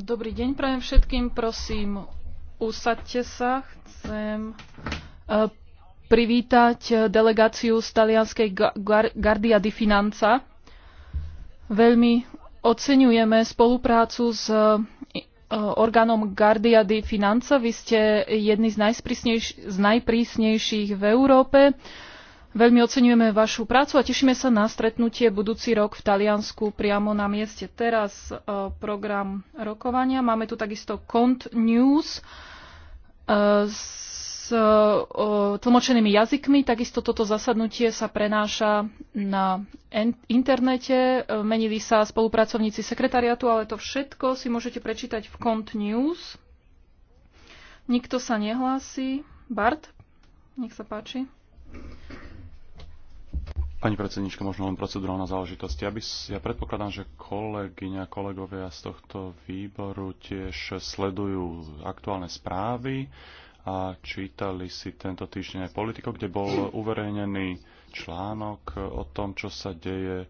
Dobrý deň prajem všetkým, prosím, usaďte sa. Chcem e, privítať e, delegáciu z talianskej Guardia di Finanza. Veľmi oceňujeme spoluprácu s e, orgánom Guardia di Finanza. Vy ste jedni z, z najprísnejších v Európe. Veľmi oceňujeme vašu prácu a tešíme sa na stretnutie budúci rok v Taliansku priamo na mieste. Teraz e, program rokovania. Máme tu takisto Cont News e, s e, tlmočenými jazykmi. Takisto toto zasadnutie sa prenáša na internete. Menili sa spolupracovníci sekretariatu, ale to všetko si môžete prečítať v Cont News. Nikto sa nehlási. Bart, nech sa páči. Pani predsednička, možno len procedurálna záležitosť. Ja, by, ja predpokladám, že kolegyňa, kolegovia z tohto výboru tiež sledujú aktuálne správy a čítali si tento týždeň aj politiko, kde bol uverejnený článok o tom, čo sa deje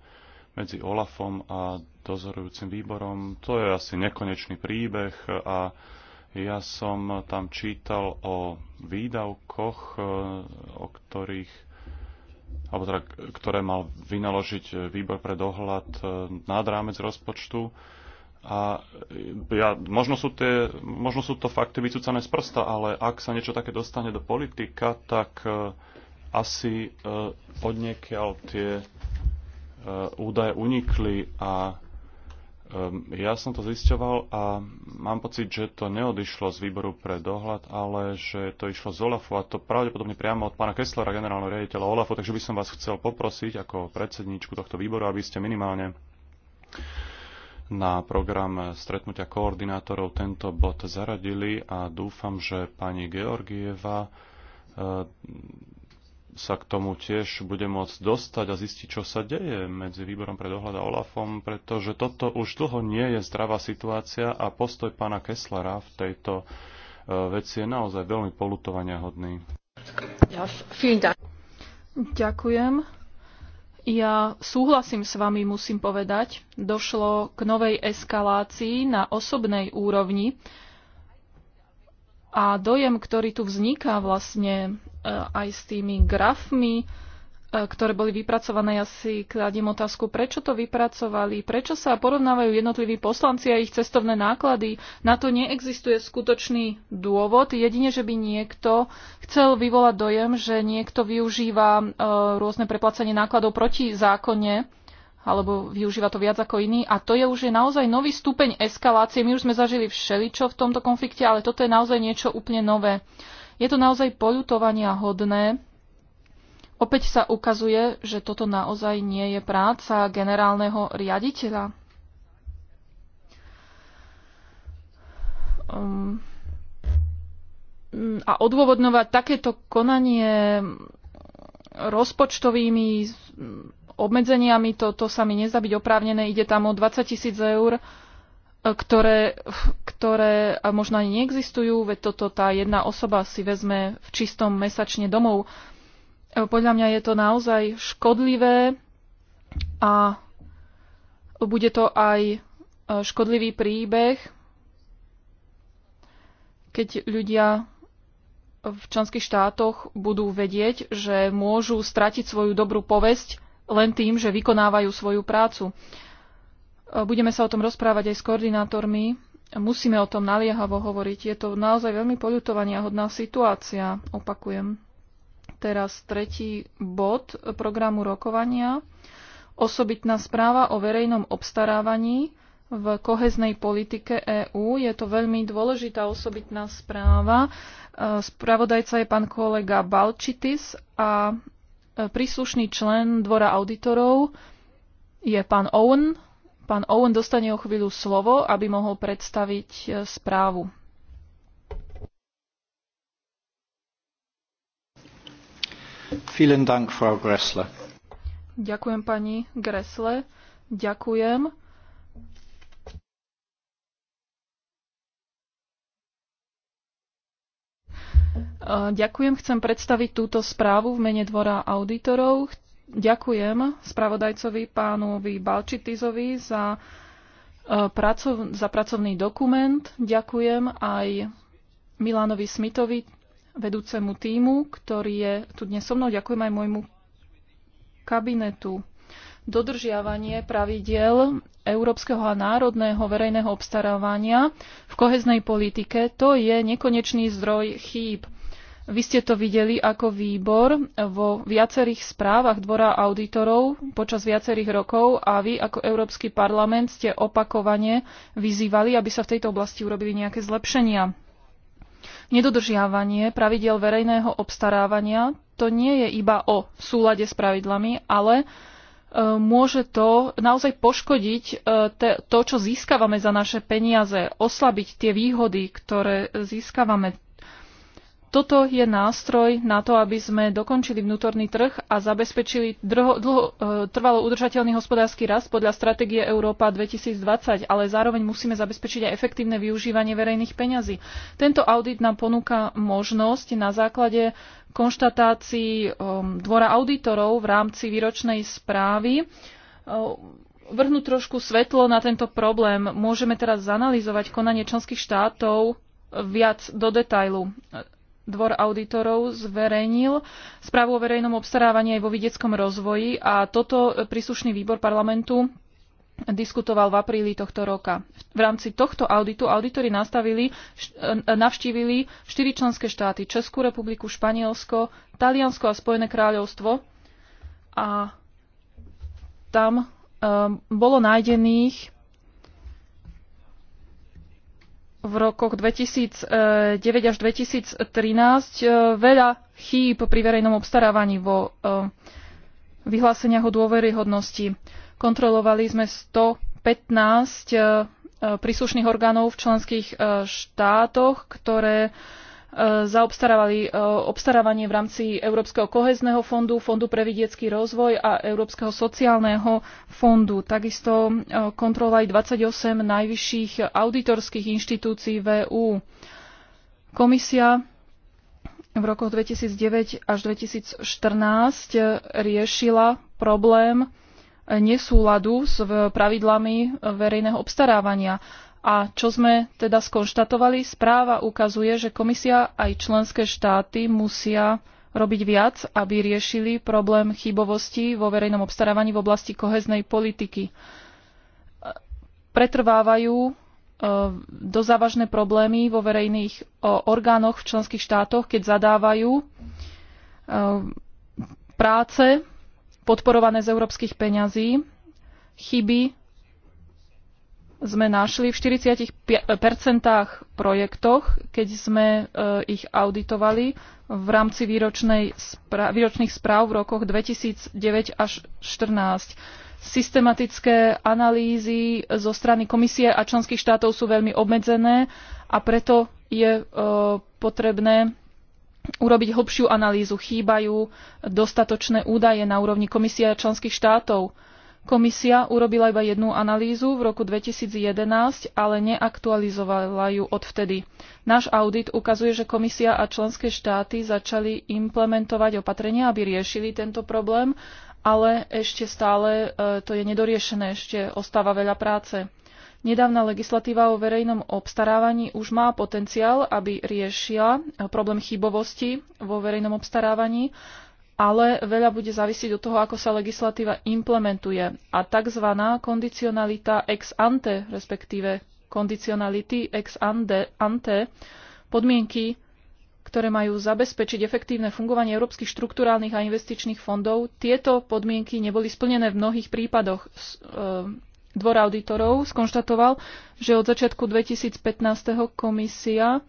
medzi Olafom a dozorujúcim výborom. To je asi nekonečný príbeh a ja som tam čítal o výdavkoch, o ktorých alebo teda, ktoré mal vynaložiť e, výbor pre dohľad e, nad rámec rozpočtu. A e, ja, možno, sú tie, možno sú to fakty vycúcané z prsta, ale ak sa niečo také dostane do politika, tak asi odniekiaľ tie údaje unikli a Ehm, ja som to zisťoval a mám pocit, že to neodišlo z výboru pre dohľad, ale že to išlo z OLAFu a to pravdepodobne priamo od pána Kesslera, generálneho riaditeľa OLAFu, takže by som vás chcel poprosiť ako predsedníčku tohto výboru, aby ste minimálne na program stretnutia koordinátorov tento bod zaradili a dúfam, že pani Georgieva ehm, sa k tomu tiež bude môcť dostať a zistiť, čo sa deje medzi výborom pre dohľad a OLAFom, pretože toto už dlho nie je zdravá situácia a postoj pána Kesslera v tejto e, veci je naozaj veľmi polutovania hodný. Ja, Ďakujem. Ja súhlasím s vami, musím povedať. Došlo k novej eskalácii na osobnej úrovni a dojem, ktorý tu vzniká vlastne e, aj s tými grafmi, e, ktoré boli vypracované, ja si kladím otázku, prečo to vypracovali, prečo sa porovnávajú jednotliví poslanci a ich cestovné náklady. Na to neexistuje skutočný dôvod, jedine, že by niekto chcel vyvolať dojem, že niekto využíva e, rôzne preplacanie nákladov proti zákone alebo využíva to viac ako iný. A to je už je naozaj nový stupeň eskalácie. My už sme zažili všeličo v tomto konflikte, ale toto je naozaj niečo úplne nové. Je to naozaj poľutovania hodné. Opäť sa ukazuje, že toto naozaj nie je práca generálneho riaditeľa. Um, mm, a odôvodňovať takéto konanie rozpočtovými obmedzeniami, to, to sa mi nezdá byť oprávnené, ide tam o 20 tisíc eur, e, ktoré, ktoré možno ani neexistujú, veď toto tá jedna osoba si vezme v čistom mesačne domov. E, podľa mňa je to naozaj škodlivé a bude to aj e, škodlivý príbeh, keď ľudia v členských štátoch budú vedieť, že môžu stratiť svoju dobrú povesť len tým, že vykonávajú svoju prácu. E, budeme sa o tom rozprávať aj s koordinátormi. Musíme o tom naliehavo hovoriť. Je to naozaj veľmi poľutovaniahodná situácia, opakujem. Teraz tretí bod programu rokovania. Osobitná správa o verejnom obstarávaní v koheznej politike EÚ. Je to veľmi dôležitá osobitná správa. E, spravodajca je pán kolega Balčitis a príslušný člen dvora auditorov je pán Owen. Pán Owen dostane o chvíľu slovo, aby mohol predstaviť e, správu. Vielen Dank, Frau Gressle. Ďakujem pani Gressle. Ďakujem. Eh, ďakujem, chcem predstaviť túto správu v mene Dvora auditorov. Ďakujem spravodajcovi pánovi Balčitizovi za, eh, pracov, za pracovný dokument. Ďakujem aj Milanovi Smitovi, vedúcemu týmu, ktorý je tu dnes so mnou. Ďakujem aj môjmu kabinetu dodržiavanie pravidiel európskeho a národného verejného obstarávania v koheznej politike, to je nekonečný zdroj chýb. Vy ste to videli ako výbor vo viacerých správach Dvora auditorov počas viacerých rokov a vy ako Európsky parlament ste opakovane vyzývali, aby sa v tejto oblasti urobili nejaké zlepšenia. Nedodržiavanie pravidel verejného obstarávania to nie je iba o súlade s pravidlami, ale E, môže to naozaj poškodiť e, to, čo získavame za naše peniaze, oslabiť tie výhody, ktoré získavame toto je nástroj na to, aby sme dokončili vnútorný trh a zabezpečili dlho, dlho, e, trvalo udržateľný hospodársky rast podľa stratégie Európa 2020, ale zároveň musíme zabezpečiť aj efektívne využívanie verejných peňazí. Tento audit nám ponúka možnosť na základe konštatácií e, Dvora auditorov v rámci výročnej správy e, vrhnúť trošku svetlo na tento problém. Môžeme teraz zanalizovať konanie členských štátov viac do detailu. Dvor auditorov zverejnil správu o verejnom obstarávaní aj vo vidieckom rozvoji a toto príslušný výbor parlamentu diskutoval v apríli tohto roka. V rámci tohto auditu auditori nastavili, e, navštívili štyri členské štáty Českú republiku, Španielsko, Taliansko a Spojené kráľovstvo a tam um, bolo nájdených v rokoch 2009 eh, až 2013 eh, veľa chýb pri verejnom obstarávaní vo eh, vyhláseniach o dôveryhodnosti. Kontrolovali sme 115 príslušných orgánov v členských štátoch, ktoré E, zaobstarávali e, obstarávanie v rámci Európskeho kohezného fondu, Fondu pre vidiecký rozvoj a Európskeho sociálneho fondu. Takisto e, kontrola aj 28 najvyšších auditorských inštitúcií VÚ. Komisia v rokoch 2009 až 2014 riešila problém nesúladu s pravidlami verejného obstarávania. A čo sme teda skonštatovali? Správa ukazuje, že komisia aj členské štáty musia robiť viac, aby riešili problém chybovosti vo verejnom obstarávaní v oblasti koheznej politiky. Pretrvávajú e, závažné problémy vo verejných orgánoch v členských štátoch, keď zadávajú e, práce podporované z európskych peňazí, chyby sme našli v 40% projektoch, keď sme eh, ich auditovali v rámci výročnej spra- výročných správ v rokoch 2009 až 2014. Systematické analýzy zo strany komisie a členských štátov sú veľmi obmedzené a preto je eh, potrebné urobiť hlbšiu analýzu. Chýbajú dostatočné údaje na úrovni komisie a členských štátov Komisia urobila iba jednu analýzu v roku 2011, ale neaktualizovala ju odvtedy. Náš audit ukazuje, že komisia a členské štáty začali implementovať opatrenia, aby riešili tento problém, ale ešte stále e, to je nedoriešené, ešte ostáva veľa práce. Nedávna legislatíva o verejnom obstarávaní už má potenciál, aby riešila e, problém chybovosti vo verejnom obstarávaní, ale veľa bude závisiť od toho, ako sa legislatíva implementuje. A tzv. kondicionalita ex ante, respektíve kondicionality ex ante, ante podmienky, ktoré majú zabezpečiť efektívne fungovanie európskych štruktúrálnych a investičných fondov, tieto podmienky neboli splnené v mnohých prípadoch. E, dvor auditorov skonštatoval, že od začiatku 2015. komisia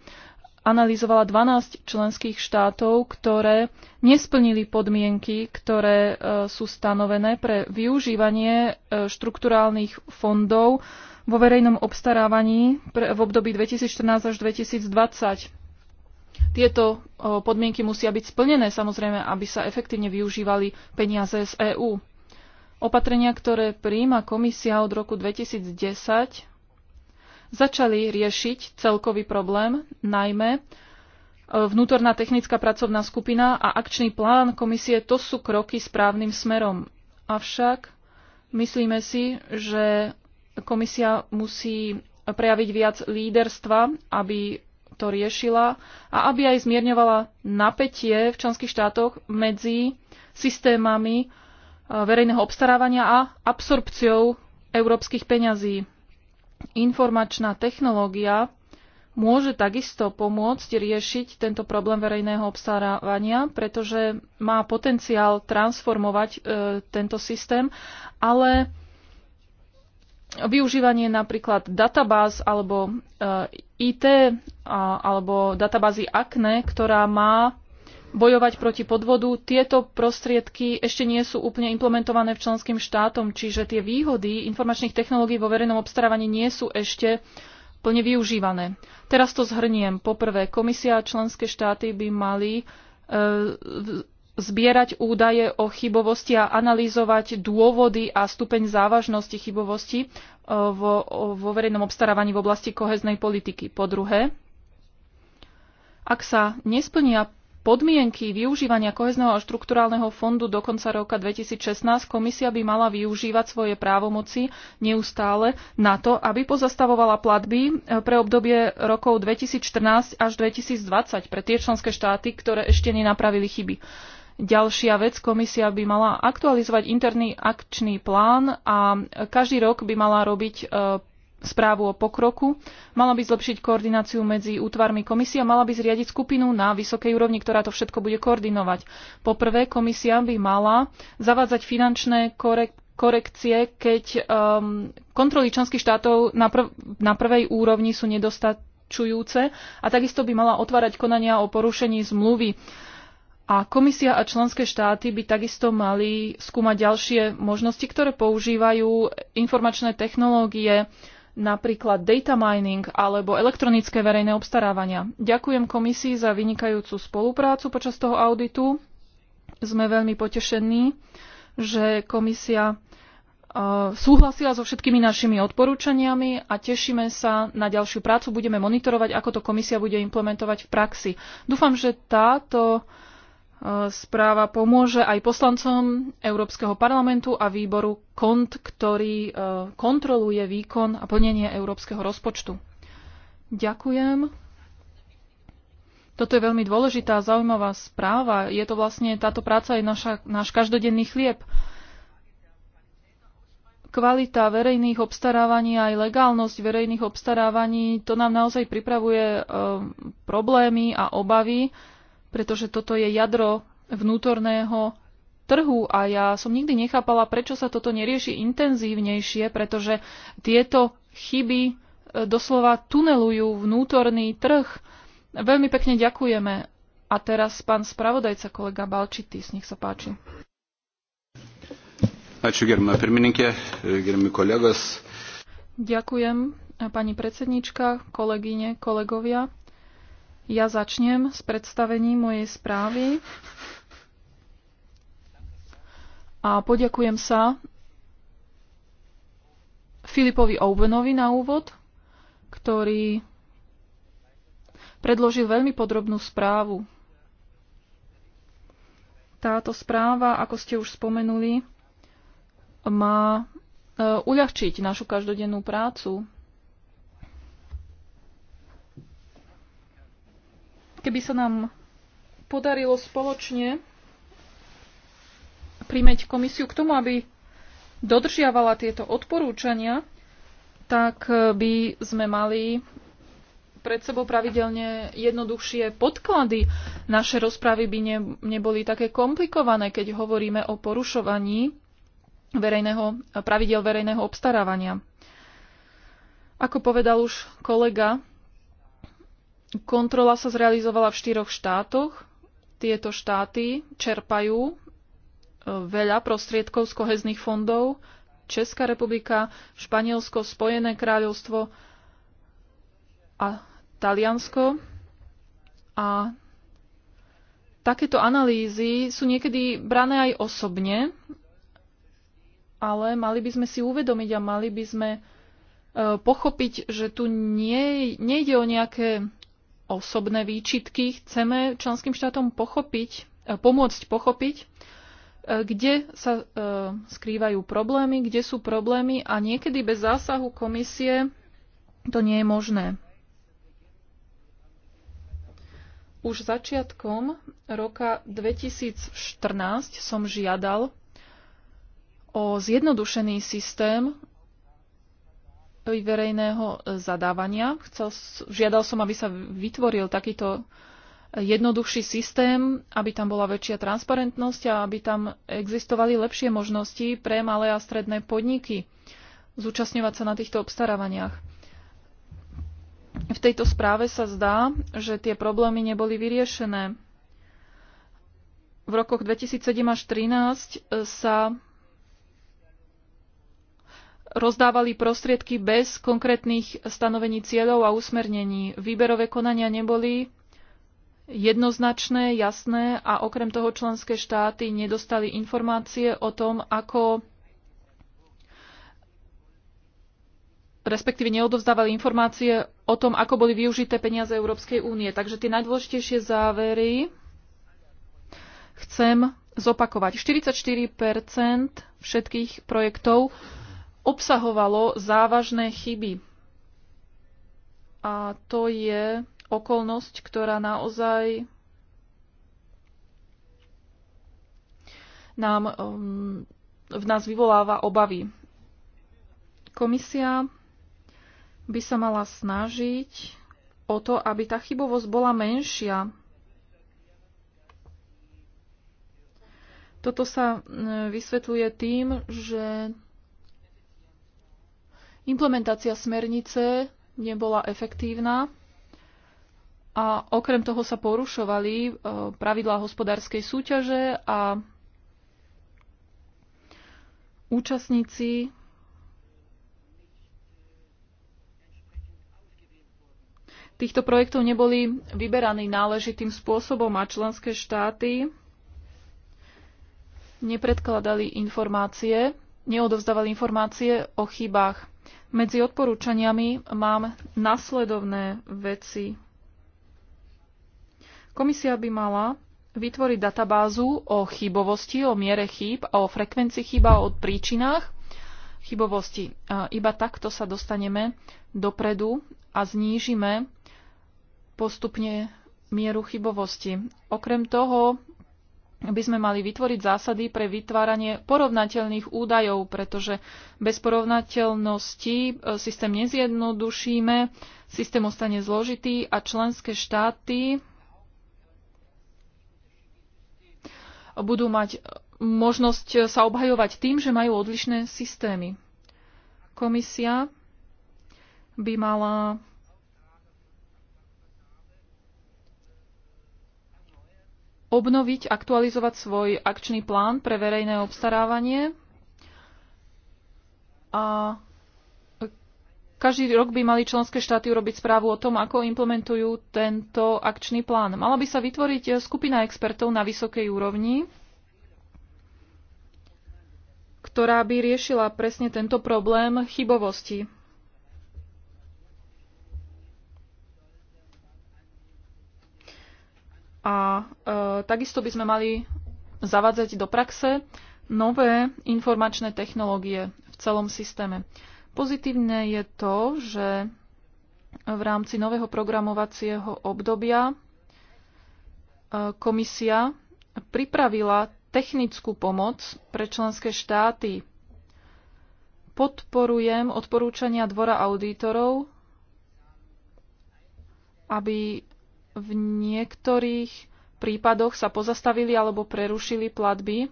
analyzovala 12 členských štátov, ktoré nesplnili podmienky, ktoré e, sú stanovené pre využívanie e, štrukturálnych fondov vo verejnom obstarávaní v období 2014 až 2020. Tieto e, podmienky musia byť splnené, samozrejme, aby sa efektívne využívali peniaze z EÚ. Opatrenia, ktoré príjma komisia od roku 2010, začali riešiť celkový problém, najmä e, vnútorná technická pracovná skupina a akčný plán komisie, to sú kroky správnym smerom. Avšak myslíme si, že komisia musí prejaviť viac líderstva, aby to riešila a aby aj zmierňovala napätie v členských štátoch medzi systémami e, verejného obstarávania a absorpciou európskych peňazí. Informačná technológia môže takisto pomôcť riešiť tento problém verejného obstarávania, pretože má potenciál transformovať e, tento systém, ale využívanie napríklad databáz alebo e, IT a, alebo databázy ACNE, ktorá má bojovať proti podvodu. Tieto prostriedky ešte nie sú úplne implementované v členským štátom, čiže tie výhody informačných technológií vo verejnom obstarávaní nie sú ešte plne využívané. Teraz to zhrniem. Poprvé, komisia a členské štáty by mali e, zbierať údaje o chybovosti a analyzovať dôvody a stupeň závažnosti chybovosti e, vo, vo verejnom obstarávaní v oblasti koheznej politiky. Po druhé, ak sa nesplnia podmienky využívania kohezného a štrukturálneho fondu do konca roka 2016 komisia by mala využívať svoje právomoci neustále na to, aby pozastavovala platby e, pre obdobie rokov 2014 až 2020 pre tie členské štáty, ktoré ešte nenapravili chyby. Ďalšia vec, komisia by mala aktualizovať interný akčný plán a každý rok by mala robiť e, správu o pokroku, mala by zlepšiť koordináciu medzi útvarmi Komisie a mala by zriadiť skupinu na vysokej úrovni, ktorá to všetko bude koordinovať. Poprvé, komisia by mala zavádzať finančné korek- korekcie, keď um, kontroly členských štátov na, prv- na prvej úrovni sú nedostačujúce a takisto by mala otvárať konania o porušení zmluvy. A komisia a členské štáty by takisto mali skúmať ďalšie možnosti, ktoré používajú informačné technológie, napríklad data mining alebo elektronické verejné obstarávania. Ďakujem komisii za vynikajúcu spoluprácu počas toho auditu. Sme veľmi potešení, že komisia e, súhlasila so všetkými našimi odporúčaniami a tešíme sa na ďalšiu prácu. Budeme monitorovať, ako to komisia bude implementovať v praxi. Dúfam, že táto správa pomôže aj poslancom Európskeho parlamentu a výboru KONT, ktorý e, kontroluje výkon a plnenie európskeho rozpočtu. Ďakujem. Toto je veľmi dôležitá a zaujímavá správa. Je to vlastne, táto práca je naša, náš každodenný chlieb. Kvalita verejných obstarávaní a aj legálnosť verejných obstarávaní, to nám naozaj pripravuje e, problémy a obavy, pretože toto je jadro vnútorného trhu a ja som nikdy nechápala, prečo sa toto nerieši intenzívnejšie, pretože tieto chyby e, doslova tunelujú vnútorný trh. Veľmi pekne ďakujeme. A teraz pán spravodajca, kolega Balčitis, nech sa páči. Ačiū, gerbama pirmininkė, gerbami kolegos. Ďakujem, pani predsednička, kolegyne, kolegovia. Ja začnem s predstavením mojej správy a poďakujem sa Filipovi Oubenovi na úvod, ktorý predložil veľmi podrobnú správu. Táto správa, ako ste už spomenuli, má e, uľahčiť našu každodennú prácu, Keby sa nám podarilo spoločne primeť komisiu k tomu, aby dodržiavala tieto odporúčania, tak e, by sme mali pred sebou pravidelne jednoduchšie podklady. Naše rozpravy by ne, neboli také komplikované, keď hovoríme o porušovaní verejného, pravidel verejného obstarávania. Ako povedal už kolega, Kontrola sa zrealizovala v štyroch štátoch. Tieto štáty čerpajú e, veľa prostriedkov z kohezných fondov. Česká republika, Španielsko, Spojené kráľovstvo a Taliansko. A takéto analýzy sú niekedy brané aj osobne, ale mali by sme si uvedomiť a mali by sme e, pochopiť, že tu nie, nejde o nejaké osobné výčitky. Chceme členským štátom pochopiť, e, pomôcť pochopiť, e, kde sa e, skrývajú problémy, kde sú problémy a niekedy bez zásahu komisie to nie je možné. Už začiatkom roka 2014 som žiadal o zjednodušený systém verejného e, zadávania. Chcel, žiadal som, aby sa vytvoril takýto jednoduchší systém, aby tam bola väčšia transparentnosť a aby tam existovali lepšie možnosti pre malé a stredné podniky zúčastňovať sa na týchto obstarávaniach. V tejto správe sa zdá, že tie problémy neboli vyriešené. V rokoch 2007 až 2013 e, sa rozdávali prostriedky bez konkrétnych stanovení cieľov a usmernení. Výberové konania neboli jednoznačné, jasné a okrem toho členské štáty nedostali informácie o tom, ako respektíve neodovzdávali informácie o tom, ako boli využité peniaze Európskej únie. Takže tie najdôležitejšie závery chcem zopakovať. 44 všetkých projektov obsahovalo závažné chyby. A to je okolnosť, ktorá naozaj nám um, v nás vyvoláva obavy. Komisia by sa mala snažiť o to, aby tá chybovosť bola menšia. Toto sa e, vysvetľuje tým, že Implementácia smernice nebola efektívna a okrem toho sa porušovali e, pravidlá hospodárskej súťaže a účastníci týchto projektov neboli vyberaní náležitým spôsobom a členské štáty nepredkladali informácie, neodovzdávali informácie o chybách. Medzi odporúčaniami mám nasledovné veci. Komisia by mala vytvoriť databázu o chybovosti, o miere chýb, o frekvencii chyba, o príčinách chybovosti. Iba takto sa dostaneme dopredu a znížime postupne mieru chybovosti. Okrem toho by sme mali vytvoriť zásady pre vytváranie porovnateľných údajov, pretože bez porovnateľnosti e, systém nezjednodušíme, systém ostane zložitý a členské štáty budú mať možnosť sa obhajovať tým, že majú odlišné systémy. Komisia by mala obnoviť, aktualizovať svoj akčný plán pre verejné obstarávanie. A každý rok by mali členské štáty urobiť správu o tom, ako implementujú tento akčný plán. Mala by sa vytvoriť skupina expertov na vysokej úrovni, ktorá by riešila presne tento problém chybovosti A e, takisto by sme mali zavádzať do praxe nové informačné technológie v celom systéme. Pozitívne je to, že v rámci nového programovacieho obdobia e, komisia pripravila technickú pomoc pre členské štáty. Podporujem odporúčania Dvora auditorov, aby v niektorých prípadoch sa pozastavili alebo prerušili platby.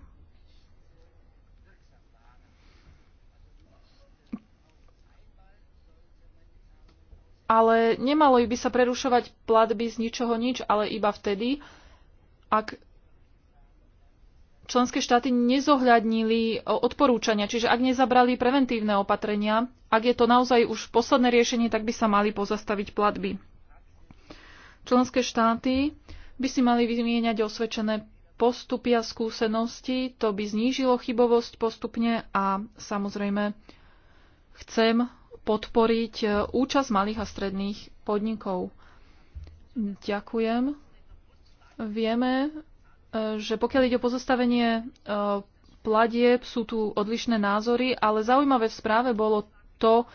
Ale nemalo by sa prerušovať platby z ničoho nič, ale iba vtedy, ak členské štáty nezohľadnili e, odporúčania, čiže ak nezabrali preventívne opatrenia, ak je to naozaj už posledné riešenie, tak by sa mali pozastaviť platby. Členské štáty by si mali vymieňať osvedčené postupy a skúsenosti, to by znížilo chybovosť postupne a samozrejme chcem podporiť e, účasť malých a stredných podnikov. Ďakujem. Vieme, e, že pokiaľ ide o pozostavenie e, platieb, sú tu odlišné názory, ale zaujímavé v správe bolo to,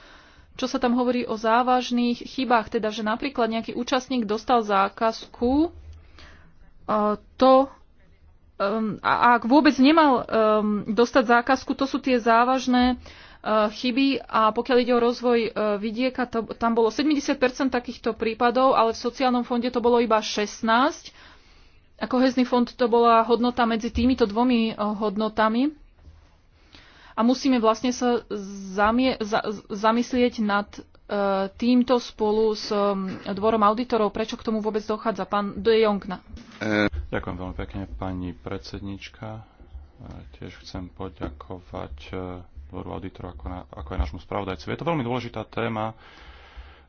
čo sa tam hovorí o závažných chybách, teda že napríklad nejaký účastník dostal zákazku, e, to a ak vôbec nemal dostať zákazku, to sú tie závažné e, chyby a pokiaľ ide o rozvoj e, vidieka, to, tam bolo 70 takýchto prípadov, ale v sociálnom fonde to bolo iba 16 a hezný fond to bola hodnota medzi týmito dvomi hodnotami a musíme vlastne sa zamie, za, zamyslieť nad e, týmto spolu s e, dvorom auditorov, prečo k tomu vôbec dochádza. Pán De Jongna. E. Ďakujem veľmi pekne, pani predsednička. E, tiež chcem poďakovať e, dvoru auditorov ako, na, ako aj nášmu spravodajcu. Je to veľmi dôležitá téma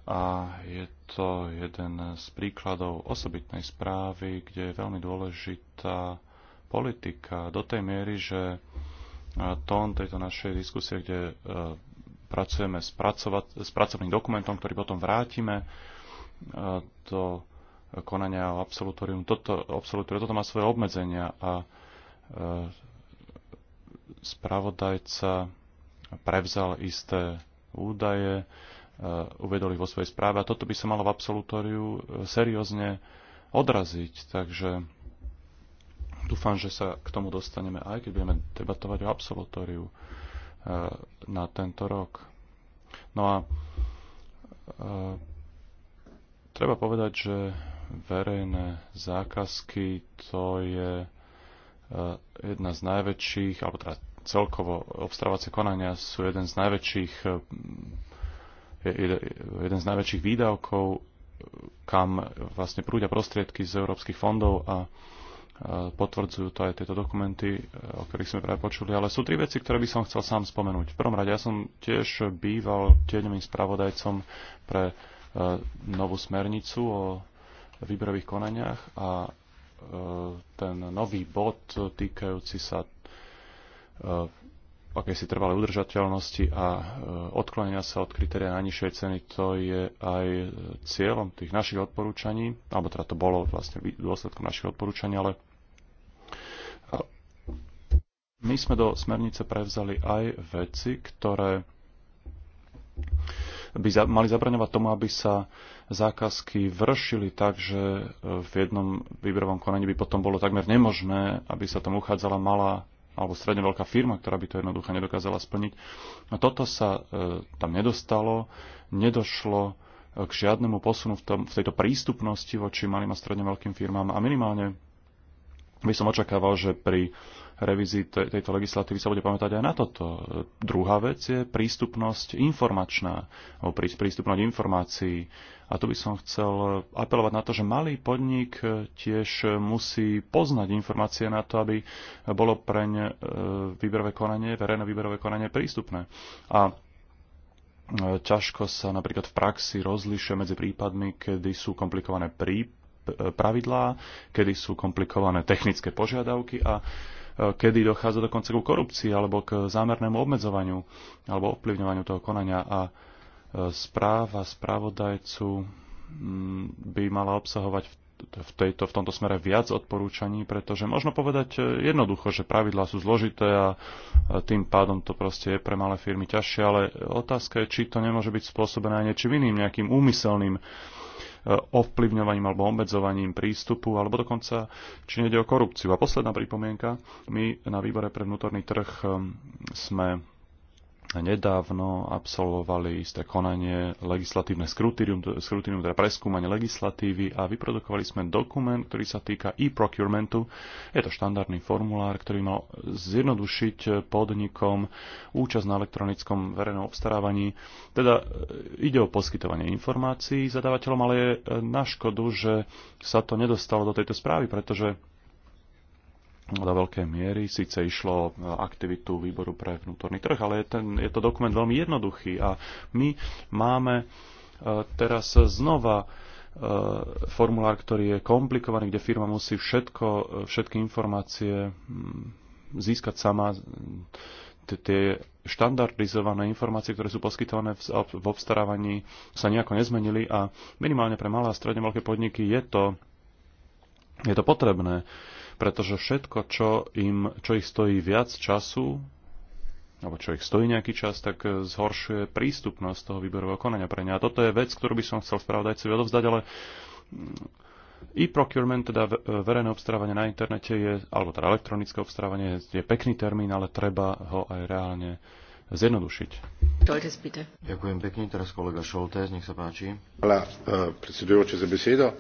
a je to jeden z príkladov osobitnej správy, kde je veľmi dôležitá politika do tej miery, že tón tejto našej diskusie, kde e, pracujeme s, s pracovným dokumentom, ktorý potom vrátime e, do konania o absolutórium. Toto, absolutórium, toto má svoje obmedzenia a e, spravodajca prevzal isté údaje, uvedol ich vo svojej správe a toto by sa malo v absolutóriu seriózne odraziť. Takže Dúfam, že sa k tomu dostaneme aj, keď budeme debatovať o absolutóriu e, na tento rok. No a e, treba povedať, že verejné zákazky to je e, jedna z najväčších, alebo teda celkovo obstarávacie konania sú jeden z najväčších jeden z najväčších výdavkov, kam vlastne prúdia prostriedky z európskych fondov a potvrdzujú to aj tieto dokumenty, e, o ktorých sme práve počuli, ale sú tri veci, ktoré by som chcel sám spomenúť. V prvom rade, ja som tiež býval tieňovým spravodajcom pre e, novú smernicu o výberových konaniach a e, ten nový bod týkajúci sa akési trvalé udržateľnosti a e, odklonenia sa od kritéria najnižšej ceny, to je aj cieľom tých našich odporúčaní, alebo teda to bolo vlastne dôsledkom našich odporúčaní, ale e, my sme do smernice prevzali aj veci, ktoré by za, mali zabraňovať tomu, aby sa zákazky vršili tak, že e, v jednom výberovom konaní by potom bolo takmer nemožné, aby sa tam uchádzala malá alebo stredne veľká firma, ktorá by to jednoducho nedokázala splniť. A toto sa e, tam nedostalo, nedošlo e, k žiadnemu posunu v, tom, v tejto prístupnosti voči malým a stredne veľkým firmám a minimálne by som očakával, že pri revízii tejto legislatívy sa bude pamätať aj na toto. Druhá vec je prístupnosť informačná, alebo prístupnosť informácií. A tu by som chcel apelovať na to, že malý podnik tiež musí poznať informácie na to, aby bolo preň e, výberové konanie, verejné výberové konanie prístupné. A e, ťažko sa napríklad v praxi rozlišuje medzi prípadmi, kedy sú komplikované prí, pravidlá, kedy sú komplikované technické požiadavky a Eh, kedy dochádza dokonca ku korupcii alebo k zámernému obmedzovaniu alebo ovplyvňovaniu toho konania a eh, správa správodajcu mm, by mala obsahovať v, tejto, v tomto smere viac odporúčaní, pretože možno povedať eh, jednoducho, že pravidlá sú zložité a tým pádom to proste je pre malé firmy ťažšie, ale otázka je, či to nemôže byť spôsobené aj niečím iným, nejakým úmyselným ovplyvňovaním alebo obmedzovaním prístupu, alebo dokonca či nejde o korupciu. A posledná pripomienka, my na výbore pre vnútorný trh hm, sme nedávno absolvovali isté konanie legislatívne skrutinium, skrutinium teda preskúmanie legislatívy a vyprodukovali sme dokument, ktorý sa týka e-procurementu. Je to štandardný formulár, ktorý mal zjednodušiť podnikom účasť na elektronickom verejnom obstarávaní. Teda e, ide o poskytovanie informácií zadávateľom, ale je e, na škodu, že sa to nedostalo do tejto správy, pretože do veľkej miery. Síce išlo o aktivitu výboru pre vnútorný trh, ale je, ten, je to dokument veľmi jednoduchý a my máme e, teraz znova e, formulár, ktorý je komplikovaný, kde firma musí všetko, e, všetky informácie mm, získať sama, tie štandardizované informácie, ktoré sú poskytované v obstarávaní, sa nejako nezmenili a minimálne pre malé a stredne veľké podniky je to, je to potrebné. Uh, pretože všetko, čo, im, čo ich stojí viac času, alebo čo ich stojí nejaký čas, tak eh, zhoršuje prístupnosť toho výberového konania pre ne. A toto je vec, ktorú by som chcel spravodajcovi odovzdať, ale mm, e-procurement, teda eh, verejné obstarávanie na internete, je, alebo teda elektronické obstarávanie je pekný termín, ale treba ho aj reálne zjednodušiť. Ďakujem pekne, teraz kolega Šoltés, nech sa páči. Eh, za besedo.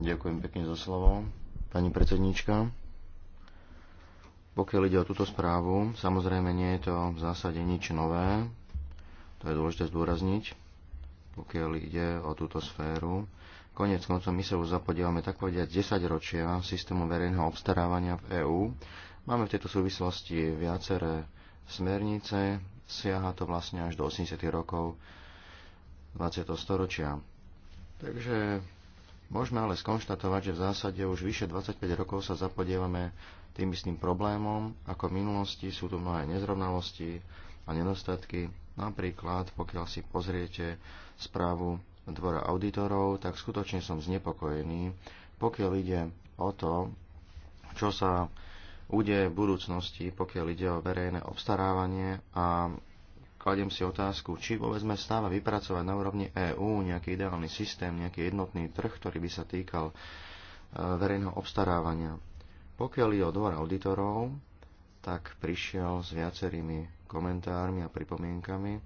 Ďakujem pekne za slovo pani predsednička. Pokiaľ ide o túto správu, samozrejme nie je to v zásade nič nové, to je dôležité zdôrazniť, pokiaľ ide o túto sféru. Konec koncov my sa už zapodívame tak povediať 10 ročia systému verejného obstarávania v EÚ. Máme v tejto súvislosti viaceré smernice, siaha to vlastne až do 80. rokov 20. storočia. Takže Môžeme ale skonštatovať, že v zásade už vyše 25 rokov sa zapodievame tým istým problémom. Ako v minulosti sú tu mnohé nezrovnalosti a nedostatky. Napríklad, pokiaľ si pozriete správu dvora auditorov, tak skutočne som znepokojený, pokiaľ ide o to, čo sa udeje v budúcnosti, pokiaľ ide o verejné obstarávanie a Kladiem si otázku, či vôbec sme stáva vypracovať na úrovni EÚ nejaký ideálny systém, nejaký jednotný trh, ktorý by sa týkal e, verejného obstarávania. Pokiaľ je o dvor auditorov, tak prišiel s viacerými komentármi a pripomienkami,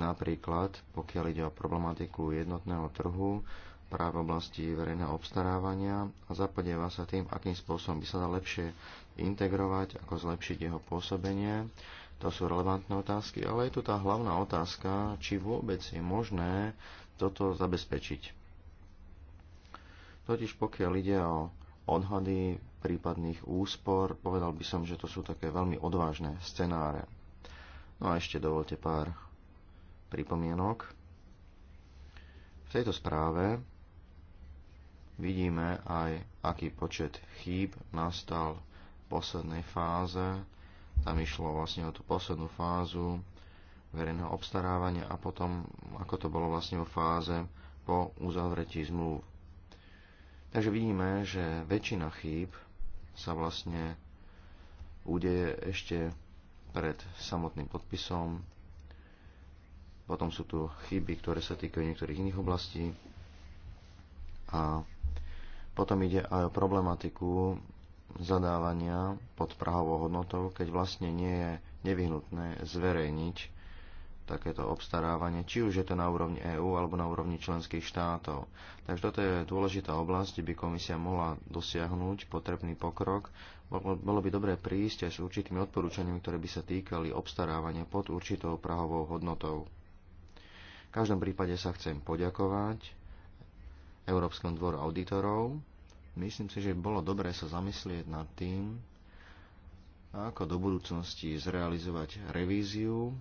napríklad pokiaľ ide o problematiku jednotného trhu, práve v oblasti verejného obstarávania a zapodieva sa tým, akým spôsobom by sa dá lepšie integrovať, ako zlepšiť jeho pôsobenie to sú relevantné otázky, ale je tu tá hlavná otázka, či vôbec je možné toto zabezpečiť. Totiž pokiaľ ide o odhady prípadných úspor, povedal by som, že to sú také veľmi odvážne scenáre. No a ešte dovolte pár pripomienok. V tejto správe vidíme aj, aký počet chýb nastal v poslednej fáze tam išlo vlastne o tú poslednú fázu verejného obstarávania a potom, ako to bolo vlastne o fáze po uzavretí zmluv. Takže vidíme, že väčšina chýb sa vlastne udeje ešte pred samotným podpisom. Potom sú tu chyby, ktoré sa týkajú niektorých iných oblastí. A potom ide aj o problematiku zadávania pod prahovou hodnotou, keď vlastne nie je nevyhnutné zverejniť takéto obstarávanie, či už je to na úrovni EÚ alebo na úrovni členských štátov. Takže toto je dôležitá oblasť, kde by komisia mohla dosiahnuť potrebný pokrok. Bolo by dobré prísť aj s určitými odporúčaniami, ktoré by sa týkali obstarávania pod určitou prahovou hodnotou. V každom prípade sa chcem poďakovať Európskom dvoru auditorov myslím si, že bolo dobré sa zamyslieť nad tým, ako do budúcnosti zrealizovať revíziu.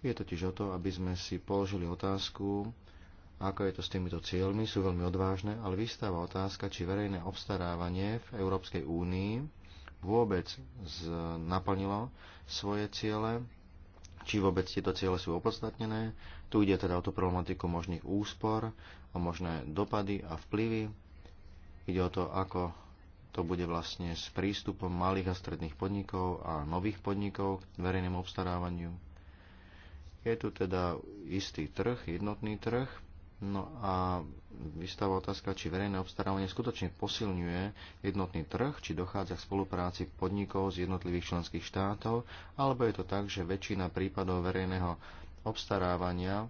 Je totiž o to, aby sme si položili otázku, ako je to s týmito cieľmi, sú veľmi odvážne, ale vystáva otázka, či verejné obstarávanie v Európskej únii vôbec naplnilo svoje ciele, či vôbec tieto ciele sú opodstatnené. Tu ide teda o tú problematiku možných úspor, o možné dopady a vplyvy Ide o to, ako to bude vlastne s prístupom malých a stredných podnikov a nových podnikov k verejnému obstarávaniu. Je tu teda istý trh, jednotný trh, no a vystáva otázka, či verejné obstarávanie skutočne posilňuje jednotný trh, či dochádza k spolupráci podnikov z jednotlivých členských štátov, alebo je to tak, že väčšina prípadov verejného obstarávania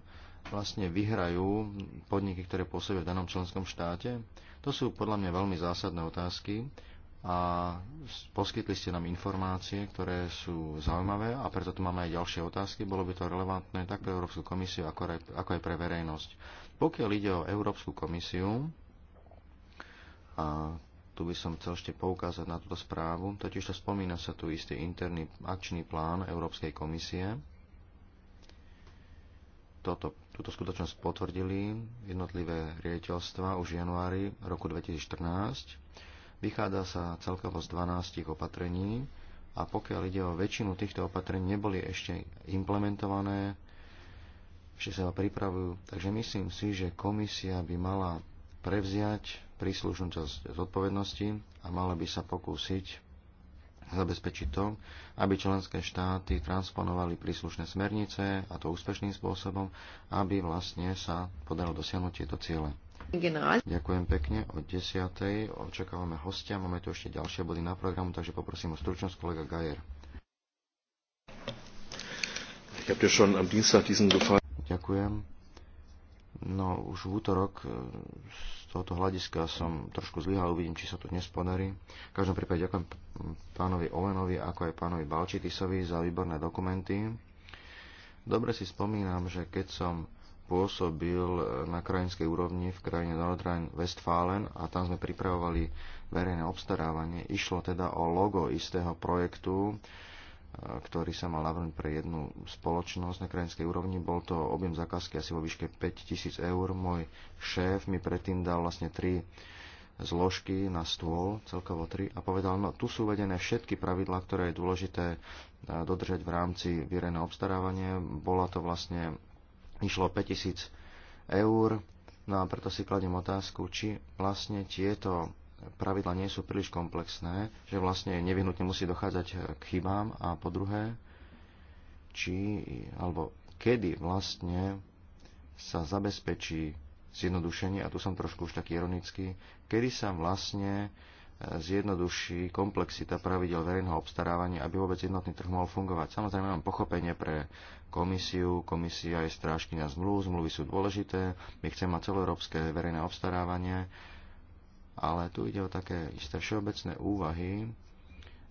vlastne vyhrajú podniky, ktoré pôsobia v danom členskom štáte. To sú podľa mňa veľmi zásadné otázky a poskytli ste nám informácie, ktoré sú zaujímavé a preto tu máme aj ďalšie otázky. Bolo by to relevantné tak pre Európsku komisiu, ako aj, ako aj pre verejnosť. Pokiaľ ide o Európsku komisiu, a tu by som chcel ešte poukázať na túto správu, totiž to spomína sa tu istý interný akčný plán Európskej komisie. Toto Túto skutočnosť potvrdili jednotlivé riaditeľstva už v januári roku 2014. Vychádza sa celkovo z 12 opatrení a pokiaľ ide o väčšinu týchto opatrení, neboli ešte implementované, ešte sa pripravujú. Takže myslím si, že komisia by mala prevziať príslušnú časť zodpovednosti a mala by sa pokúsiť zabezpečiť to, aby členské štáty transponovali príslušné smernice a to úspešným spôsobom, aby vlastne sa podarilo dosiahnuť tieto ciele. General. Ďakujem pekne. O 10. očakávame hostia. Máme tu ešte ďalšie body na programu, takže poprosím o stručnosť kolega Gajer. Ďakujem. No, už v útorok e, z tohoto hľadiska som trošku zlyhal, uvidím, či sa to dnes podarí. V každom prípade ďakujem pánovi Ovenovi, ako aj pánovi Balčitisovi za výborné dokumenty. Dobre si spomínam, že keď som pôsobil e, na krajinskej úrovni v krajine Nordrhein-Westfalen a tam sme pripravovali verejné obstarávanie, išlo teda o logo istého projektu, ktorý sa mal navrhnúť pre jednu spoločnosť na krajinskej úrovni. Bol to objem zákazky asi vo výške 5000 eur. Môj šéf mi predtým dal vlastne tri zložky na stôl, celkovo tri, a povedal, no tu sú vedené všetky pravidlá, ktoré je dôležité e, dodržať v rámci výrené obstarávania. Bola to vlastne, išlo 5000 eur, no a preto si kladiem otázku, či vlastne tieto pravidla nie sú príliš komplexné, že vlastne nevyhnutne musí dochádzať k chybám a po druhé, či alebo kedy vlastne sa zabezpečí zjednodušenie, a tu som trošku už taký ironický, kedy sa vlastne e, zjednoduší komplexita pravidel verejného obstarávania, aby vôbec jednotný trh mohol fungovať. Samozrejme mám pochopenie pre komisiu, komisia je strážkyňa zmluv, zmluvy sú dôležité, my chceme mať celoeurópske verejné obstarávanie, ale tu ide o také isté všeobecné úvahy.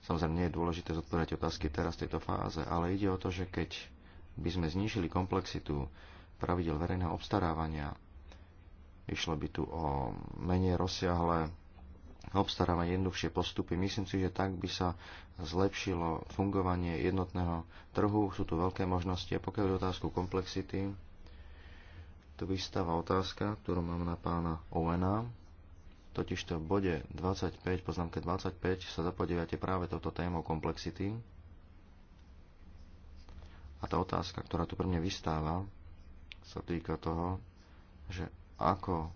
Samozrejme, nie je dôležité zodpovedať otázky teraz v tejto fáze, ale ide o to, že keď by sme znížili komplexitu pravidel verejného obstarávania, išlo by tu o menej rozsiahle obstarávanie, jednoduchšie postupy. Myslím si, že tak by sa zlepšilo fungovanie jednotného trhu. Sú tu veľké možnosti. A pokiaľ je otázku komplexity, tu vystáva otázka, ktorú mám na pána Owena. Totižto v bode 25, poznámke 25, sa zapodívate práve touto témou komplexity. A tá otázka, ktorá tu pre mňa vystáva, sa týka toho, že ako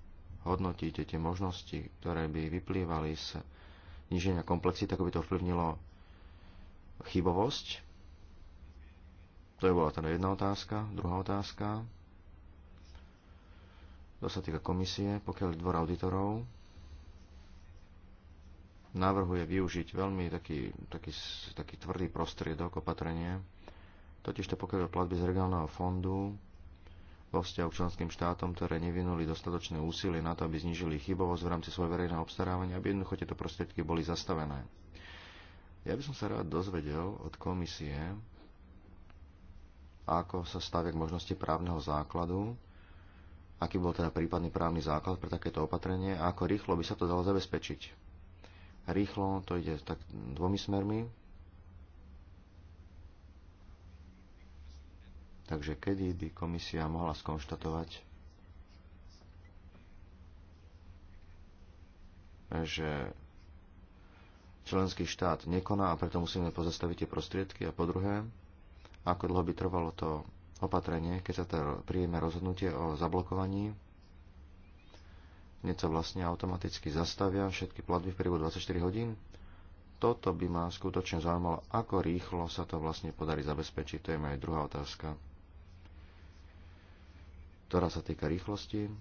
hodnotíte tie možnosti, ktoré by vyplývali z niženia komplexity, ako by to vplyvnilo chybovosť. To je bola teda jedna otázka. Druhá otázka. To sa týka komisie, pokiaľ dvor auditorov navrhuje využiť veľmi taký, taký, taký tvrdý prostriedok, opatrenie, totiž to pokiaľ platby z regionálneho fondu vo vzťahu k členským štátom, ktoré nevinuli dostatočné úsilie na to, aby znížili chybovosť v rámci svojho verejného obstarávania, aby jednoducho tieto prostriedky boli zastavené. Ja by som sa rád dozvedel od komisie, ako sa stavia k možnosti právneho základu, aký bol teda prípadný právny základ pre takéto opatrenie a ako rýchlo by sa to dalo zabezpečiť rýchlo, to ide tak dvomi smermi. Takže kedy by komisia mohla skonštatovať, že členský štát nekoná a preto musíme pozastaviť tie prostriedky a po druhé, ako dlho by trvalo to opatrenie, keď sa teda príjeme rozhodnutie o zablokovaní hneď sa vlastne automaticky zastavia všetky platby v priebehu 24 hodín. Toto by ma skutočne zaujímalo, ako rýchlo sa to vlastne podarí zabezpečiť. To je moja druhá otázka, ktorá sa týka rýchlosti.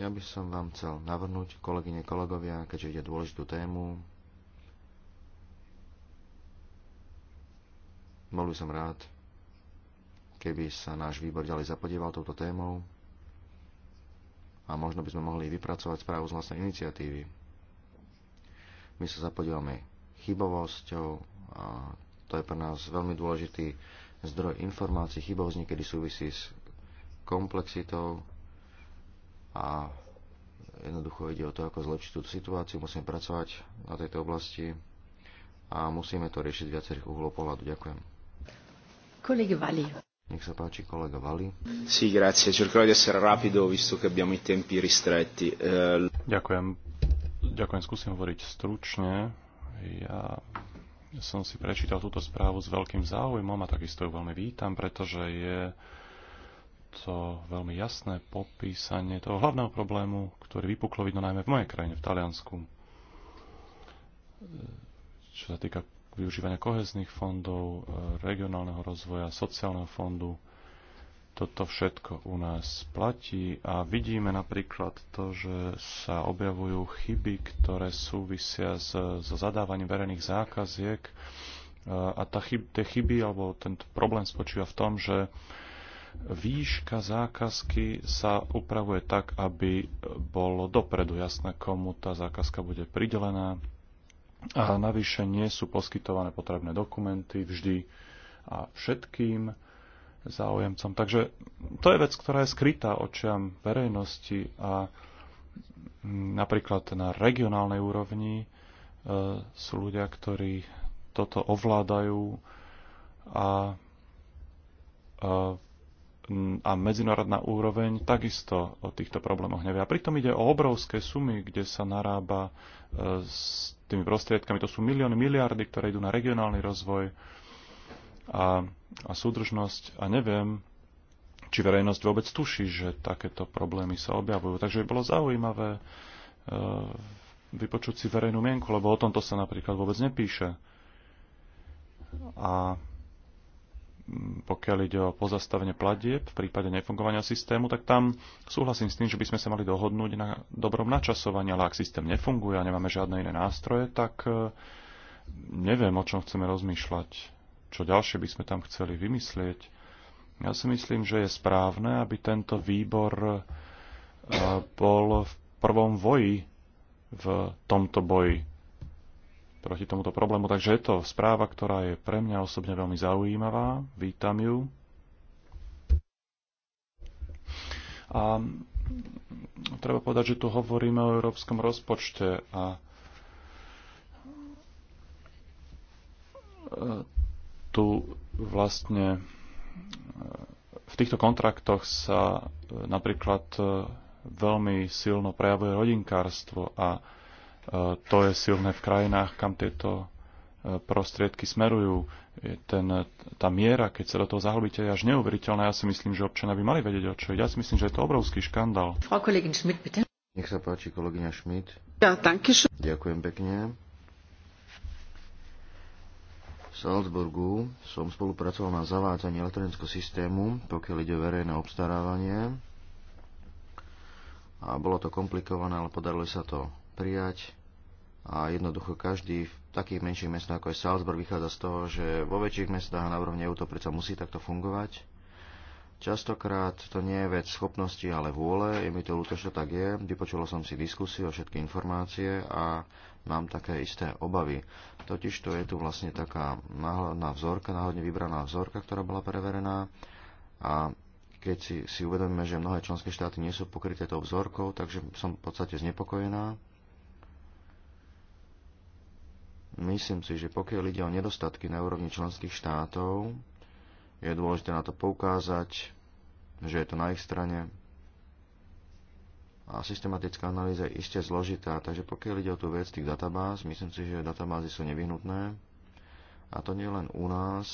Ja by som vám chcel navrhnúť, kolegyne, kolegovia, keďže ide dôležitú tému, bol by som rád, keby sa náš výbor ďalej zapodieval touto témou a možno by sme mohli vypracovať správu z vlastnej iniciatívy. My sa zapodívame chybovosťou a to je pre nás veľmi dôležitý zdroj informácií. Chybovosť niekedy súvisí s komplexitou a jednoducho ide o to, ako zlepšiť túto situáciu. Musíme pracovať na tejto oblasti a musíme to riešiť viacerých uhlov pohľadu. Ďakujem. Kolega Vali. Nech sa páči kolega Vali. Sì, grazie. Cercherò di essere rapido, visto che abbiamo i tempi ristretti. Eh, Ďakujem. Ďakujem, skúsim hovoriť stručne. Ja som si prečítal túto správu s veľkým záujmom a takisto ju veľmi vítam, pretože je to veľmi jasné popísanie toho hlavného problému, ktorý vypuklo vidno najmä v mojej krajine, v Taliansku. Čo sa týka využívania kohezných fondov, e, regionálneho rozvoja, sociálneho fondu. Toto všetko u nás platí a vidíme napríklad to, že sa objavujú chyby, ktoré súvisia s, s zadávaním verejných zákaziek e, a tá chyb, tie chyby alebo ten problém spočíva v tom, že výška zákazky sa upravuje tak, aby bolo dopredu jasné, komu tá zákazka bude pridelená a navyše nie sú poskytované potrebné dokumenty vždy a všetkým záujemcom. Takže to je vec, ktorá je skrytá očiam verejnosti a napríklad na regionálnej úrovni e, sú ľudia, ktorí toto ovládajú a, a, e, a medzinárodná úroveň takisto o týchto problémoch nevie. A pritom ide o obrovské sumy, kde sa narába e, s tými prostriedkami. To sú milióny, miliardy, ktoré idú na regionálny rozvoj a, a súdržnosť a neviem, či verejnosť vôbec tuší, že takéto problémy sa objavujú. Takže by bolo zaujímavé e, vypočuť si verejnú mienku, lebo o tomto sa napríklad vôbec nepíše. A pokiaľ ide o pozastavenie platieb v prípade nefungovania systému, tak tam súhlasím s tým, že by sme sa mali dohodnúť na dobrom načasovaní, ale ak systém nefunguje a nemáme žiadne iné nástroje, tak e, neviem, o čom chceme rozmýšľať, čo ďalšie by sme tam chceli vymyslieť. Ja si myslím, že je správne, aby tento výbor e, bol v prvom voji v tomto boji proti tomuto problému. Takže je to správa, ktorá je pre mňa osobne veľmi zaujímavá. Vítam ju. A treba povedať, že tu hovoríme o európskom rozpočte a e, tu vlastne e, v týchto kontraktoch sa e, napríklad veľmi silno prejavuje rodinkárstvo a E, to je silné v krajinách, kam tieto e, prostriedky smerujú. Ten, tá miera, keď sa do toho zahlbíte, je až neuveriteľná. Ja si myslím, že občania by mali vedieť, o čo ide. Ja si myslím, že je to obrovský škandál. Nech sa páči, kolegyňa Schmidt. Ja, Ďakujem pekne. V Salzburgu som spolupracoval na zavádzanie elektronického systému, pokiaľ ide o verejné obstarávanie. A bolo to komplikované, ale podarilo sa to prijať a jednoducho každý v takých menších mestách ako je Salzburg vychádza z toho, že vo väčších mestách na úrovni EU to predsa musí takto fungovať. Častokrát to nie je vec schopnosti, ale vôle. Je mi to ľúto, že tak je. vypočul som si diskusiu o všetky informácie a mám také isté obavy. Totiž to je tu vlastne taká náhodná vzorka, náhodne vybraná vzorka, ktorá bola preverená a keď si, si uvedomíme, že mnohé členské štáty nie sú pokryté tou vzorkou, takže som v podstate znepokojená Myslím si, že pokiaľ ide o nedostatky na úrovni členských štátov, je dôležité na to poukázať, že je to na ich strane. A systematická analýza je iste zložitá, takže pokiaľ ide o tú vec tých databáz, myslím si, že databázy sú nevyhnutné. A to nie len u nás,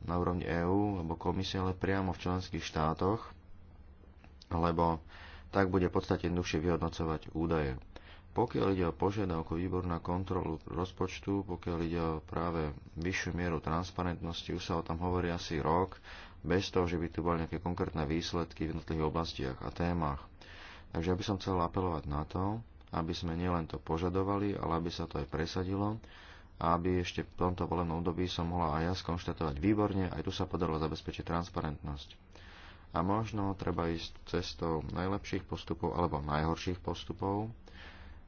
na úrovni EÚ alebo komisie, ale priamo v členských štátoch, lebo tak bude v podstate jednoduchšie vyhodnocovať údaje. Pokiaľ ide o požiadavku výboru na kontrolu rozpočtu, pokiaľ ide o práve vyššiu mieru transparentnosti, už sa o tom hovorí asi rok, bez toho, že by tu boli nejaké konkrétne výsledky v jednotlivých oblastiach a témach. Takže ja by som chcel apelovať na to, aby sme nielen to požadovali, ale aby sa to aj presadilo a aby ešte v tomto volebnom období som mohla aj ja skonštatovať výborne, aj tu sa podarilo zabezpečiť transparentnosť. A možno treba ísť cestou najlepších postupov alebo najhorších postupov,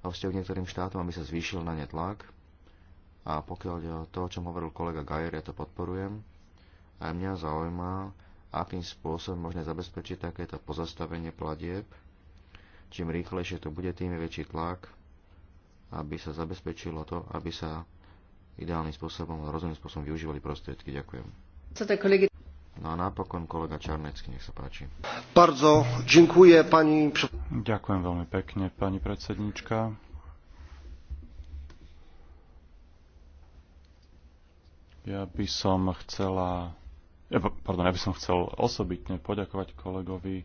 a vzťahu k niektorým štátom, aby sa zvýšil na ne tlak. A pokiaľ o to, o čom hovoril kolega Gajer, ja to podporujem. A mňa zaujíma, akým spôsobom možné zabezpečiť takéto pozastavenie platieb. Čím rýchlejšie to bude, tým je väčší tlak, aby sa zabezpečilo to, aby sa ideálnym spôsobom a rozumným spôsobom využívali prostriedky. Ďakujem. No a napokon kolega Čarnecký, nech sa páči. Bardzo dziękuję pani... Ďakujem veľmi pekne, pani predsednička. Ja by som chcela... Pardon, ja by som chcel osobitne poďakovať kolegovi eh,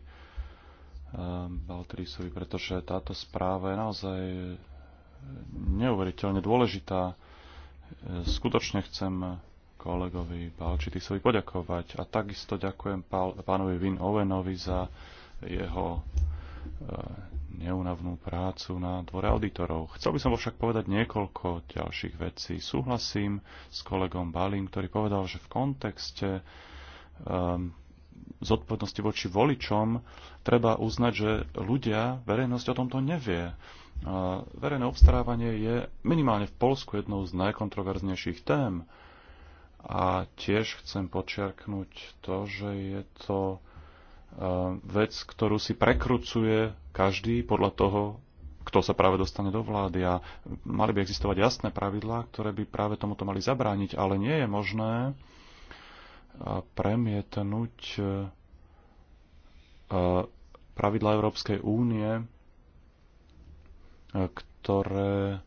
Baltrisovi, pretože táto správa je naozaj neuveriteľne dôležitá. Eh, skutočne chcem kolegovi Balčitisovi poďakovať. A takisto ďakujem pánovi Vin Owenovi za jeho eh, neunavnú prácu na dvore auditorov. Chcel by som však povedať niekoľko ďalších vecí. Súhlasím s kolegom Balím, ktorý povedal, že v kontexte um, zodpovednosti voči voličom treba uznať, že ľudia, verejnosť o tomto nevie. Uh, verejné obstarávanie je minimálne v Polsku jednou z najkontroverznejších tém. A tiež chcem počiarknúť to, že je to e, vec, ktorú si prekrucuje každý podľa toho, kto sa práve dostane do vlády. A mali by existovať jasné pravidlá, ktoré by práve tomuto mali zabrániť, ale nie je možné premietnúť e, e, pravidlá Európskej únie, ktoré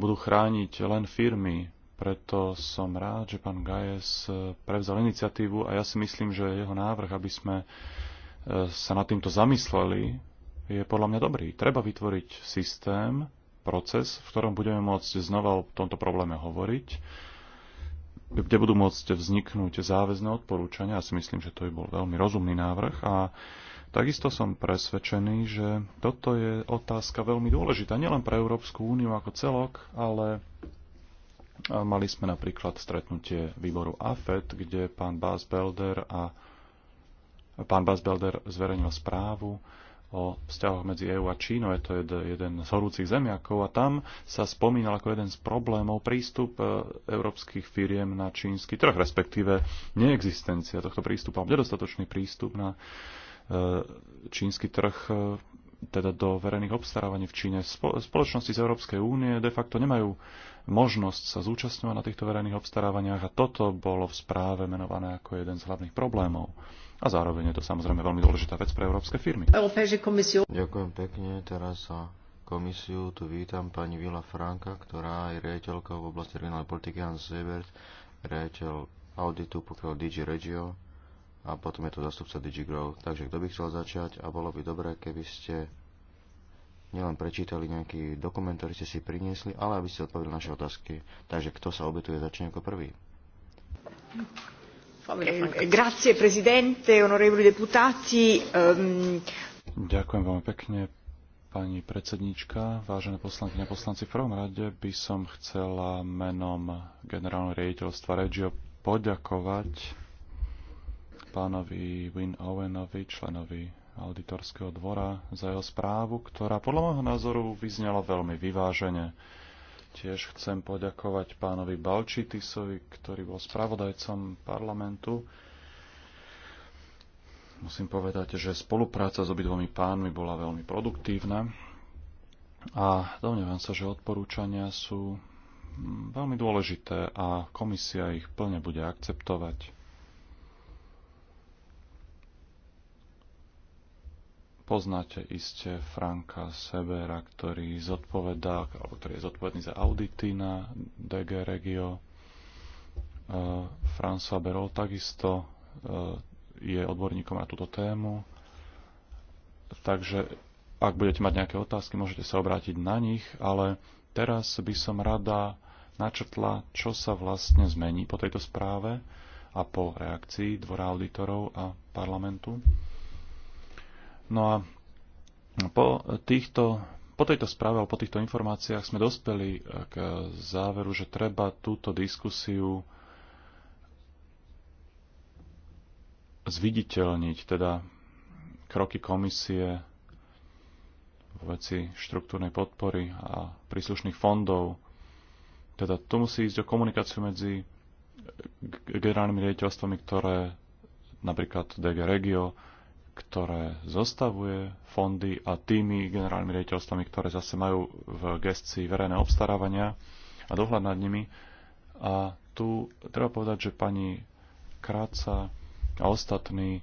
budú chrániť len firmy, preto som rád, že pán Gajes eh, prevzal iniciatívu a ja si myslím, že jeho návrh, aby sme eh, sa nad týmto zamysleli, je podľa mňa dobrý. Treba vytvoriť systém, proces, v ktorom budeme môcť znova o tomto probléme hovoriť, kde budú môcť vzniknúť záväzné odporúčania. Ja si myslím, že to by bol veľmi rozumný návrh a Takisto som presvedčený, že toto je otázka veľmi dôležitá nielen pre Európsku úniu ako celok, ale Mali sme napríklad stretnutie výboru AFED, kde pán Bas Belder a pán Bas Belder zverejnil správu o vzťahoch medzi EÚ a Čínou, je to jeden z horúcich zemiakov a tam sa spomínal ako jeden z problémov prístup e, európskych firiem na čínsky trh, respektíve neexistencia tohto prístupu, nedostatočný prístup na e, čínsky trh e, teda do verejných obstarávaní v Číne. Spoločnosti z Európskej únie de facto nemajú možnosť sa zúčastňovať na týchto verejných obstarávaniach a toto bolo v správe menované ako jeden z hlavných problémov. A zároveň je to samozrejme veľmi dôležitá vec pre európske firmy. Ďakujem pekne. Teraz sa komisiu tu vítam pani Vila Franka, ktorá je riaditeľkou v oblasti regionálnej politiky Hans Sebert, riaditeľ auditu pokiaľ DG Regio a potom je tu zastupca DigiGrow. Takže kto by chcel začať a bolo by dobré, keby ste nielen prečítali nejaký dokument, ktorý ste si priniesli, ale aby ste odpovedali naše otázky. Takže kto sa obetuje, začne ako prvý. Eh, grazie, prezidente, onorevoli deputati. Ehm, Ďakujem veľmi pekne, pani predsedníčka, vážené poslanky a poslanci. V prvom rade by som chcela menom generálneho riaditeľstva Regio poďakovať pánovi Win Owenovi, členovi auditorského dvora za jeho správu, ktorá podľa môjho názoru vyznela veľmi vyvážene. Tiež chcem poďakovať pánovi Balčitisovi, ktorý bol spravodajcom parlamentu. Musím povedať, že spolupráca s obidvomi pánmi bola veľmi produktívna a domnievam sa, že odporúčania sú mm, veľmi dôležité a komisia ich plne bude akceptovať. Poznáte iste Franka Sebera, ktorý zodpovedá, alebo ktorý je zodpovedný za audity na DG Regio. E, François Berol takisto e, je odborníkom na túto tému. Takže ak budete mať nejaké otázky, môžete sa obrátiť na nich, ale teraz by som rada načrtla, čo sa vlastne zmení po tejto správe a po reakcii Dvora auditorov a parlamentu. No a po, týchto, po tejto správe alebo po týchto informáciách sme dospeli eh, k záveru, že treba túto diskusiu zviditeľniť, teda kroky komisie vo veci štruktúrnej podpory a príslušných fondov. Teda tu musí ísť o komunikáciu medzi generálnymi riaditeľstvami, ktoré napríklad DG Regio ktoré zostavuje fondy a tými generálnymi riaditeľstvami, ktoré zase majú v gestii verejné obstarávania a dohľad nad nimi. A tu treba povedať, že pani Kráca a ostatní, e,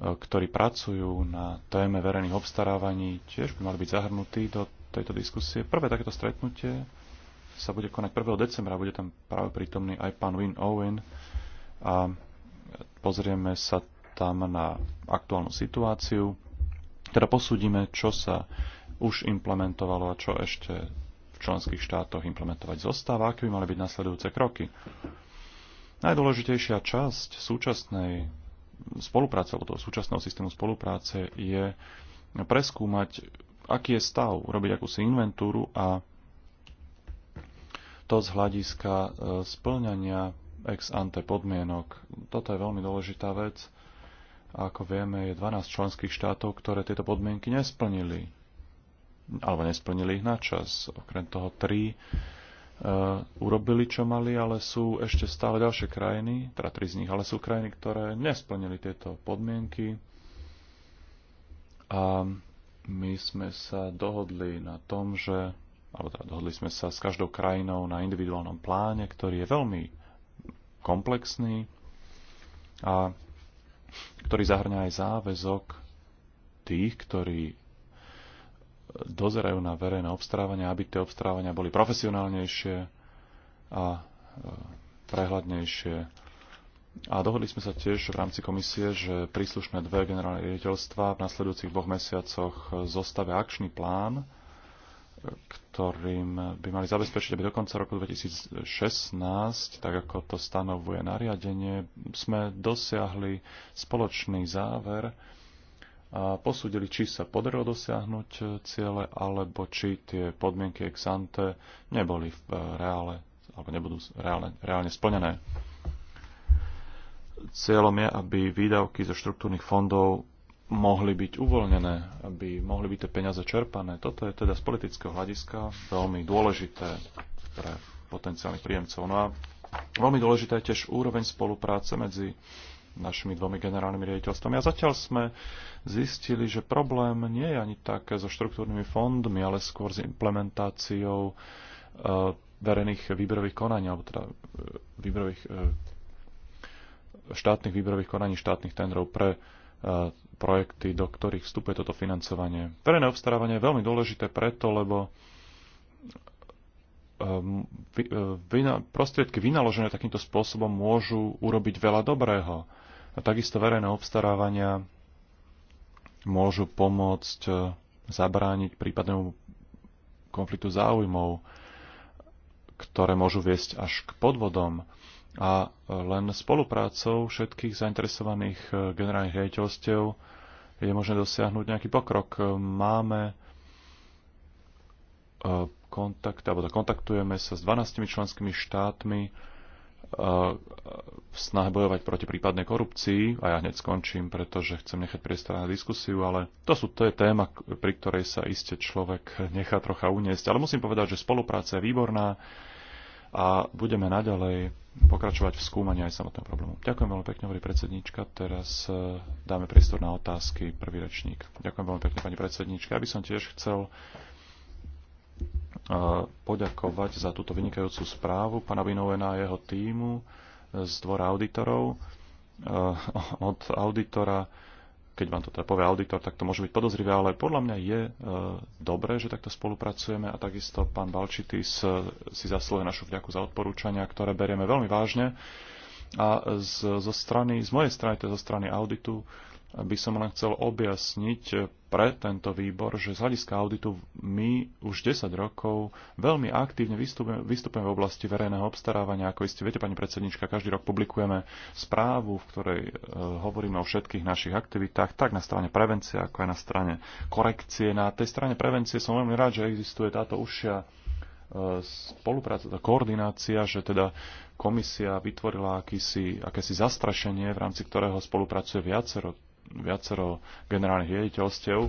ktorí pracujú na téme verejných obstarávaní, tiež by mali byť zahrnutí do tejto diskusie. Prvé takéto stretnutie sa bude konať 1. decembra, bude tam práve prítomný aj pán Win Owen a pozrieme sa tam na aktuálnu situáciu. Teda posúdime, čo sa už implementovalo a čo ešte v členských štátoch implementovať zostáva, aké by mali byť nasledujúce kroky. Najdôležitejšia časť súčasnej spolupráce, alebo toho súčasného systému spolupráce je preskúmať, aký je stav, urobiť akúsi inventúru a to z hľadiska e, splňania ex ante podmienok. Toto je veľmi dôležitá vec a ako vieme, je 12 členských štátov, ktoré tieto podmienky nesplnili. Alebo nesplnili ich na čas. Okrem toho 3 Uh, e, urobili, čo mali, ale sú ešte stále ďalšie krajiny, teda tri z nich, ale sú krajiny, ktoré nesplnili tieto podmienky. A my sme sa dohodli na tom, že, alebo teda dohodli sme sa s každou krajinou na individuálnom pláne, ktorý je veľmi komplexný a ktorý zahrňa aj záväzok tých, ktorí dozerajú na verejné obstarávania, aby tie obstarávania boli profesionálnejšie a e, prehľadnejšie. A dohodli sme sa tiež v rámci komisie, že príslušné dve generálne riaditeľstva v nasledujúcich dvoch mesiacoch e, zostavia akčný plán ktorým by mali zabezpečiť, aby do konca roku 2016, tak ako to stanovuje nariadenie, sme dosiahli spoločný záver a posúdili, či sa podarilo dosiahnuť ciele, alebo či tie podmienky ex ante neboli v e, reále, alebo nebudú reálne, reálne splnené. Cieľom je, aby výdavky zo štruktúrnych fondov mohli byť uvoľnené, aby mohli byť tie peniaze čerpané. Toto je teda z politického hľadiska veľmi dôležité pre potenciálnych príjemcov. No a veľmi dôležitá je tiež úroveň spolupráce medzi našimi dvomi generálnymi riaditeľstvami. A zatiaľ sme zistili, že problém nie je ani tak so štruktúrnymi fondmi, ale skôr s implementáciou e, verejných výberových konaní, alebo teda e, výberových, e, štátnych výberových konaní, štátnych tendrov pre projekty, do ktorých vstupuje toto financovanie. Verejné obstarávanie je veľmi dôležité preto, lebo ehm, e, prostriedky vynaložené takýmto spôsobom môžu urobiť veľa dobrého. A takisto verejné obstarávania môžu pomôcť e, zabrániť prípadnému konfliktu záujmov, ktoré môžu viesť až k podvodom a len spoluprácou všetkých zainteresovaných eh, generálnych riaditeľstiev je možné dosiahnuť nejaký pokrok. Eh, máme eh, kontakt, alebo teda kontaktujeme sa s 12 členskými štátmi v snahe bojovať proti prípadnej korupcii a ja hneď skončím, pretože chcem nechať priestor na diskusiu, ale to, sú, to je téma, pri ktorej sa iste človek nechá trocha uniesť. Ale musím povedať, že spolupráca je výborná a budeme naďalej pokračovať v skúmaní aj samotného problému. Ďakujem veľmi pekne, hovorí predsednička. Teraz e, dáme priestor na otázky. Prvý rečník. Ďakujem veľmi pekne, pani predsedníčka. Ja by som tiež chcel e, poďakovať za túto vynikajúcu správu pana Vinovena a jeho týmu z dvora auditorov. E, od auditora keď vám to teda povie auditor, tak to môže byť podozrivé, ale podľa mňa je e, dobré, že takto spolupracujeme a takisto pán Balčitis e, si zaslúhuje našu vďaku za odporúčania, ktoré berieme veľmi vážne. A z, zo strany, z mojej strany, to je zo strany auditu, by som len chcel objasniť eh, pre tento výbor, že z hľadiska auditu my už 10 rokov veľmi aktívne vystupujeme v oblasti verejného obstarávania. Ako iste viete, pani predsednička, každý rok publikujeme správu, v ktorej eh, hovoríme o všetkých našich aktivitách, tak na strane prevencie, ako aj na strane korekcie. Na tej strane prevencie som veľmi rád, že existuje táto užšia eh, spolupráca, koordinácia, že teda komisia vytvorila akýsi, akési zastrašenie, v rámci ktorého spolupracuje viacero viacero generálnych riaditeľstiev,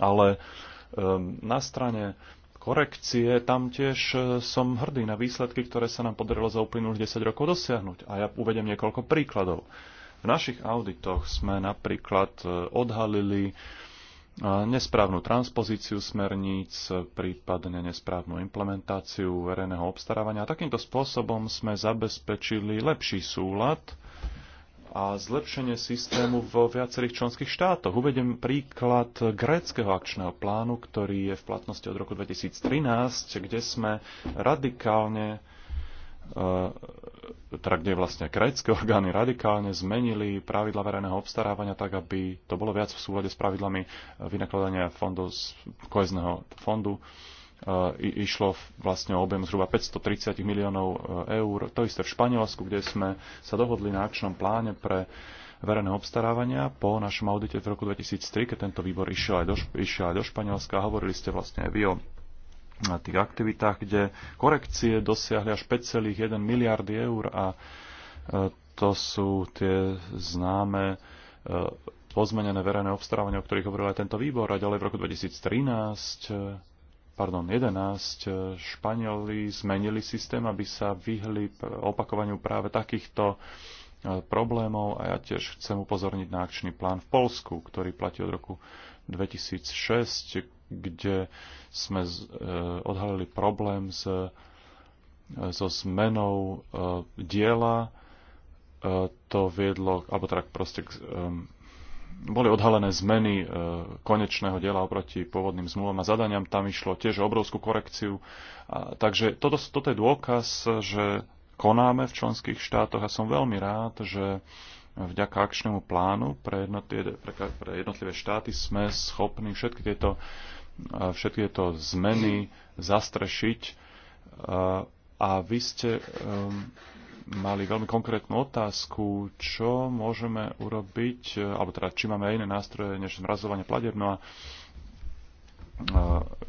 ale ehm, na strane korekcie, tam tiež e, som hrdý na výsledky, ktoré sa nám podarilo za uplynulých 10 rokov dosiahnuť. A ja uvedem niekoľko príkladov. V našich auditoch sme napríklad e, odhalili e, nesprávnu transpozíciu smerníc, prípadne nesprávnu implementáciu verejného obstarávania. A takýmto spôsobom sme zabezpečili lepší súlad a zlepšenie systému vo viacerých členských štátoch. Uvedem príklad gréckého akčného plánu, ktorý je v platnosti od roku 2013, kde sme radikálne e, teda kde vlastne krajské orgány radikálne zmenili pravidla verejného obstarávania tak, aby to bolo viac v súlade s pravidlami vynakladania fondov z kohezného fondu. Uh, išlo vlastne o objem zhruba 530 miliónov e, eur. To isté v Španielsku, kde sme sa dohodli na akčnom pláne pre verejného obstarávania po našom audite v roku 2003, keď tento výbor išiel aj do, išiel aj do Španielska. Hovorili ste vlastne aj vy o tých aktivitách, kde korekcie dosiahli až 5,1 miliardy eur a e, to sú tie známe e, pozmenené verejné obstarávanie, o ktorých hovoril aj tento výbor. A ďalej v roku 2013 pardon, 11 e, Španieli zmenili systém, aby sa vyhli opakovaniu práve takýchto e, problémov a ja tiež chcem upozorniť na akčný plán v Polsku, ktorý platí od roku 2006, kde sme e, odhalili problém s, so zmenou diela. To viedlo, alebo tak teda proste k, boli odhalené zmeny e, konečného diela oproti pôvodným zmluvám a zadaniam. Tam išlo tiež obrovskú korekciu. Takže toto, toto je dôkaz, že konáme v členských štátoch a som veľmi rád, že vďaka akčnému plánu pre jednotlivé, pre, pre jednotlivé štáty sme schopní všetky tieto, e, všetky tieto zmeny zastrešiť. E, a vy ste mali veľmi konkrétnu otázku, čo môžeme urobiť, e, alebo teda či máme aj iné nástroje než zmrazovanie pladeb. No a e,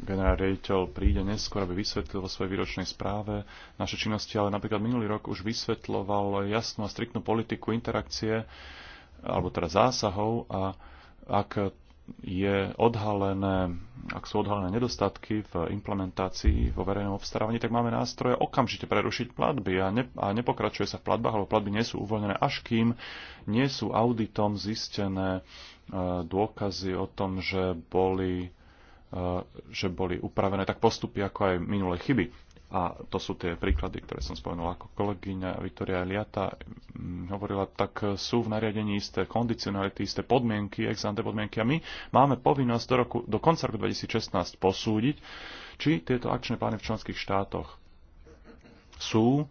generál riaditeľ príde neskôr, aby vysvetlil vo svojej výročnej správe naše činnosti, ale napríklad minulý rok už vysvetloval jasnú a striktnú politiku interakcie, alebo teda zásahov a ak je odhalené, ak sú odhalené nedostatky v implementácii vo verejnom obstarávaní, tak máme nástroje okamžite prerušiť platby a, ne, a nepokračuje sa v platbách, alebo platby nie sú uvoľnené, až kým nie sú auditom zistené e, dôkazy o tom, že boli, e, že boli upravené tak postupy, ako aj minulé chyby. A to sú tie príklady, ktoré som spomenul, ako kolegyňa Vitoria Eliata mm, hovorila, tak sú v nariadení isté kondicionality, isté podmienky, ex ante podmienky a my máme povinnosť do, roku, do konca roku 2016 posúdiť, či tieto akčné plány v členských štátoch sú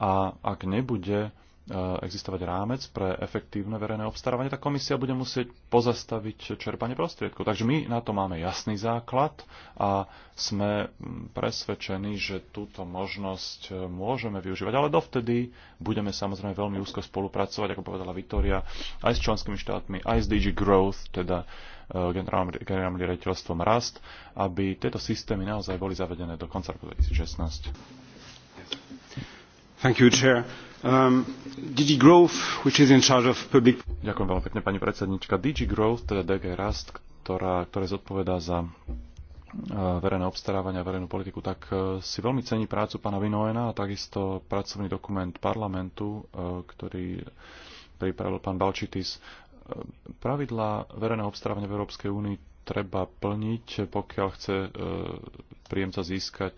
a ak nebude E, existovať rámec pre efektívne verejné obstarávanie, tak komisia bude musieť pozastaviť čerpanie prostriedkov. Takže my na to máme jasný základ a sme presvedčení, že túto možnosť e, môžeme využívať. Ale dovtedy budeme samozrejme veľmi úzko spolupracovať, ako povedala Vitoria, aj s členskými štátmi, aj s DG Growth, teda e, generálnym riaditeľstvom RAST, aby tieto systémy naozaj boli zavedené do konca roku 2016. Um, DG Growth, Ďakujem veľmi pekne, pani predsednička. DG Growth, teda DG Rast, ktorá, ktoré zodpovedá za uh, verejné obstarávanie a verejnú politiku, tak uh, si veľmi cení prácu pána Vinoena a takisto pracovný dokument parlamentu, uh, ktorý pripravil pán Balčitis. Pravidlá verejného obstarávania v Európskej únii treba plniť, pokiaľ chce príjemca získať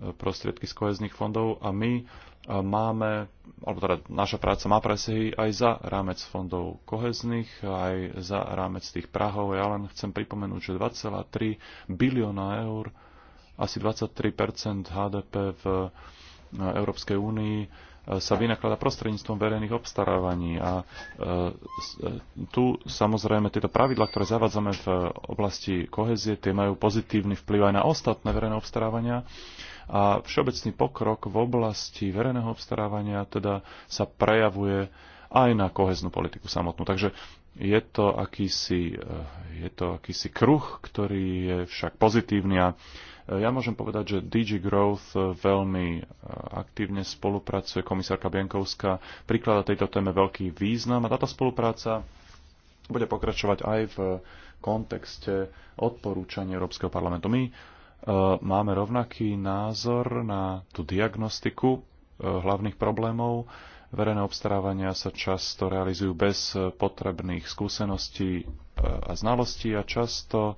prostriedky z kohezných fondov a my e, máme, alebo teda naša práca má presehy aj za rámec fondov kohezných, aj za rámec tých Prahov. Ja len chcem pripomenúť, že 2,3 bilióna eur, asi 23 HDP v e, Európskej únii e, sa vynaklada prostredníctvom verejných obstarávaní. A tu samozrejme tieto pravidla, ktoré zavádzame v oblasti kohezie, tie majú pozitívny vplyv aj na ostatné verejné obstarávania a všeobecný pokrok v oblasti verejného obstarávania teda sa prejavuje aj na koheznú politiku samotnú. Takže je to akýsi, eh, je to akýsi kruh, ktorý je však pozitívny a eh, ja môžem povedať, že DG Growth eh, veľmi aktívne spolupracuje. Komisárka Bienkovská priklada tejto téme veľký význam a táto spolupráca bude pokračovať aj v kontexte odporúčania Európskeho parlamentu. My E, máme rovnaký názor na tú diagnostiku e, hlavných problémov. Verejné obstarávania sa často realizujú bez potrebných skúseností e, a znalostí a často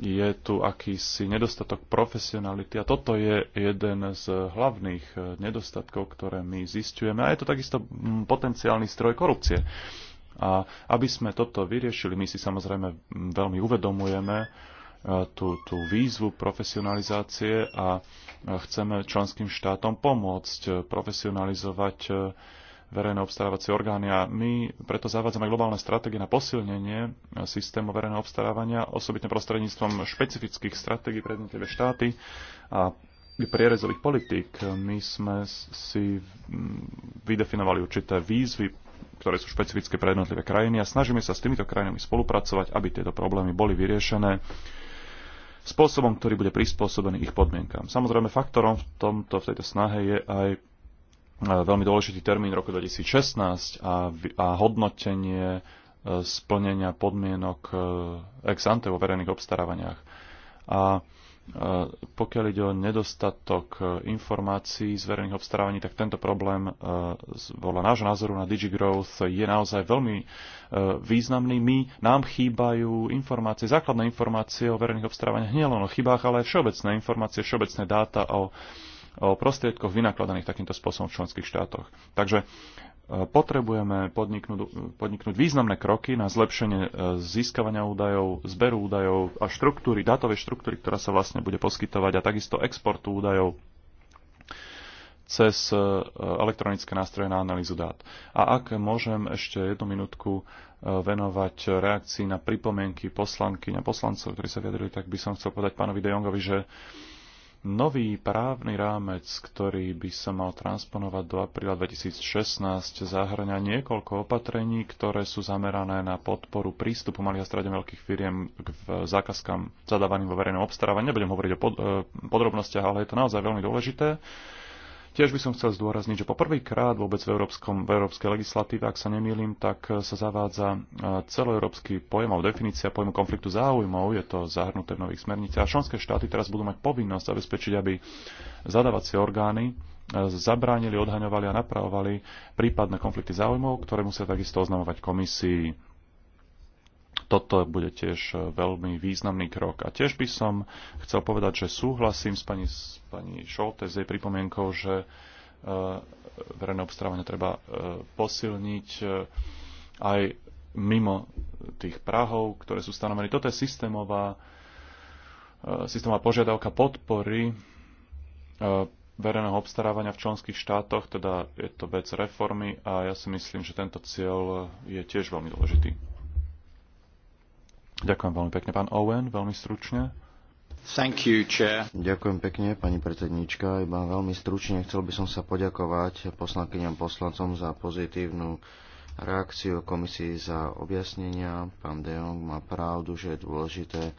je tu akýsi nedostatok profesionality a toto je jeden z hlavných nedostatkov, ktoré my zistujeme a je to takisto potenciálny stroj korupcie. A aby sme toto vyriešili, my si samozrejme veľmi uvedomujeme, tú, tú výzvu profesionalizácie a chceme členským štátom pomôcť e, profesionalizovať e, verejné obstarávacie orgány a my preto zavádzame globálne stratégie na posilnenie e, systému verejného obstarávania, osobitne prostredníctvom špecifických stratégií pre jednotlivé štáty a prierezových politík. My sme si mm, vydefinovali určité výzvy, ktoré sú špecifické pre jednotlivé krajiny a snažíme sa s týmito krajinami spolupracovať, aby tieto problémy boli vyriešené spôsobom, ktorý bude prispôsobený ich podmienkám. Samozrejme, faktorom v, tomto, v tejto snahe je aj e, veľmi dôležitý termín roku 2016 a, a hodnotenie e, splnenia podmienok e, ex ante vo verejných obstarávaniach. A Eh, pokiaľ ide o nedostatok eh, informácií z verejných obstarávaní, tak tento problém eh, podľa nášho názoru na DigiGrowth je naozaj veľmi významný. My, nám chýbajú informácie, základné informácie o verejných obstarávaniach, len o chybách, ale aj všeobecné informácie, všeobecné dáta o o prostriedkoch vynakladaných takýmto spôsobom v členských štátoch. Takže potrebujeme podniknúť, podniknúť významné kroky na zlepšenie e, získavania údajov, zberu údajov a štruktúry, dátovej štruktúry, ktorá sa vlastne bude poskytovať a takisto exportu údajov cez e, elektronické nástroje na analýzu dát. A ak môžem ešte jednu minútku e, venovať reakcii na pripomienky poslanky a poslancov, ktorí sa vyjadrili, tak by som chcel povedať pánovi De Jongovi, že nový právny rámec, ktorý by sa mal transponovať do apríla 2016, zahrňa niekoľko opatrení, ktoré sú zamerané na podporu prístupu malých a stredne veľkých firiem k zákazkám zadávaným vo verejnom obstarávaní. Nebudem hovoriť o e, podrobnostiach, ale je to naozaj veľmi dôležité. Tiež by som chcel zdôrazniť, že poprvýkrát vôbec v, európskom, v európskej legislatíve, ak sa nemýlim, tak e, sa zavádza e, celoeurópsky pojem alebo definícia pojmu konfliktu záujmov. Je to zahrnuté v nových smerniciach. A členské štáty teraz budú mať povinnosť zabezpečiť, aby zadávacie orgány e, zabránili, odhaňovali a napravovali prípadné konflikty záujmov, ktoré musia takisto oznamovať komisii toto bude tiež e, veľmi významný krok. A tiež by som chcel povedať, že súhlasím s pani, s pani Šolte s jej pripomienkou, že e, verejné obstarávanie treba e, posilniť aj mimo tých Prahov, ktoré sú stanovené. Toto je systémová, systémová požiadavka podpory verejného obstarávania v členských štátoch, teda je to vec reformy a ja si myslím, že tento cieľ je tiež veľmi dôležitý. Ďakujem veľmi pekne. Pán Owen, veľmi stručne. Thank you, chair. Ďakujem pekne, pani predsednička. Iba veľmi stručne chcel by som sa poďakovať poslankyňam poslancom za pozitívnu reakciu komisii za objasnenia. Pán De Jong má pravdu, že je dôležité e,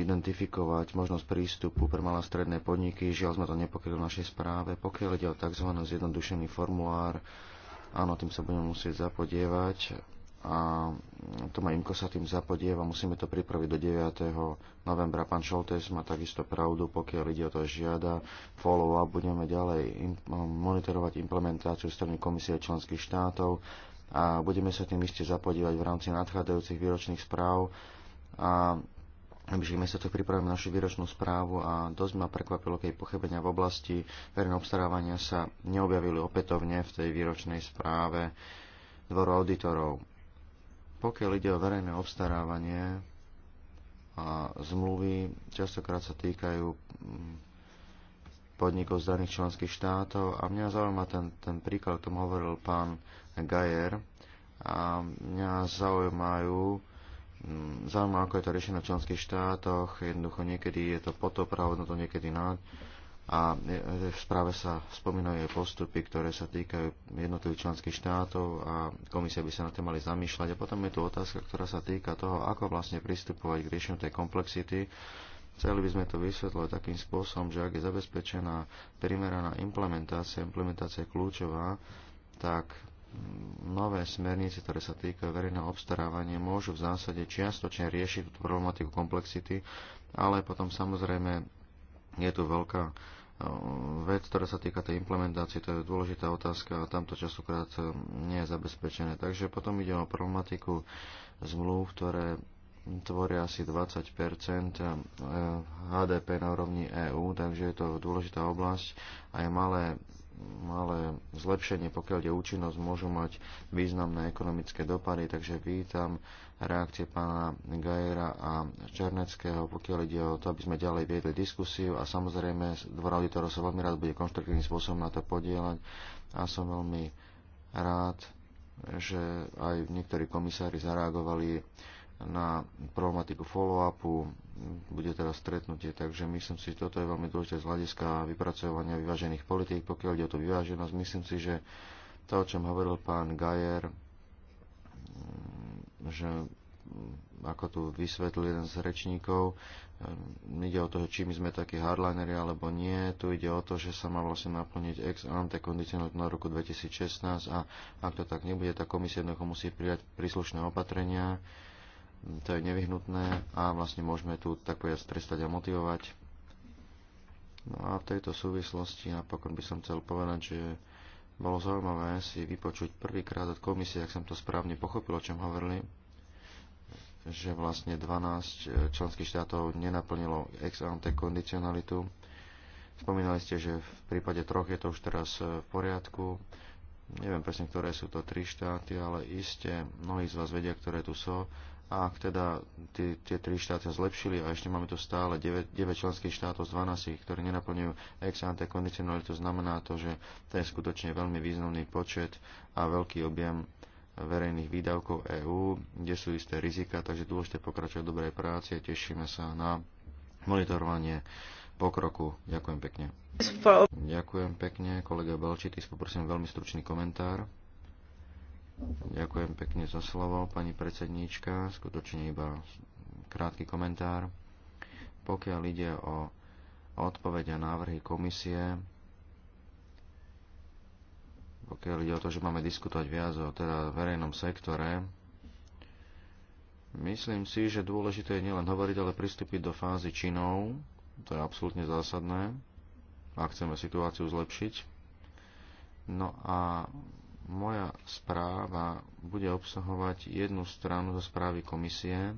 identifikovať možnosť prístupu pre malé stredné podniky. Žiaľ sme to nepokryli v našej správe. Pokiaľ ide o tzv. zjednodušený formulár, áno, tým sa budeme musieť zapodievať a ma Imko sa tým zapodieva, musíme to pripraviť do 9. novembra. Pán Šoltes má takisto pravdu, pokiaľ ide o to žiada follow-up, budeme ďalej monitorovať implementáciu strany komisie členských štátov a budeme sa tým iste zapodívať v rámci nadchádzajúcich výročných správ a sa to pripravíme našu výročnú správu a dosť ma prekvapilo, keď pochybenia v oblasti verejného obstarávania sa neobjavili opätovne v tej výročnej správe dvoru auditorov. Pokiaľ ide o verejné obstarávanie a zmluvy, častokrát sa týkajú mm, podnikov z daných členských štátov a mňa zaujíma ten, ten príklad, o tom hovoril pán Gajer a mňa zaujímajú mm, zaujíma, ako je to riešené v členských štátoch, jednoducho niekedy je to pod to niekedy nad a e, v správe sa spomínajú aj postupy, ktoré sa týkajú jednotlivých členských štátov a komisia by sa na to mali zamýšľať. A potom je tu otázka, ktorá sa týka toho, ako vlastne pristupovať k riešeniu tej komplexity. Chceli by sme to vysvetľovať takým spôsobom, že ak je zabezpečená primeraná implementácia, implementácia je kľúčová, tak nové smernice, ktoré sa týkajú verejného obstarávania, môžu v zásade čiastočne riešiť tú problematiku komplexity, ale potom samozrejme je tu veľká eh, vec, ktorá sa týka tej implementácie, to je dôležitá otázka a tamto častokrát eh, nie je zabezpečené. Takže potom ide o problematiku zmluv, ktoré tvoria asi 20 eh, HDP na úrovni EÚ, takže je to dôležitá oblasť a je malé, malé zlepšenie, pokiaľ je účinnosť, môžu mať významné ekonomické dopady, takže vítam reakcie pána Gajera a Černeckého, pokiaľ ide o to, aby sme ďalej viedli diskusiu a samozrejme dvor auditorov sa veľmi rád bude konštruktívnym spôsobom na to podielať a som veľmi rád, že aj niektorí komisári zareagovali na problematiku follow-upu, bude teraz stretnutie, takže myslím si, že toto je veľmi dôležité z hľadiska vypracovania vyvážených politík, pokiaľ ide o tú vyváženosť. Myslím si, že to, o čom hovoril pán Gajer, že mm, ako tu vysvetlil jeden z rečníkov, mm, ide o to, či my sme takí hardlinery alebo nie. Tu ide o to, že sa má vlastne naplniť ex ante kondicionalitu na roku 2016 a ak to tak nebude, tak komisia jednoducho musí prijať príslušné opatrenia. Mm, to je nevyhnutné a vlastne môžeme tu tak povedať trestať a motivovať. No a v tejto súvislosti napokon by som chcel povedať, že bolo zaujímavé si vypočuť prvýkrát od komisie, ak som to správne pochopil, o čom hovorili, že vlastne 12 e, členských štátov nenaplnilo ex ante kondicionalitu. Spomínali ste, že v prípade troch je to už teraz e, v poriadku. Neviem presne, ktoré sú to tri štáty, ale iste mnohí z vás vedia, ktoré tu sú. So a ak teda tie, tie tri štáty zlepšili a ešte máme tu stále 9, 9 členských štátov z 12, ktoré nenaplňujú ex ante kondicionalitu, znamená to, že to je skutočne veľmi významný počet a veľký objem verejných výdavkov EÚ, kde sú isté rizika, takže dôležité pokračovať dobrej práci a tešíme sa na monitorovanie pokroku. Ďakujem pekne. Ďakujem pekne, kolega Balčity, poprosím veľmi stručný komentár. Ďakujem pekne za slovo, pani predsedníčka. Skutočne iba krátky komentár. Pokiaľ ide o odpoveď a návrhy komisie, pokiaľ ide o to, že máme diskutovať viac o teda verejnom sektore, myslím si, že dôležité je nielen hovoriť, ale pristúpiť do fázy činov. To je absolútne zásadné, ak chceme situáciu zlepšiť. No a moja správa bude obsahovať jednu stranu zo správy komisie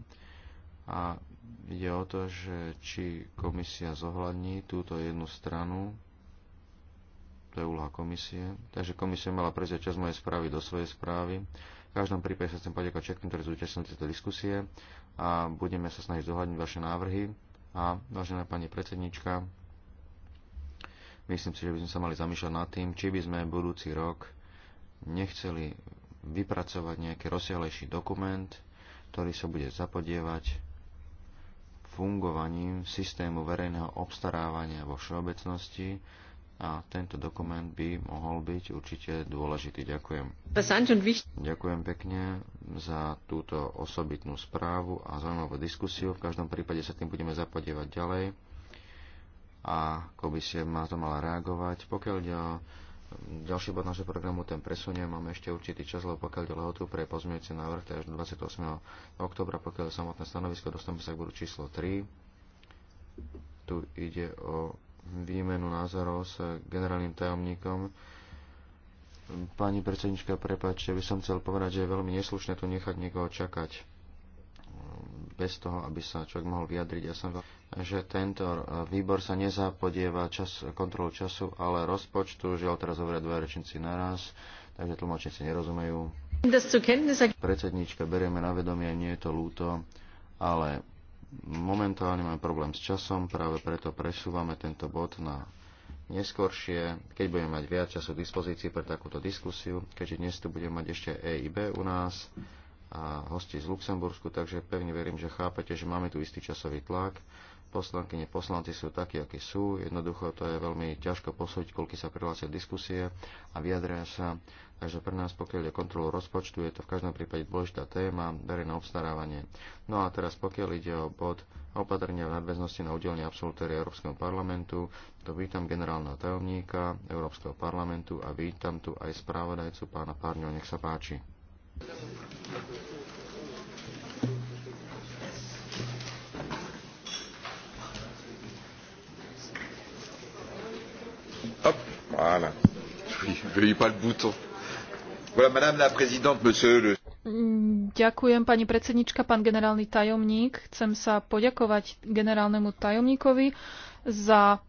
a ide o to, že či komisia zohľadní túto jednu stranu, to je úloha komisie, takže komisia mala prezieť časť mojej správy do svojej správy. V každom prípade sa chcem poďakovať všetkým, ktorí zúčastnili tejto diskusie a budeme sa snažiť zohľadniť vaše návrhy. A vážená pani predsednička, myslím si, že by sme sa mali zamýšľať nad tým, či by sme budúci rok nechceli vypracovať nejaký rozsiahlejší dokument, ktorý sa bude zapodievať fungovaním systému verejného obstarávania vo všeobecnosti a tento dokument by mohol byť určite dôležitý. Ďakujem. Ďakujem pekne za túto osobitnú správu a zaujímavú diskusiu. V každom prípade sa tým budeme zapodievať ďalej a si má to mala reagovať. Pokiaľ ďalej ďalší bod nášho programu ten presunie. Máme ešte určitý čas, lebo pokiaľ ide lehotu pre pozmeňujúci návrh, to je až do 28. oktobra, pokiaľ je samotné stanovisko, dostaneme sa k bodu číslo 3. Tu ide o výmenu názorov s generálnym tajomníkom. Pani predsednička, prepáčte, by som chcel povedať, že je veľmi neslušné tu nechať niekoho čakať bez toho, aby sa človek mohol vyjadriť. Ja som že tento e, výbor sa nezapodieva čas, kontrolu času, ale rozpočtu. Žiaľ, teraz hovoria dva rečníci naraz, takže tlmočníci nerozumejú. Predsednička, berieme na vedomie, nie je to lúto, ale momentálne máme problém s časom, práve preto presúvame tento bod na neskôršie, keď budeme mať viac času v dispozícii pre takúto diskusiu, keďže dnes tu budeme mať ešte EIB u nás a hosti z Luxembursku, takže pevne verím, že chápete, že máme tu istý časový tlak. Poslankyne, poslanci sú takí, akí sú. Jednoducho to je veľmi ťažko posúdiť, koľko sa prihlásia diskusie a vyjadria sa. Takže pre nás, pokiaľ je kontrolu rozpočtu, je to v každom prípade dôležitá téma, verejné obstarávanie. No a teraz, pokiaľ ide o bod opatrenia v nadväznosti na udelenie absolutéria Európskeho parlamentu, to vítam generálneho tajomníka Európskeho parlamentu a vítam tu aj správodajcu pána Párňo, nech sa páči. Hop, voilà. Je pas le bouton. Voilà, Madame la Présidente, Monsieur le... Ďakujem, pani predsednička, pán generálny tajomník. Chcem sa poďakovať generálnemu tajomníkovi za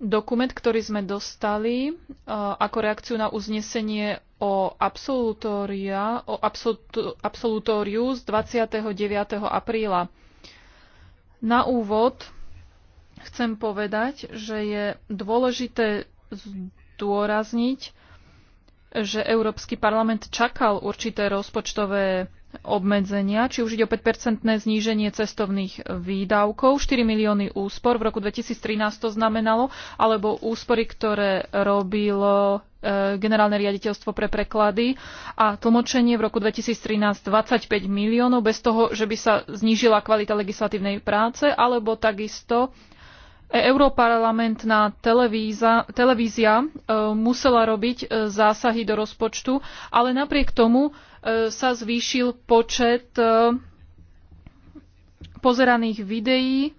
dokument, ktorý sme dostali ako reakciu na uznesenie o, absolutória, o absolut, absolutóriu z 29. apríla. Na úvod chcem povedať, že je dôležité zdôrazniť, že Európsky parlament čakal určité rozpočtové obmedzenia, či už ide o 5-percentné zníženie cestovných výdavkov, 4 milióny úspor v roku 2013 to znamenalo, alebo úspory, ktoré robilo e, generálne riaditeľstvo pre preklady a tlmočenie v roku 2013 25 miliónov bez toho, že by sa znížila kvalita legislatívnej práce, alebo takisto e, Europarlamentná televíza, televízia e, musela robiť zásahy do rozpočtu, ale napriek tomu E, sa zvýšil počet e, pozeraných videí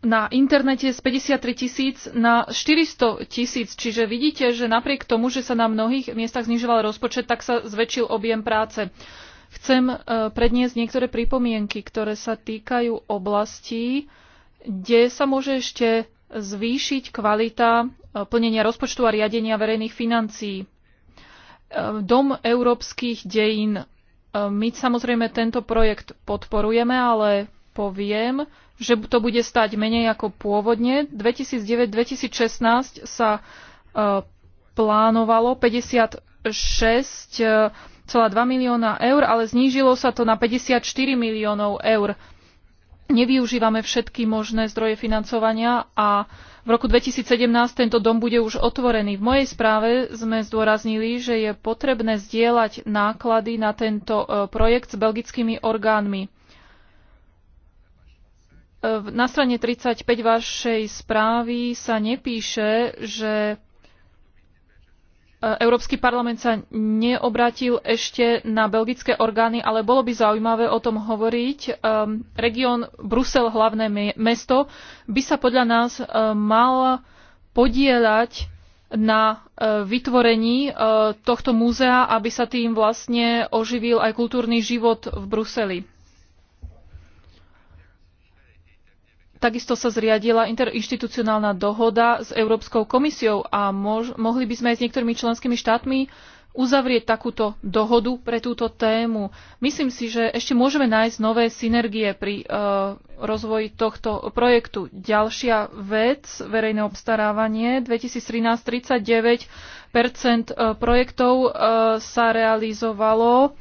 na internete z 53 tisíc na 400 tisíc. Čiže vidíte, že napriek tomu, že sa na mnohých miestach znižoval rozpočet, tak sa zväčšil objem práce. Chcem e, predniesť niektoré pripomienky, ktoré sa týkajú oblastí, kde sa môže ešte zvýšiť kvalita e, plnenia rozpočtu a riadenia verejných financií. E, Dom európskych dejín. E, My samozrejme tento projekt podporujeme, ale poviem, že to bude stať menej ako pôvodne. 2009-2016 sa plánovalo 56,2 milióna eur, ale znížilo sa to na 54 miliónov eur nevyužívame všetky možné zdroje financovania a v roku 2017 tento dom bude už otvorený. V mojej správe sme zdôraznili, že je potrebné zdieľať náklady na tento e, projekt s belgickými orgánmi. E, na strane 35 vašej správy sa nepíše, že E, Európsky parlament sa neobrátil ešte na belgické orgány, ale bolo by zaujímavé o tom hovoriť. E, Región Brusel, hlavné mesto, by sa podľa nás e, mal podielať na vytvorení tohto múzea, aby sa tým vlastne oživil aj kultúrny život v Bruseli. Takisto sa zriadila interinstitucionálna dohoda s Európskou komisiou a mož, mohli by sme aj s niektorými členskými štátmi uzavrieť takúto dohodu pre túto tému. Myslím si, že ešte môžeme nájsť nové synergie pri uh, rozvoji tohto projektu. Ďalšia vec, verejné obstarávanie, 2013 39 e, projektov uh, sa realizovalo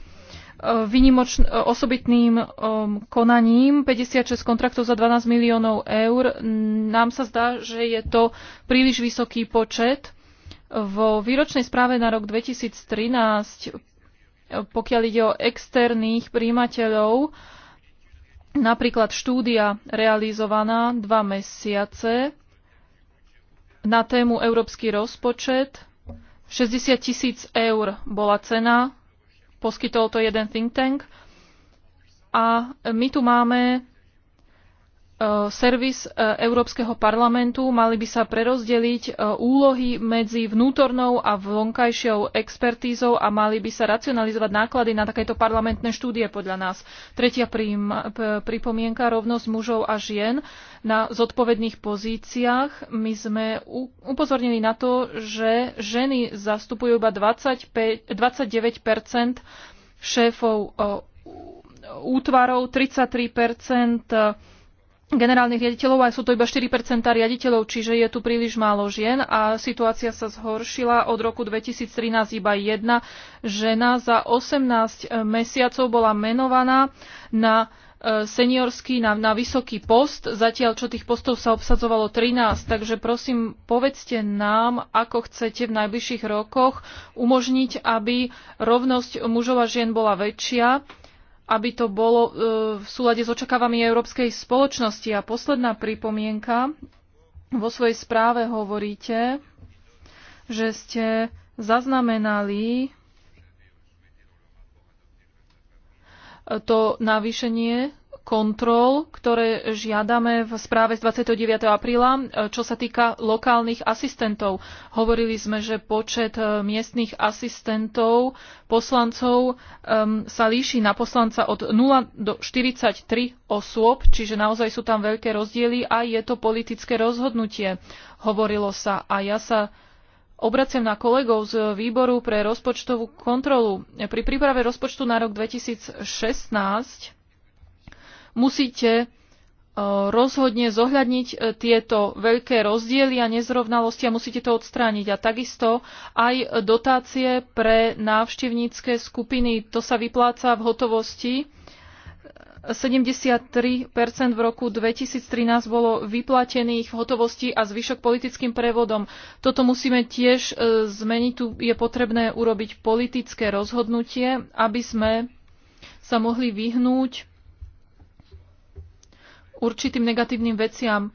vynimočn- osobitným um, konaním 56 kontraktov za 12 miliónov eur. Nám sa zdá, že je to príliš vysoký počet. Vo výročnej správe na rok 2013, pokiaľ ide o externých príjimateľov, napríklad štúdia realizovaná dva mesiace na tému Európsky rozpočet, 60 tisíc eur bola cena poskytol to jeden think tank. A my tu máme E, servis e, Európskeho parlamentu mali by sa prerozdeliť e, úlohy medzi vnútornou a vonkajšou expertízou a mali by sa racionalizovať náklady na takéto parlamentné štúdie podľa nás. Tretia pripomienka, rovnosť mužov a žien na zodpovedných pozíciách. My sme upozornili na to, že ženy zastupujú iba 25, 29 šéfov útvarov, 33 generálnych riaditeľov a sú to iba 4 riaditeľov, čiže je tu príliš málo žien a situácia sa zhoršila. Od roku 2013 iba jedna žena za 18 mesiacov bola menovaná na e, seniorský, na, na vysoký post, zatiaľ čo tých postov sa obsadzovalo 13. Takže prosím, povedzte nám, ako chcete v najbližších rokoch umožniť, aby rovnosť mužov a žien bola väčšia aby to bolo e, v súlade s očakávami európskej spoločnosti. A posledná pripomienka. Vo svojej správe hovoríte, že ste zaznamenali to navýšenie kontrol, ktoré žiadame v správe z 29. apríla, e, čo sa týka lokálnych asistentov. Hovorili sme, že počet e, miestnych asistentov poslancov um, sa líši na poslanca od 0 do 43 osôb, čiže naozaj sú tam veľké rozdiely a je to politické rozhodnutie, hovorilo sa. A ja sa Obraciam na kolegov z výboru pre rozpočtovú kontrolu. Pri príprave rozpočtu na rok 2016 musíte e, rozhodne zohľadniť e, tieto veľké rozdiely a nezrovnalosti a musíte to odstrániť. A takisto aj dotácie pre návštevnícke skupiny, to sa vypláca v hotovosti. 73% v roku 2013 bolo vyplatených v hotovosti a zvyšok politickým prevodom. Toto musíme tiež e, zmeniť. Tu je potrebné urobiť politické rozhodnutie, aby sme sa mohli vyhnúť určitým negatívnym veciam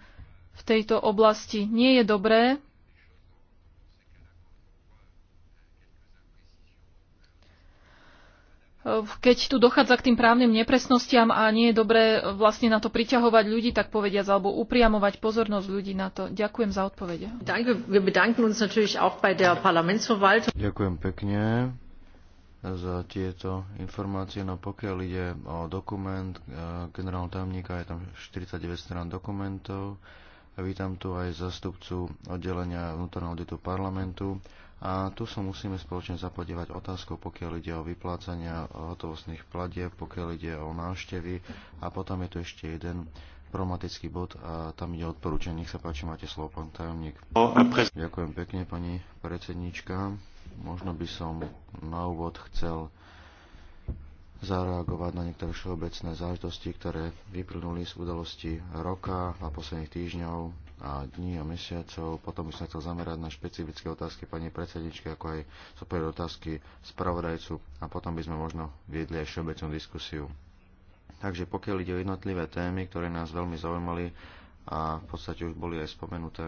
v tejto oblasti. Nie je dobré eh, keď tu dochádza k tým právnym nepresnostiam a nie je dobré vlastne na to priťahovať ľudí, tak povediať, alebo upriamovať pozornosť ľudí na to. Ďakujem za odpovede. Ďakujem pekne za tieto informácie. No pokiaľ ide o dokument e, generálneho tajomníka, je tam 49 strán dokumentov. A vítam tu aj zastupcu oddelenia vnútorného auditu parlamentu. A tu sa musíme spoločne zapodievať otázkou, pokiaľ ide o vyplácania hotovostných platieb, pokiaľ ide o návštevy. A potom je tu ešte jeden problematický bod a tam ide odporúčanie. Nech sa páči, máte slovo, pán tajomník. No, Ďakujem pekne, pani predsednička. Možno by som na úvod chcel zareagovať na niektoré všeobecné zážitosti, ktoré vyplnuli z udalosti roka a posledných týždňov a dní a mesiacov. Potom by som chcel zamerať na špecifické otázky pani predsedničky, ako aj super otázky spravodajcu a potom by sme možno viedli aj všeobecnú diskusiu. Takže pokiaľ ide o jednotlivé témy, ktoré nás veľmi zaujímali a v podstate už boli aj spomenuté,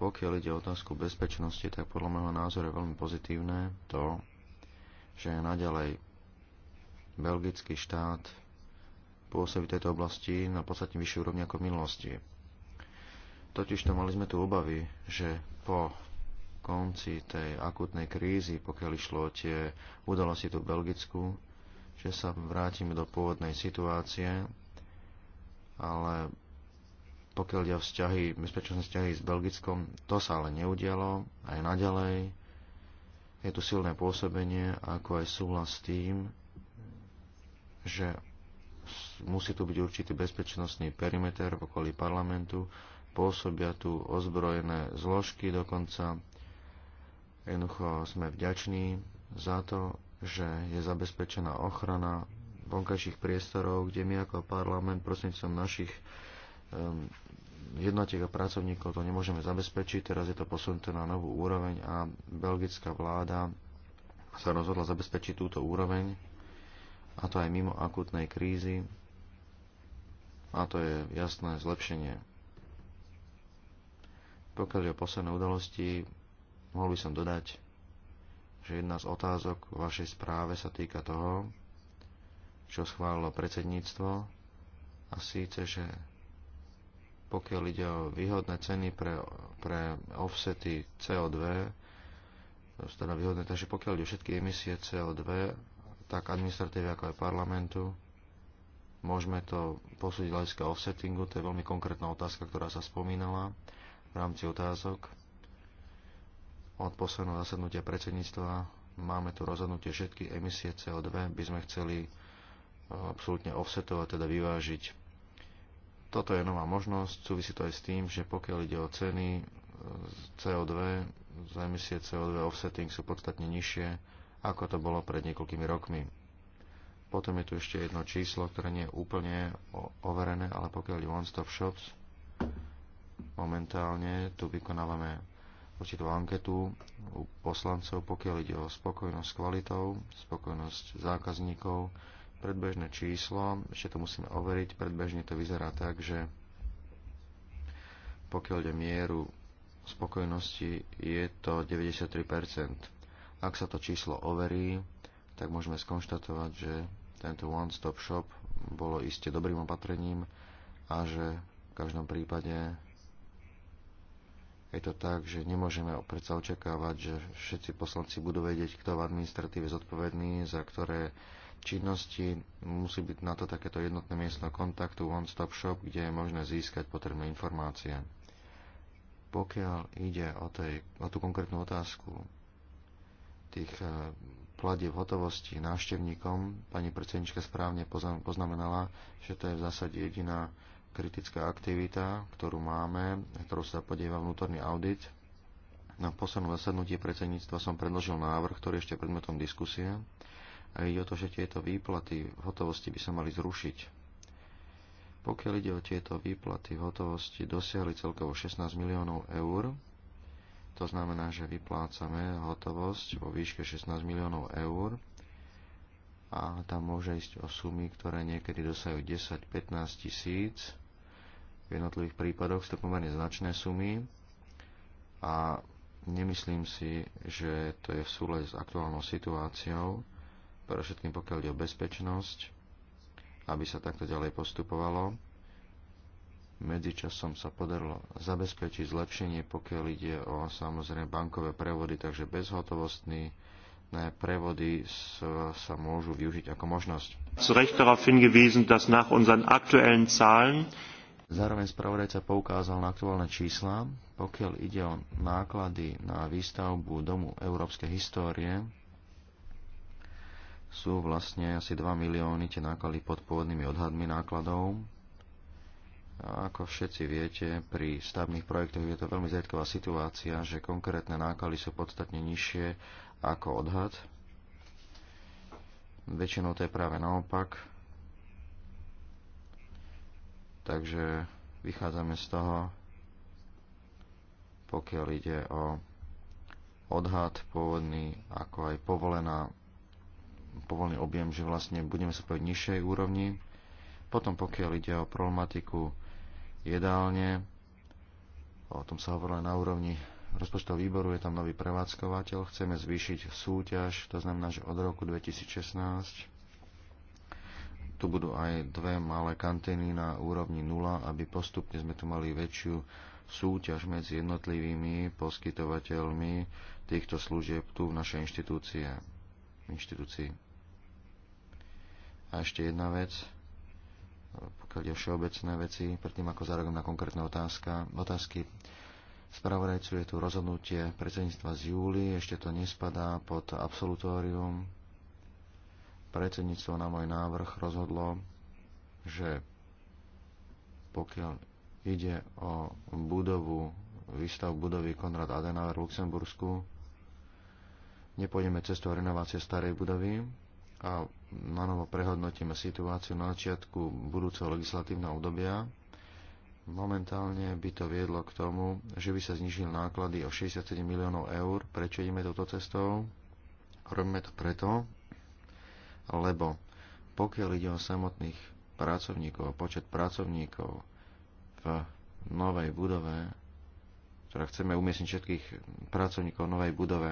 pokiaľ ide o otázku bezpečnosti, tak podľa môjho názoru je veľmi pozitívne to, že naďalej belgický štát pôsobí tejto oblasti na podstatne vyššiu úrovni ako v minulosti. Totižto mali sme tu obavy, že po konci tej akutnej krízy, pokiaľ išlo tie udalosti tu v Belgicku, že sa vrátime do pôvodnej situácie, ale pokiaľ ide o vzťahy, bezpečnostné vzťahy s Belgickom, to sa ale neudialo, aj naďalej. Je tu silné pôsobenie, ako aj súhlas s tým, že musí tu byť určitý bezpečnostný perimeter v okolí parlamentu, pôsobia tu ozbrojené zložky dokonca. Jednoducho sme vďační za to, že je zabezpečená ochrana vonkajších priestorov, kde my ako parlament som našich um, jednotiek a pracovníkov to nemôžeme zabezpečiť. Teraz je to posunuté na novú úroveň a belgická vláda sa rozhodla zabezpečiť túto úroveň a to aj mimo akutnej krízy a to je jasné zlepšenie. Pokiaľ je o posledné udalosti, mohol by som dodať, že jedna z otázok v vašej správe sa týka toho, čo schválilo predsedníctvo a síce, že pokiaľ ide o výhodné ceny pre, pre offsety CO2, teda výhodné, takže pokiaľ ide o všetky emisie CO2, tak administratívy ako aj parlamentu, môžeme to posúdiť hľadiska offsettingu, to je veľmi konkrétna otázka, ktorá sa spomínala v rámci otázok. Od posledného zasadnutia predsedníctva máme tu rozhodnutie všetky emisie CO2, by sme chceli e, absolútne offsetovať, teda vyvážiť toto je nová možnosť, súvisí to aj s tým, že pokiaľ ide o ceny e, CO2, za emisie CO2 offsetting sú podstatne nižšie, ako to bolo pred niekoľkými rokmi. Potom je tu ešte jedno číslo, ktoré nie je úplne overené, ale pokiaľ je One Stop Shops, momentálne tu vykonávame určitú anketu u poslancov, pokiaľ ide o spokojnosť s kvalitou, spokojnosť zákazníkov, predbežné číslo, ešte to musíme overiť, predbežne to vyzerá tak, že pokiaľ ide mieru spokojnosti, je to 93%. Ak sa to číslo overí, tak môžeme skonštatovať, že tento one-stop shop bolo iste dobrým opatrením a že v každom prípade je to tak, že nemôžeme predsa očakávať, že všetci poslanci budú vedieť, kto v administratíve zodpovedný, za ktoré činnosti musí byť na to takéto jednotné miesto kontaktu one-stop shop, kde je možné získať potrebné informácie. Pokiaľ ide o, tej, o tú konkrétnu otázku tých e, platieb hotovosti návštevníkom, pani predsednička správne poznamenala, že to je v zásade jediná kritická aktivita, ktorú máme, ktorú sa podieva vnútorný audit. Na poslednom zasadnutí predsedníctva som predložil návrh, ktorý ešte predmetom diskusie a ide o to, že tieto výplaty v hotovosti by sa mali zrušiť. Pokiaľ ide o tieto výplaty v hotovosti, dosiahli celkovo 16 miliónov eur. To znamená, že vyplácame hotovosť vo výške 16 miliónov eur a tam môže ísť o sumy, ktoré niekedy dosajú 10-15 tisíc. V jednotlivých prípadoch sú to pomerne značné sumy a nemyslím si, že to je v súlade s aktuálnou situáciou pre všetkým pokiaľ ide o bezpečnosť, aby sa takto ďalej postupovalo. Medzičasom sa podarilo zabezpečiť zlepšenie, pokiaľ ide o samozrejme bankové prevody, takže bezhotovostný prevody sa, sa môžu využiť ako možnosť. darauf hingewiesen, dass nach unseren aktuellen Zahlen Zároveň spravodajca poukázal na aktuálne čísla, pokiaľ ide o náklady na výstavbu Domu európskej histórie, sú vlastne asi 2 milióny tie náklady pod pôvodnými odhadmi nákladov. A ako všetci viete, pri stavných projektoch je to veľmi zriedková situácia, že konkrétne náklady sú podstatne nižšie ako odhad. Väčšinou to je práve naopak. Takže vychádzame z toho, pokiaľ ide o odhad pôvodný, ako aj povolená povolný objem, že vlastne budeme sa povedať nižšej úrovni. Potom pokiaľ ide o problematiku jedálne, o tom sa hovorilo na úrovni rozpočtového výboru, je tam nový prevádzkovateľ, chceme zvýšiť súťaž, to znamená, že od roku 2016 tu budú aj dve malé kantény na úrovni 0, aby postupne sme tu mali väčšiu súťaž medzi jednotlivými poskytovateľmi týchto služieb tu v našej inštitúcie inštitúcií. A ešte jedna vec, pokiaľ je všeobecné veci, predtým ako zareagujem na konkrétne otázka, otázky. Spravodajcu je tu rozhodnutie predsedníctva z júli, ešte to nespadá pod absolutórium. Predsedníctvo na môj návrh rozhodlo, že pokiaľ ide o budovu, výstav budovy Konrad Adenauer v Luxembursku, nepôjdeme cestou renovácie starej budovy a na novo prehodnotíme situáciu na začiatku budúceho legislatívneho obdobia. Momentálne by to viedlo k tomu, že by sa znižili náklady o 67 miliónov eur. Prečo ideme touto cestou? Robíme to preto, lebo pokiaľ ide o samotných pracovníkov, počet pracovníkov v novej budove, ktorá chceme umiestniť všetkých pracovníkov v novej budove,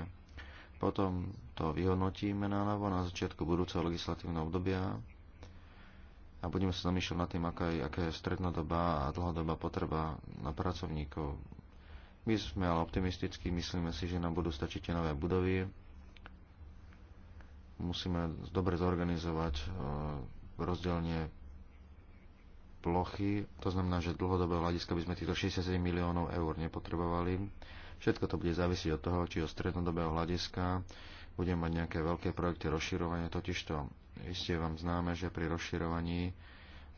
potom to vyhodnotíme na novo na začiatku budúceho legislatívneho obdobia a budeme sa zamýšľať nad tým, aká je, aká je strednodobá a dlhodobá potreba na pracovníkov. My sme ale optimistickí, myslíme si, že nám budú stačiť tie nové budovy. Musíme dobre zorganizovať e, rozdielne plochy, to znamená, že dlhodobého hľadiska by sme týchto 67 miliónov eur nepotrebovali Všetko to bude závisieť od toho, či od strednodobého hľadiska budeme mať nejaké veľké projekty rozširovania. Totižto iste vám známe, že pri rozširovaní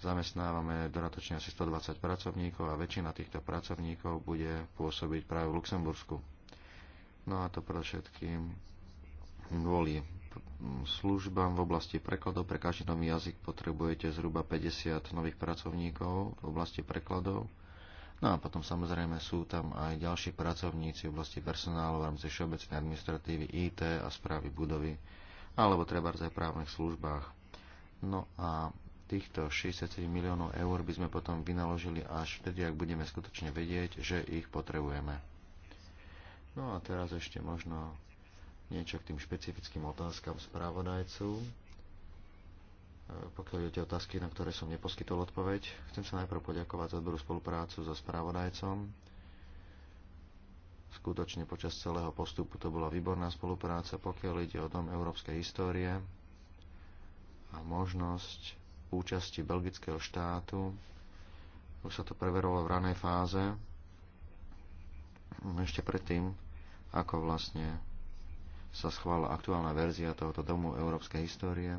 zamestnávame dodatočne asi 120 pracovníkov a väčšina týchto pracovníkov bude pôsobiť práve v Luxembursku. No a to predovšetkým kvôli službám v oblasti prekladov. Pre každý nový jazyk potrebujete zhruba 50 nových pracovníkov v oblasti prekladov. No a potom samozrejme sú tam aj ďalší pracovníci v oblasti personálu v rámci všeobecnej administratívy, IT a správy budovy, alebo treba aj v právnych službách. No a týchto 67 miliónov eur by sme potom vynaložili až vtedy, ak budeme skutočne vedieť, že ich potrebujeme. No a teraz ešte možno niečo k tým špecifickým otázkam správodajcu. E, pokiaľ ide otázky, na ktoré som neposkytol odpoveď. Chcem sa najprv poďakovať za dobrú spoluprácu so správodajcom. Skutočne počas celého postupu to bola výborná spolupráca, pokiaľ ide o Dom európskej histórie a možnosť účasti belgického štátu. Už sa to preverovalo v ranej fáze, no, ešte predtým, ako vlastne sa schválila aktuálna verzia tohoto Domu európskej histórie.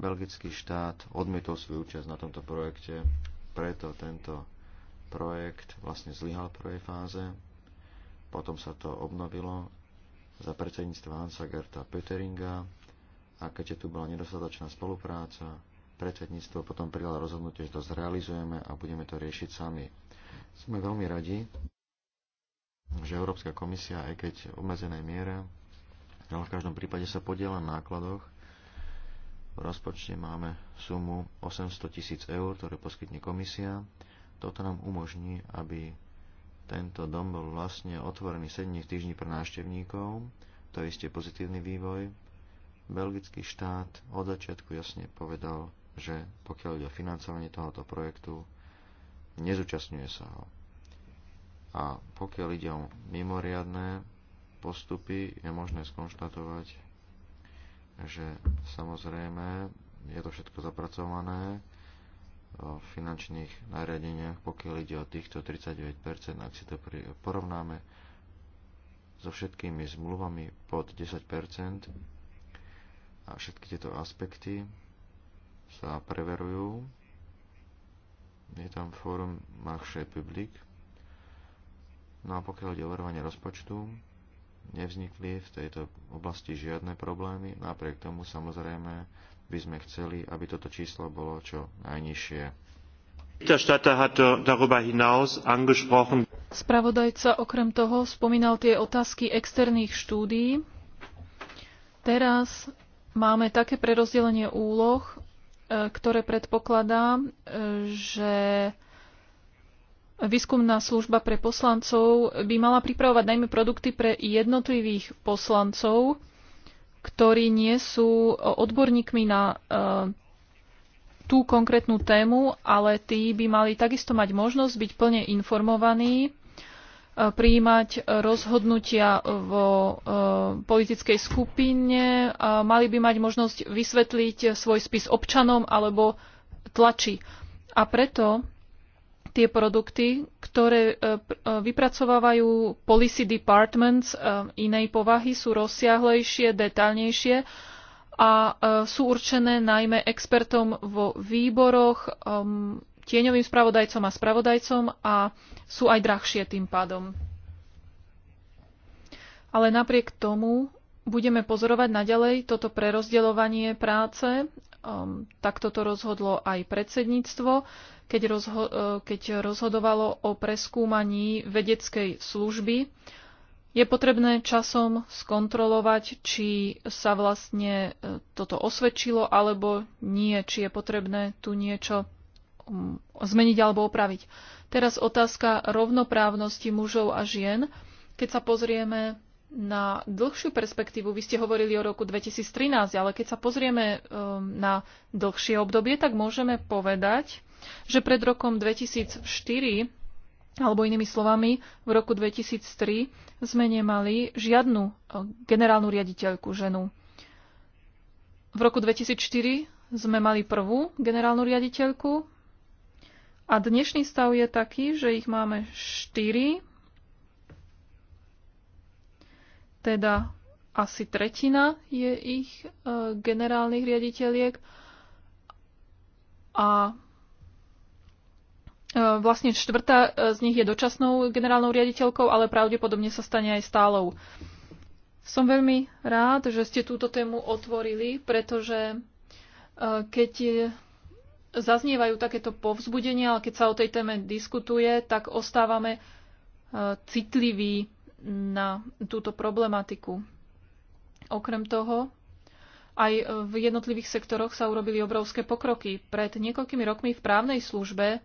Belgický štát odmietol svoju účasť na tomto projekte, preto tento projekt vlastne zlyhal v prvej fáze, potom sa to obnovilo za predsedníctva Hansa Gerta Pöteringa a keďže tu bola nedostatočná spolupráca, predsedníctvo potom prijalo rozhodnutie, že to zrealizujeme a budeme to riešiť sami. Sme veľmi radi, že Európska komisia, aj keď v obmedzenej miere, ale v každom prípade sa podiela na nákladoch rozpočte máme sumu 800 tisíc eur, ktoré poskytne komisia. Toto nám umožní, aby tento dom bol vlastne otvorený 7 v týždni pre návštevníkov. To je isté pozitívny vývoj. Belgický štát od začiatku jasne povedal, že pokiaľ ide o financovanie tohoto projektu, nezúčastňuje sa ho. A pokiaľ ide o mimoriadné postupy, je možné skonštatovať, že samozrejme je to všetko zapracované v finančných nariadeniach, pokiaľ ide o týchto 39%, ak si to porovnáme so všetkými zmluvami pod 10% a všetky tieto aspekty sa preverujú. Je tam fórum Marché Public. No a pokiaľ ide o verovanie rozpočtu, nevznikli v tejto oblasti žiadne problémy. Napriek tomu samozrejme by sme chceli, aby toto číslo bolo čo najnižšie. Spravodajca okrem toho spomínal tie otázky externých štúdií. Teraz máme také prerozdelenie úloh, e, ktoré predpokladá, e, že Výskumná služba pre poslancov by mala pripravovať najmä produkty pre jednotlivých poslancov, ktorí nie sú odborníkmi na e, tú konkrétnu tému, ale tí by mali takisto mať možnosť byť plne informovaní, e, prijímať rozhodnutia vo e, politickej skupine, mali by mať možnosť vysvetliť svoj spis občanom alebo tlači. A preto tie produkty, ktoré e, e, vypracovávajú policy departments e, inej povahy, sú rozsiahlejšie, detaľnejšie a sú určené najmä expertom vo výboroch, um, tieňovým spravodajcom a spravodajcom a sú aj drahšie tým pádom. Ale napriek tomu budeme pozorovať naďalej toto prerozdeľovanie práce Um, takto to rozhodlo aj predsedníctvo, keď, rozho- e, keď rozhodovalo o preskúmaní vedeckej služby. Je potrebné časom skontrolovať, či sa vlastne e, toto osvedčilo alebo nie, či je potrebné tu niečo mm, zmeniť alebo opraviť. Teraz otázka rovnoprávnosti mužov a žien. Keď sa pozrieme na dlhšiu perspektívu, vy ste hovorili o roku 2013, ale keď sa pozrieme um, na dlhšie obdobie, tak môžeme povedať, že pred rokom 2004, alebo inými slovami, v roku 2003 sme nemali žiadnu uh, generálnu riaditeľku ženu. V roku 2004 sme mali prvú generálnu riaditeľku a dnešný stav je taký, že ich máme 4 teda asi tretina je ich e, generálnych riaditeľiek a e, Vlastne štvrtá e, z nich je dočasnou generálnou riaditeľkou, ale pravdepodobne sa stane aj stálou. Som veľmi rád, že ste túto tému otvorili, pretože e, keď zaznievajú takéto povzbudenia, ale keď sa o tej téme diskutuje, tak ostávame citliví na túto problematiku. Okrem toho, aj v jednotlivých sektoroch sa urobili obrovské pokroky. Pred niekoľkými rokmi v právnej službe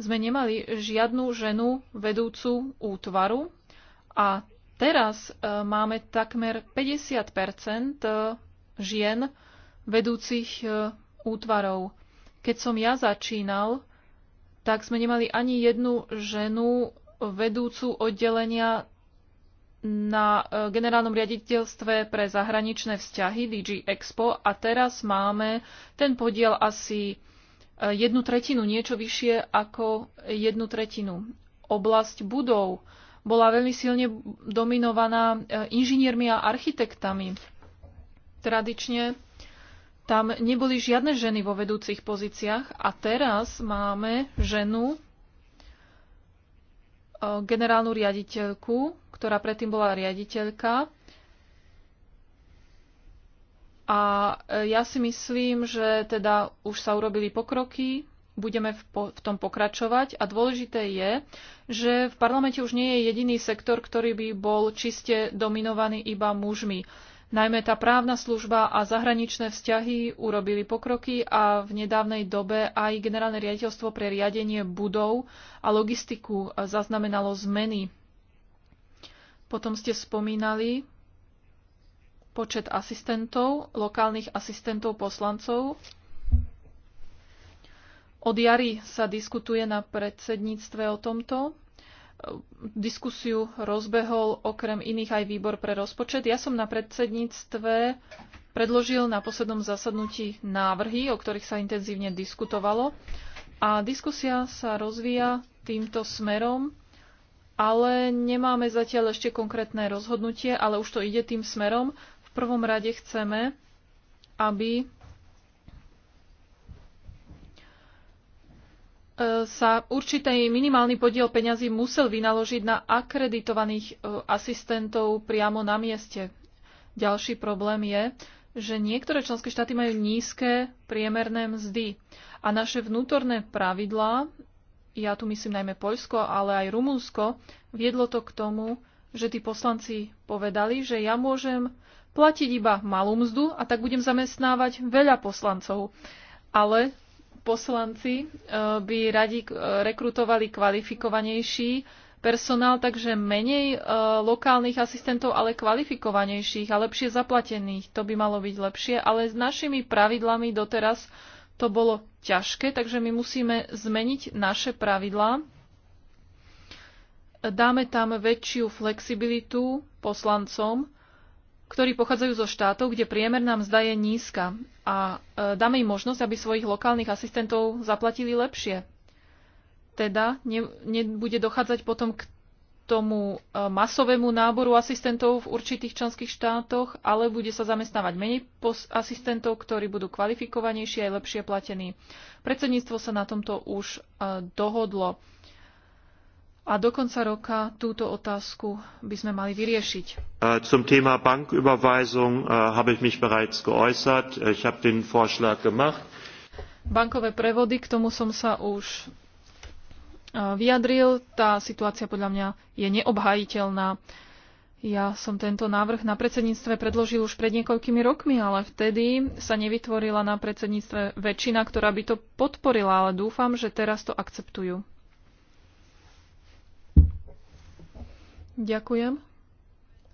sme nemali žiadnu ženu vedúcu útvaru a teraz e, máme takmer 50 e, žien vedúcich e, útvarov. Keď som ja začínal, tak sme nemali ani jednu ženu vedúcu oddelenia na e, generálnom riaditeľstve pre zahraničné vzťahy DG Expo a teraz máme ten podiel asi e, jednu tretinu, niečo vyššie ako jednu tretinu. Oblasť budov bola veľmi silne dominovaná e, inžiniermi a architektami. Tradične tam neboli žiadne ženy vo vedúcich pozíciách a teraz máme ženu generálnu riaditeľku, ktorá predtým bola riaditeľka. A e, ja si myslím, že teda už sa urobili pokroky, budeme v, po, v tom pokračovať a dôležité je, že v parlamente už nie je jediný sektor, ktorý by bol čiste dominovaný iba mužmi. Najmä tá právna služba a zahraničné vzťahy urobili pokroky a v nedávnej dobe aj generálne riaditeľstvo pre riadenie budov a logistiku zaznamenalo zmeny. Potom ste spomínali počet asistentov, lokálnych asistentov poslancov. Od jary sa diskutuje na predsedníctve o tomto diskusiu rozbehol okrem iných aj výbor pre rozpočet. Ja som na predsedníctve predložil na poslednom zasadnutí návrhy, o ktorých sa intenzívne diskutovalo. A diskusia sa rozvíja týmto smerom, ale nemáme zatiaľ ešte konkrétne rozhodnutie, ale už to ide tým smerom. V prvom rade chceme, aby E, sa určitý minimálny podiel peňazí musel vynaložiť na akreditovaných e, asistentov priamo na mieste. Ďalší problém je, že niektoré členské štáty majú nízke priemerné mzdy a naše vnútorné pravidlá, ja tu myslím najmä Poľsko, ale aj Rumunsko, viedlo to k tomu, že tí poslanci povedali, že ja môžem platiť iba malú mzdu a tak budem zamestnávať veľa poslancov. Ale poslanci eh, by radi eh, rekrutovali kvalifikovanejší personál, takže menej eh, lokálnych asistentov, ale kvalifikovanejších a lepšie zaplatených. To by malo byť lepšie, ale s našimi pravidlami doteraz to bolo ťažké, takže my musíme zmeniť naše pravidlá. Dáme tam väčšiu flexibilitu poslancom, ktorí pochádzajú zo štátov, kde priemerná mzda je nízka a e, dáme im možnosť, aby svojich lokálnych asistentov zaplatili lepšie. Teda nebude dochádzať potom k tomu e, masovému náboru asistentov v určitých členských štátoch, ale bude sa zamestnávať menej asistentov, ktorí budú kvalifikovanejší aj lepšie platení. Predsedníctvo sa na tomto už e, dohodlo a do konca roka túto otázku by sme mali vyriešiť. Äh, zum Thema Banküberweisung äh, habe ich mich bereits geäußert. Ich habe den Vorschlag gemacht. Bankové prevody, k tomu som sa už äh, vyjadril. Tá situácia podľa mňa je neobhajiteľná. Ja som tento návrh na predsedníctve predložil už pred niekoľkými rokmi, ale vtedy sa nevytvorila na predsedníctve väčšina, ktorá by to podporila, ale dúfam, že teraz to akceptujú. Ďakujem.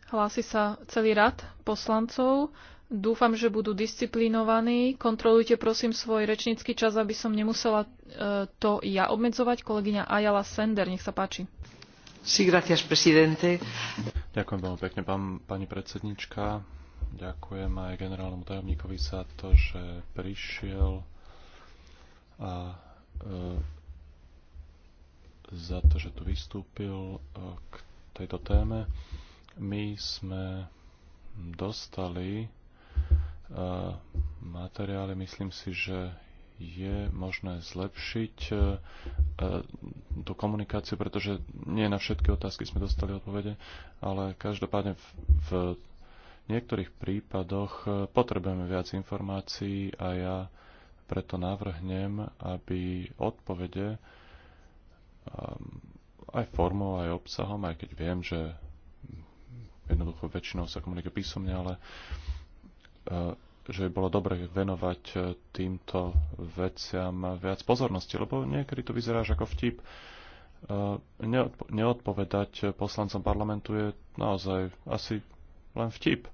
Hlási sa celý rad poslancov. Dúfam, že budú disciplinovaní. Kontrolujte prosím svoj rečnícky čas, aby som nemusela e, to ja obmedzovať. Kolegyňa Ayala Sender, nech sa páči. Sí, gracias, presidente. Ďakujem veľmi pekne, pán, pani predsednička. Ďakujem aj generálnemu tajomníkovi za to, že prišiel a e, za to, že tu vystúpil e, k tejto téme. My sme dostali e, materiály, myslím si, že je možné zlepšiť e, e, tú komunikáciu, pretože nie na všetky otázky sme dostali odpovede, ale každopádne v, v niektorých prípadoch potrebujeme viac informácií a ja preto navrhnem, aby odpovede aj formou, aj obsahom, aj keď viem, že jednoducho väčšinou sa komunikuje písomne, ale e, že by bolo dobre venovať e, týmto veciam viac pozornosti, lebo niekedy to vyzerá ako vtip. E, neodpovedať poslancom parlamentu je naozaj asi len vtip.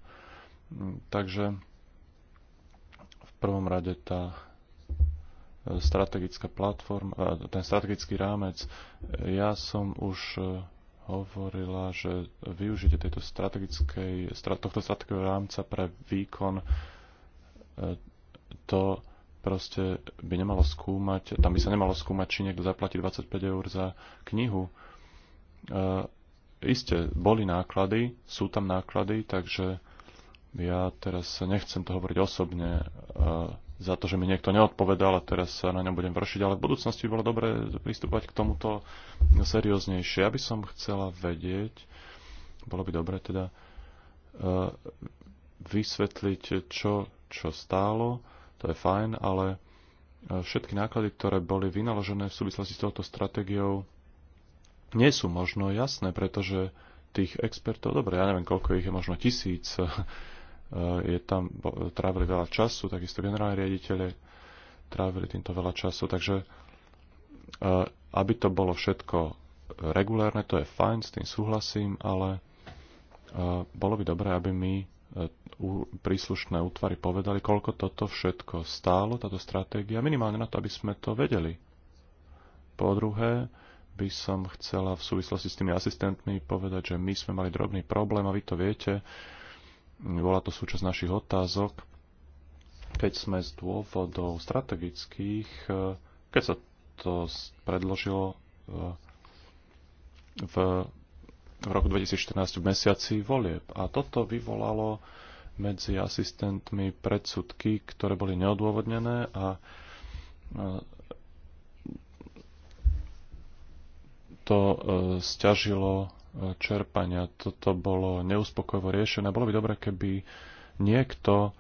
Mm, takže v prvom rade tá strategická platforma, e, ten strategický rámec. Ja som už e, hovorila, že využite tejto strategickej, tohto strategického rámca pre výkon e, to proste by nemalo skúmať, tam by sa nemalo skúmať, či niekto zaplatí 25 eur za knihu. E, iste, boli náklady, sú tam náklady, takže ja teraz nechcem to hovoriť osobne, e, za to, že mi niekto neodpovedal a teraz sa na ňom budem vršiť, ale v budúcnosti by bolo dobre pristúpať k tomuto serióznejšie. Ja by som chcela vedieť, bolo by dobre teda uh, vysvetliť, čo, čo stálo, to je fajn, ale e, všetky náklady, ktoré boli vynaložené v súvislosti s touto stratégiou, nie sú možno jasné, pretože tých expertov, dobre, ja neviem, koľko ich je, možno tisíc, Eh, je tam, trávili veľa času, takisto generálni riaditeľe trávili týmto veľa času, takže eh, aby to bolo všetko regulárne, to je fajn, s tým súhlasím, ale eh, bolo by dobré, aby mi príslušné útvary povedali, koľko toto všetko stálo, táto stratégia, minimálne na to, aby sme to vedeli. Po druhé, by som chcela v súvislosti s tými asistentmi povedať, že my sme mali drobný problém a vy to viete, bola to súčasť našich otázok, keď sme z dôvodov strategických, eh, keď sa to predložilo eh, v, v roku 2014 v mesiaci volieb. A toto vyvolalo medzi asistentmi predsudky, ktoré boli neodôvodnené a eh, to stiažilo čerpania. Toto bolo neuspokojivo riešené. Bolo by dobré, keby niekto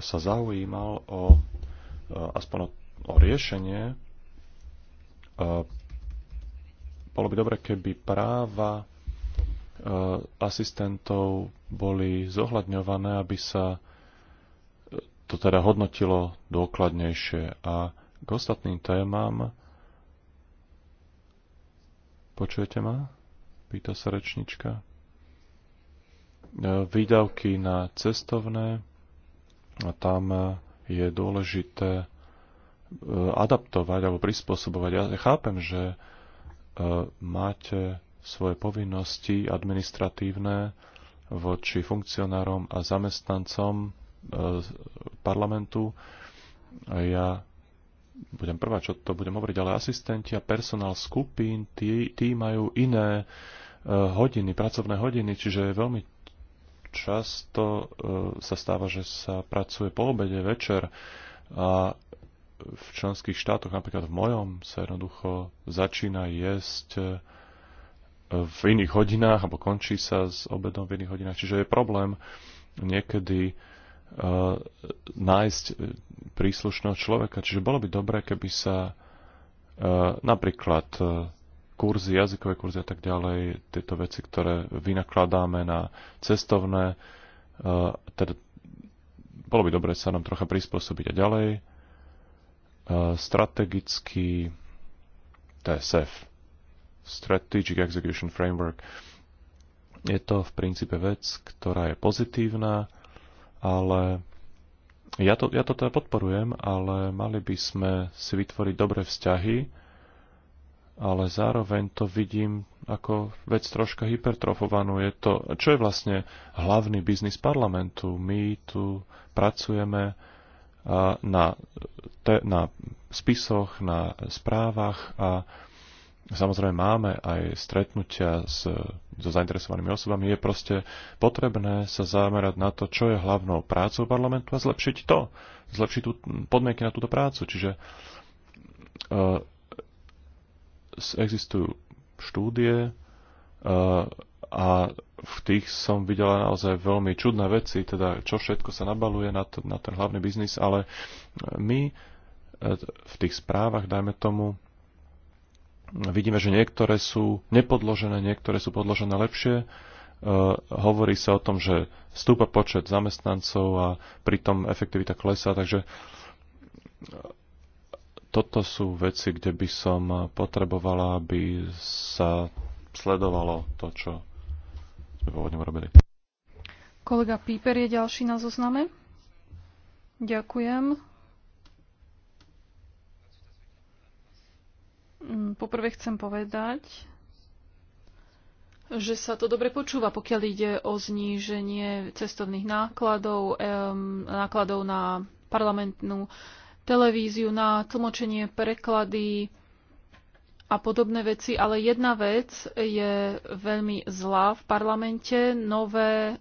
sa zaujímal o eh, aspoň o, o riešenie. Eh, bolo by dobré, keby práva eh, asistentov boli zohľadňované, aby sa to teda hodnotilo dôkladnejšie. A k ostatným témam. Počujete ma? Pýta sa rečnička. E, výdavky na cestovné. A tam e, je dôležité e, adaptovať alebo prispôsobovať. Ja chápem, že máte svoje povinnosti administratívne voči funkcionárom a zamestnancom parlamentu. Ja budem prvá, čo to budem hovoriť, ale asistenti a personál skupín, tí, tí majú iné Eh, hodiny, pracovné hodiny, čiže veľmi často eh, sa stáva, že sa pracuje po obede, večer a v členských štátoch, napríklad v mojom, sa jednoducho začína jesť eh, v iných hodinách alebo končí sa s obedom v iných hodinách. Čiže je problém niekedy nájsť príslušného človeka. Čiže bolo by dobré, keby sa napríklad kurzy, jazykové kurzy a tak ďalej, tieto veci, ktoré vynakladáme na cestovné, e, teda bolo by dobre sa nám trocha prispôsobiť a ďalej. E, strategický TSF, Strategic Execution Framework, je to v princípe vec, ktorá je pozitívna, ale ja to, ja to teda podporujem, ale mali by sme si vytvoriť dobré vzťahy ale zároveň to vidím ako vec troška hypertrofovanú. Je to, čo je vlastne hlavný biznis parlamentu. My tu pracujeme na, te, na spisoch, na správach a samozrejme máme aj stretnutia s, so zainteresovanými osobami. Je proste potrebné sa zamerať na to, čo je hlavnou prácou parlamentu a zlepšiť to, zlepšiť tú, podmienky na túto prácu. Čiže e, existujú štúdie eh, a v tých som videla naozaj veľmi čudné veci, teda čo všetko sa nabaluje na, to, na ten hlavný biznis, ale my eh, v tých správach, dajme tomu, vidíme, že niektoré sú nepodložené, niektoré sú podložené lepšie. Uh, hovorí sa o tom, že stúpa počet zamestnancov a pritom efektivita klesá, takže toto sú veci, kde by som potrebovala, aby sa sledovalo to, čo sme pôvodne urobili. Kolega Píper je ďalší na zozname. Ďakujem. Mm, poprvé chcem povedať, že sa to dobre počúva, pokiaľ ide o zníženie cestovných nákladov, nákladov na parlamentnú televíziu, na tlmočenie, preklady a podobné veci. Ale jedna vec je veľmi zlá v parlamente. Nové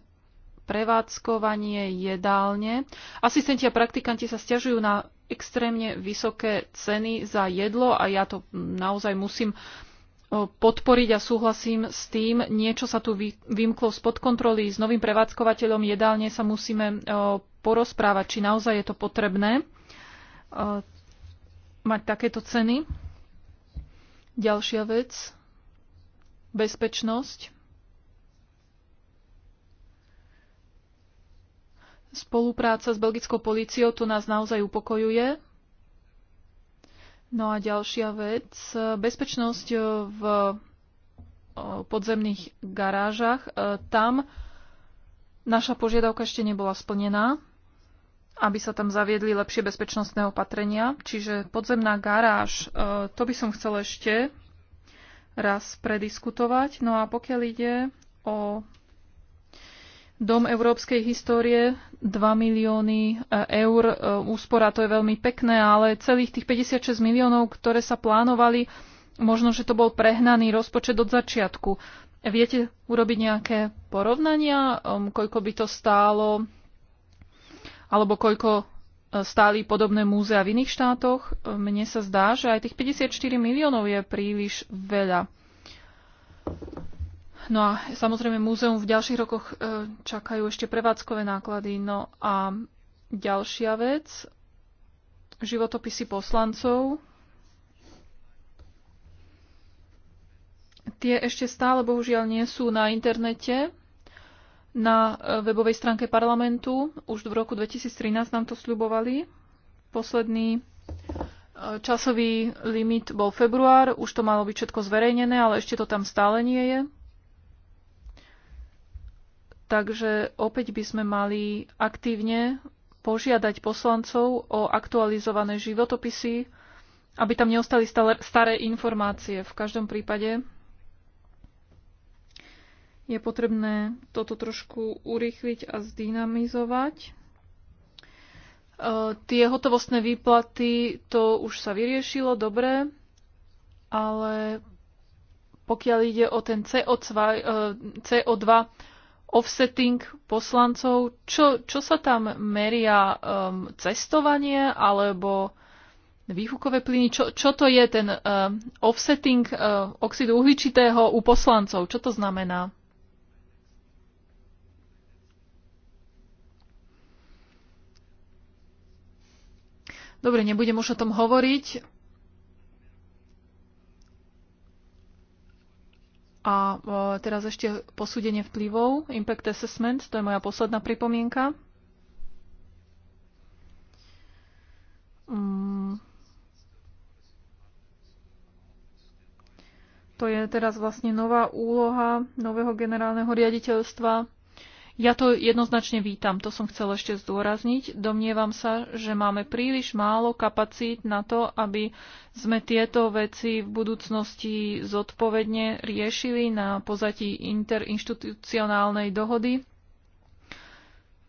prevádzkovanie jedálne. Asistenti a praktikanti sa stiažujú na extrémne vysoké ceny za jedlo a ja to naozaj musím podporiť a súhlasím s tým. Niečo sa tu vymklo spod kontroly. S novým prevádzkovateľom jedálne sa musíme porozprávať, či naozaj je to potrebné. E, mať takéto ceny. Ďalšia vec, bezpečnosť. Spolupráca s belgickou políciou tu nás naozaj upokojuje. No a ďalšia vec, bezpečnosť v e, podzemných garážach. E, tam naša požiadavka ešte nebola splnená aby sa tam zaviedli lepšie bezpečnostné opatrenia. Čiže podzemná garáž, e, to by som chcel ešte raz prediskutovať. No a pokiaľ ide o Dom európskej histórie, 2 milióny e, eur e, úspora, to je veľmi pekné, ale celých tých 56 miliónov, ktoré sa plánovali, možno, že to bol prehnaný rozpočet od začiatku. Viete urobiť nejaké porovnania, koľko by to stálo alebo koľko e, stáli podobné múzea v iných štátoch. E, mne sa zdá, že aj tých 54 miliónov je príliš veľa. No a samozrejme múzeum v ďalších rokoch e, čakajú ešte prevádzkové náklady. No a ďalšia vec, životopisy poslancov. Tie ešte stále bohužiaľ nie sú na internete, na e, webovej stránke parlamentu. Už v roku 2013 nám to sľubovali. Posledný e, časový limit bol február, už to malo byť všetko zverejnené, ale ešte to tam stále nie je. Takže opäť by sme mali aktívne požiadať poslancov o aktualizované životopisy, aby tam neostali staré informácie. V každom prípade je potrebné toto trošku urýchliť a zdynamizovať. E, tie hotovostné výplaty, to už sa vyriešilo dobre, ale pokiaľ ide o ten CO2, e, CO2 offsetting poslancov, čo, čo sa tam meria um, cestovanie alebo výfukové plyny, čo, čo to je ten um, offsetting uh, oxidu uhličitého u poslancov, čo to znamená? Dobre, nebudem už o tom hovoriť. A teraz ešte posúdenie vplyvov, impact assessment, to je moja posledná pripomienka. Mm. To je teraz vlastne nová úloha nového generálneho riaditeľstva ja to jednoznačne vítam, to som chcel ešte zdôrazniť. Domnievam sa, že máme príliš málo kapacít na to, aby sme tieto veci v budúcnosti zodpovedne riešili na pozatí interinstitucionálnej dohody.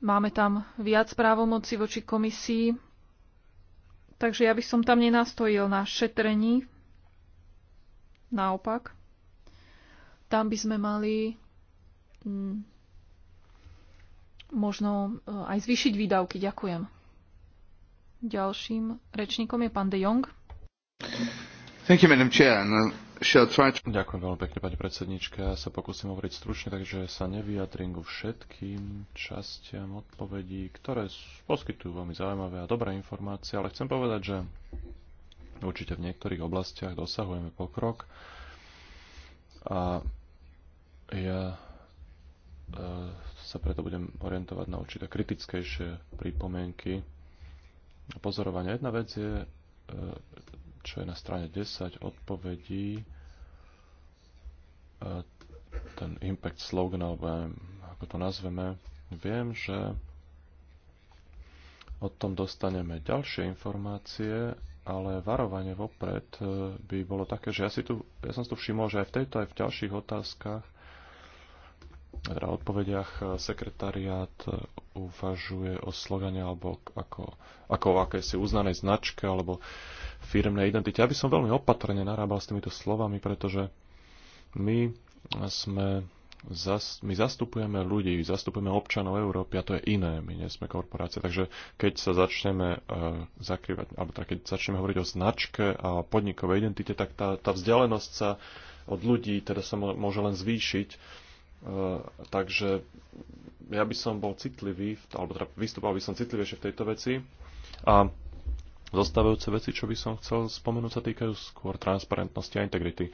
Máme tam viac právomoci voči komisii, takže ja by som tam nenastojil na šetrení. Naopak, tam by sme mali mm, možno e, aj zvýšiť výdavky. Ďakujem. Ďalším rečníkom je pán De Jong. Thank you, Madam Chair. Ďakujem veľmi pekne, pani predsednička. Ja sa pokúsim hovoriť stručne, takže sa nevyjadrím ku všetkým častiam odpovedí, ktoré poskytujú veľmi zaujímavé a dobré informácie, ale chcem povedať, že určite v niektorých oblastiach dosahujeme pokrok a ja e, sa preto budem orientovať na určité kritickejšie pripomienky a pozorovania. Jedna vec je, e, čo je na strane 10 odpovedí, e, ten impact slogan, alebo ja neviem, ako to nazveme, viem, že o tom dostaneme ďalšie informácie, ale varovanie vopred e, by bolo také, že ja, si tu, ja som si tu všimol, že aj v tejto, aj v ďalších otázkach teda odpovediach. Sekretariát uvažuje o slogane alebo ako, ako o akejsi uznanej značke alebo firmnej identite. Aby som veľmi opatrne narábal s týmito slovami, pretože my sme my zastupujeme ľudí, zastupujeme občanov Európy a to je iné, my nie sme korporácie. Takže keď sa začneme uh, zakrývať, alebo teda keď začneme hovoriť o značke a podnikovej identite, tak tá, tá vzdialenosť sa od ľudí teda sa môže len zvýšiť Eh, takže ja by som bol citlivý, alebo teda vystupoval by som citlivejšie v tejto veci. A zostávajúce veci, čo by som chcel spomenúť, sa týkajú skôr transparentnosti a integrity.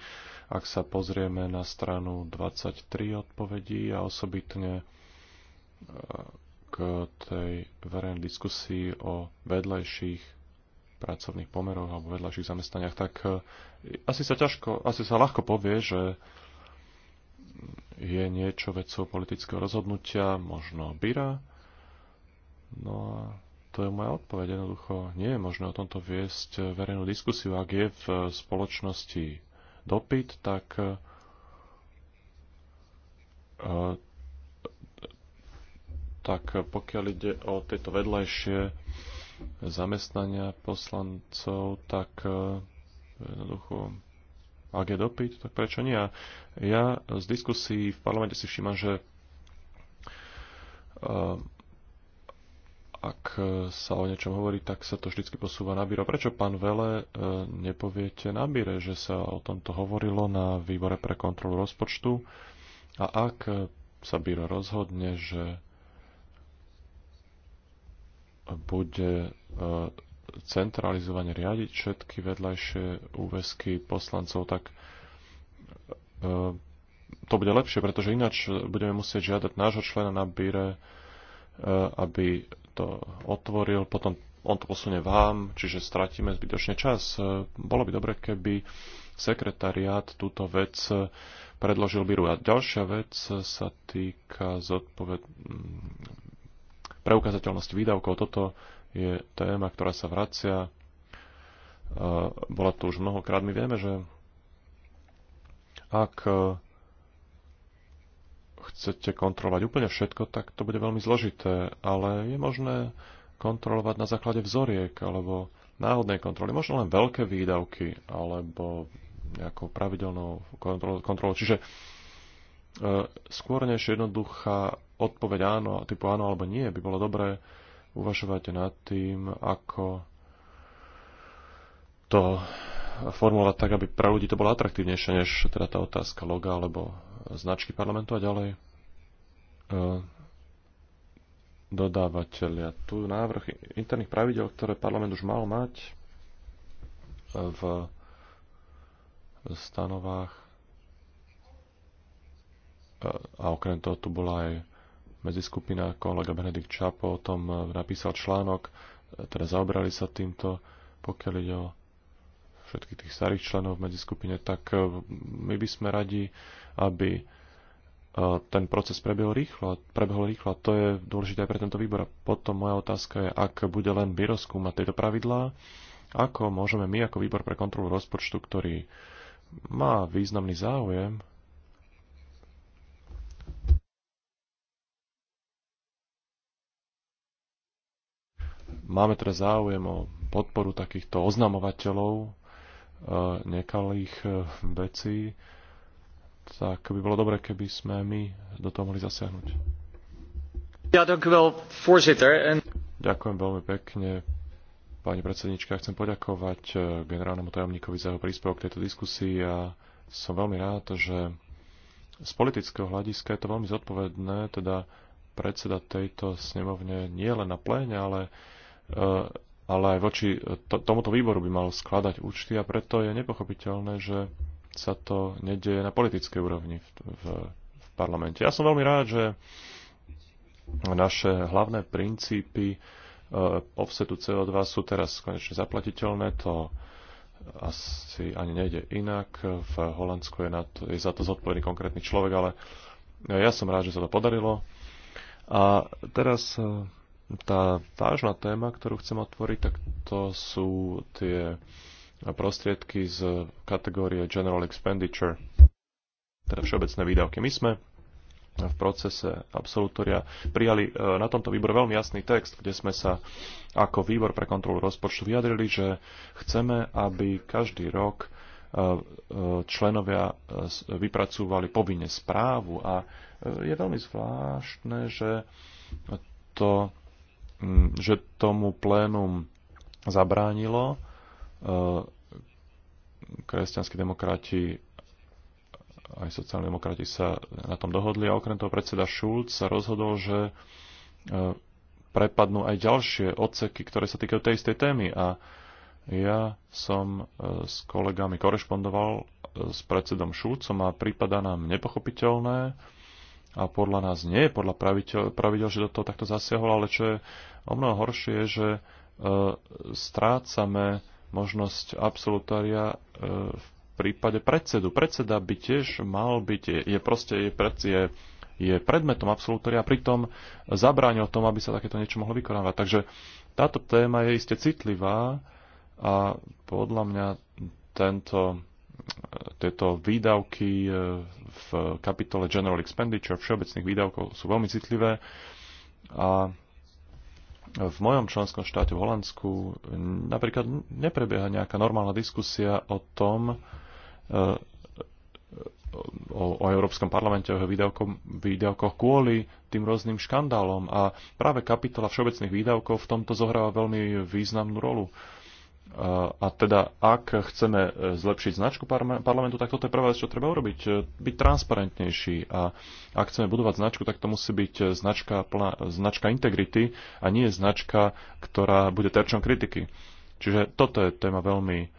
Ak sa pozrieme na stranu 23 odpovedí a osobitne eh, k tej verejnej diskusii o vedlejších pracovných pomeroch alebo vedľajších zamestnaniach, tak eh, asi sa ťažko, asi sa ľahko povie, že je niečo vecou politického rozhodnutia, možno byra. No a to je moja odpoveď. Jednoducho nie je možné o tomto viesť verejnú diskusiu. Ak je v spoločnosti dopyt, tak e, tak pokiaľ ide o tieto vedľajšie zamestnania poslancov, tak e, jednoducho ak je dopyt, tak prečo nie? Ja z diskusí v parlamente si všímam, že eh, ak sa o niečom hovorí, tak sa to vždy posúva na bíro. Prečo, pán Vele, eh, nepoviete na bíre, že sa o tomto hovorilo na výbore pre kontrolu rozpočtu? A ak sa bíro rozhodne, že bude eh, centralizovane riadiť všetky vedľajšie úvesky poslancov, tak e, to bude lepšie, pretože ináč budeme musieť žiadať nášho člena na bíre, e, aby to otvoril, potom on to posunie vám, čiže stratíme zbytočne čas. E, bolo by dobre, keby sekretariát túto vec predložil byru. A ďalšia vec sa týka zodpoved... preukazateľnosti výdavkov. Toto je téma, ktorá sa vracia. E, bola to už mnohokrát. My vieme, že ak e, chcete kontrolovať úplne všetko, tak to bude veľmi zložité, ale je možné kontrolovať na základe vzoriek alebo náhodnej kontroly. Možno len veľké výdavky alebo nejakou pravidelnou kontrolou. Kontrol. Čiže e, skôr než jednoduchá odpoveď áno, typu áno alebo nie, by bolo dobré uvažovať nad tým, ako to formulovať tak, aby pre ľudí to bolo atraktívnejšie, než teda tá otázka loga alebo značky parlamentu a ďalej. E, dodávateľia. Tu návrh interných pravidel, ktoré parlament už mal mať e, v stanovách. E, a okrem toho tu bola aj medziskupina, kolega Benedikt Čapo o tom eh, napísal článok, eh, teda zaobrali sa týmto, pokiaľ ide o všetkých tých starých členov v medziskupine, tak eh, my by sme radi, aby ten proces prebehol rýchlo, prebehol rýchlo. To je dôležité aj pre tento výbor. A potom moja otázka je, ak bude len byro skúmať tieto pravidlá, ako môžeme my ako výbor pre kontrolu rozpočtu, ktorý má významný záujem Máme teraz záujem o podporu takýchto oznamovateľov e, nekalých e, vecí, tak by bolo dobre, keby sme my do toho mohli zasiahnuť. Ja, well, and... Ďakujem veľmi pekne, pani predsednička. Chcem poďakovať e, generálnemu tajomníkovi za jeho príspevok k tejto diskusii a som veľmi rád, že z politického hľadiska je to veľmi zodpovedné, teda predseda tejto snemovne nie len na pléne, ale Eh, ale aj voči eh, tomuto výboru by mal skladať účty a preto je nepochopiteľné, že sa to nedieje na politickej úrovni v, v, v parlamente. Ja som veľmi rád, že naše hlavné princípy eh, offsetu CO2 sú teraz konečne zaplatiteľné. To asi ani nejde inak. V Holandsku je, na to, je za to zodpovedný konkrétny človek, ale ja som rád, že sa to podarilo. A teraz tá vážna téma, ktorú chcem otvoriť, tak to sú tie prostriedky z kategórie General Expenditure, teda všeobecné výdavky. My sme v procese absolutoria prijali e, na tomto výbore veľmi jasný text, kde sme sa ako výbor pre kontrolu rozpočtu vyjadrili, že chceme, aby každý rok e, e, členovia vypracúvali povinne správu a je veľmi zvláštne, že to Mm, že tomu plénum zabránilo. Eh, kresťanskí demokrati aj sociálni demokrati sa na tom dohodli a okrem toho predseda Schulz sa rozhodol, že eh, prepadnú aj ďalšie odseky, ktoré sa týkajú tej istej témy. A ja som eh, s kolegami korešpondoval s predsedom Šulcom a prípada nám nepochopiteľné, a podľa nás nie je podľa pravidel, pravidel že do toho takto zasiahol, ale čo je o mnoho horšie, je, že e, strácame možnosť absolutária e, v prípade predsedu. Predseda by tiež mal byť, je, je proste je, pred, je, je predmetom absolutória, pritom zabránil tomu, aby sa takéto niečo mohlo vykonávať. Takže táto téma je iste citlivá a podľa mňa tento tieto výdavky eh, v kapitole General Expenditure všeobecných výdavkov sú veľmi citlivé a v mojom členskom štáte v Holandsku napríklad neprebieha nejaká normálna diskusia o tom, eh, o, o Európskom parlamente, o výdavkoch, výdavkoch kvôli tým rôznym škandálom. A práve kapitola všeobecných výdavkov v tomto zohráva veľmi významnú rolu. Uh, a teda, ak chceme e, zlepšiť značku parlamentu, tak toto je prvá vec, čo treba urobiť. E, byť transparentnejší. A ak chceme budovať značku, tak to musí byť e, značka, plná, značka integrity a nie značka, ktorá bude terčom kritiky. Čiže toto je téma veľmi,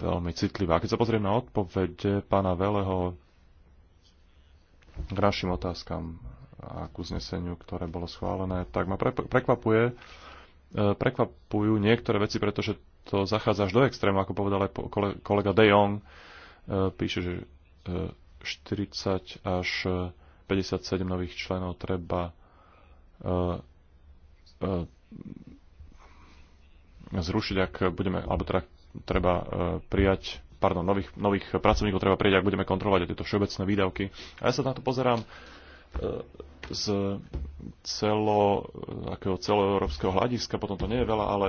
veľmi citlivá. Keď sa pozrieme na odpovede pána Veleho k našim otázkam a k uzneseniu, ktoré bolo schválené, tak ma prekvapuje, E, prekvapujú niektoré veci, pretože to zachádza až do extrému, ako povedal aj kolega De Jong. E, píše, že 40 e, až 57 nových členov treba zrušiť, ak budeme, alebo teda treba prijať, pardon, nových, nových pracovníkov treba prijať, ak budeme kontrolovať tieto všeobecné výdavky. A ja sa na to pozerám z celo, akého celoeurópskeho hľadiska, potom to nie je veľa, ale,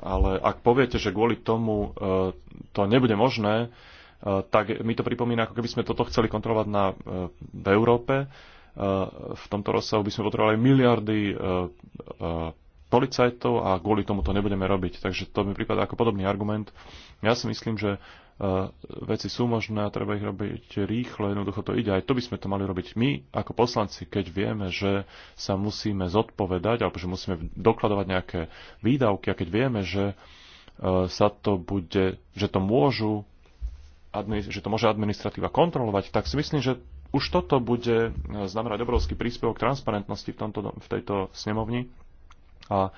ale ak poviete, že kvôli tomu e, to nebude možné, e, tak mi to pripomína, ako keby sme toto chceli kontrolovať na, e, v Európe. V tomto rozsahu by sme potrebovali miliardy policajtov a kvôli tomu to nebudeme robiť. Takže to mi prípada ako podobný argument. Ja si myslím, že e, veci sú možné a treba ich robiť rýchlo, jednoducho to ide. Aj to by sme to mali robiť my ako poslanci, keď vieme, že sa musíme zodpovedať alebo že musíme dokladovať nejaké výdavky a keď vieme, že e, sa to bude, že to môžu že to môže administratíva kontrolovať, tak si myslím, že už toto bude e, znamenať obrovský príspevok transparentnosti v, tomto, v tejto snemovni a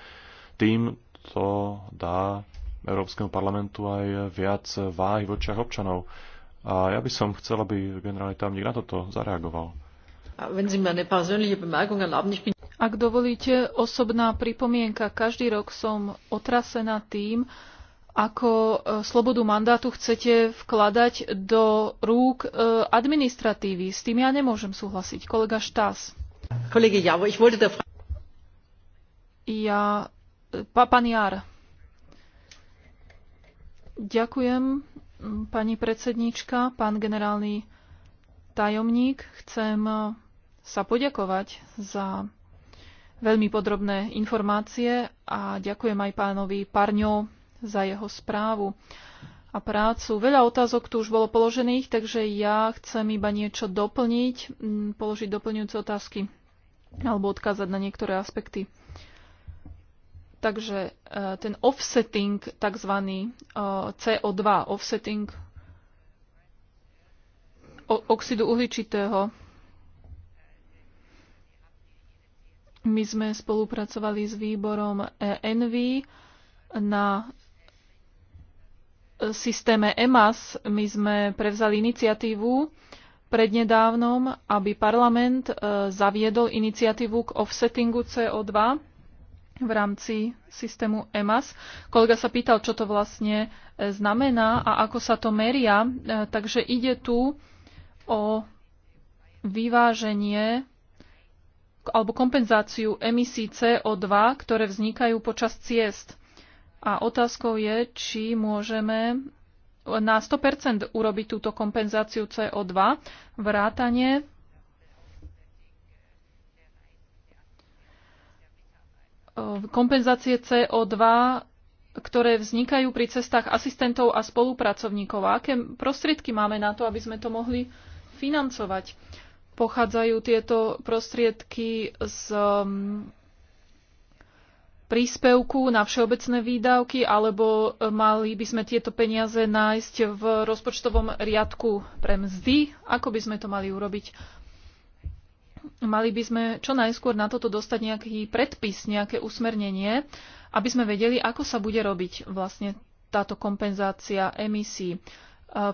tým to dá Európskemu parlamentu aj viac váhy v očiach občanov. A ja by som chcel, aby generálny tajomník na toto zareagoval. Ak dovolíte, osobná pripomienka. Každý rok som otrasená tým, ako e, slobodu mandátu chcete vkladať do rúk e, administratívy. S tým ja nemôžem súhlasiť. Kolega Štás. ich wollte da ja, pán Jar. Ďakujem, pani predsedníčka, pán generálny tajomník. Chcem sa poďakovať za veľmi podrobné informácie a ďakujem aj pánovi Parňo za jeho správu a prácu. Veľa otázok tu už bolo položených, takže ja chcem iba niečo doplniť, položiť doplňujúce otázky alebo odkázať na niektoré aspekty. Takže e, ten offsetting, takzvaný e, CO2, offsetting oxidu uhličitého, my sme spolupracovali s výborom ENV na e, systéme EMAS. My sme prevzali iniciatívu prednedávnom, aby parlament zaviedol iniciatívu k offsettingu CO2 v rámci systému EMAS. Kolega sa pýtal, čo to vlastne e, znamená a ako sa to meria. E, takže ide tu o vyváženie alebo kompenzáciu emisí CO2, ktoré vznikajú počas ciest. A otázkou je, či môžeme na 100% urobiť túto kompenzáciu CO2, vrátanie Eh, kompenzácie CO2, ktoré vznikajú pri cestách asistentov a spolupracovníkov. A aké prostriedky máme na to, aby sme to mohli financovať? Pochádzajú tieto prostriedky z mm, príspevku na všeobecné výdavky, alebo eh, mali by sme tieto peniaze nájsť v rozpočtovom riadku pre mzdy? Ako by sme to mali urobiť? mali by sme čo najskôr na toto dostať nejaký predpis, nejaké usmernenie, aby sme vedeli, ako sa bude robiť vlastne táto kompenzácia emisí. E,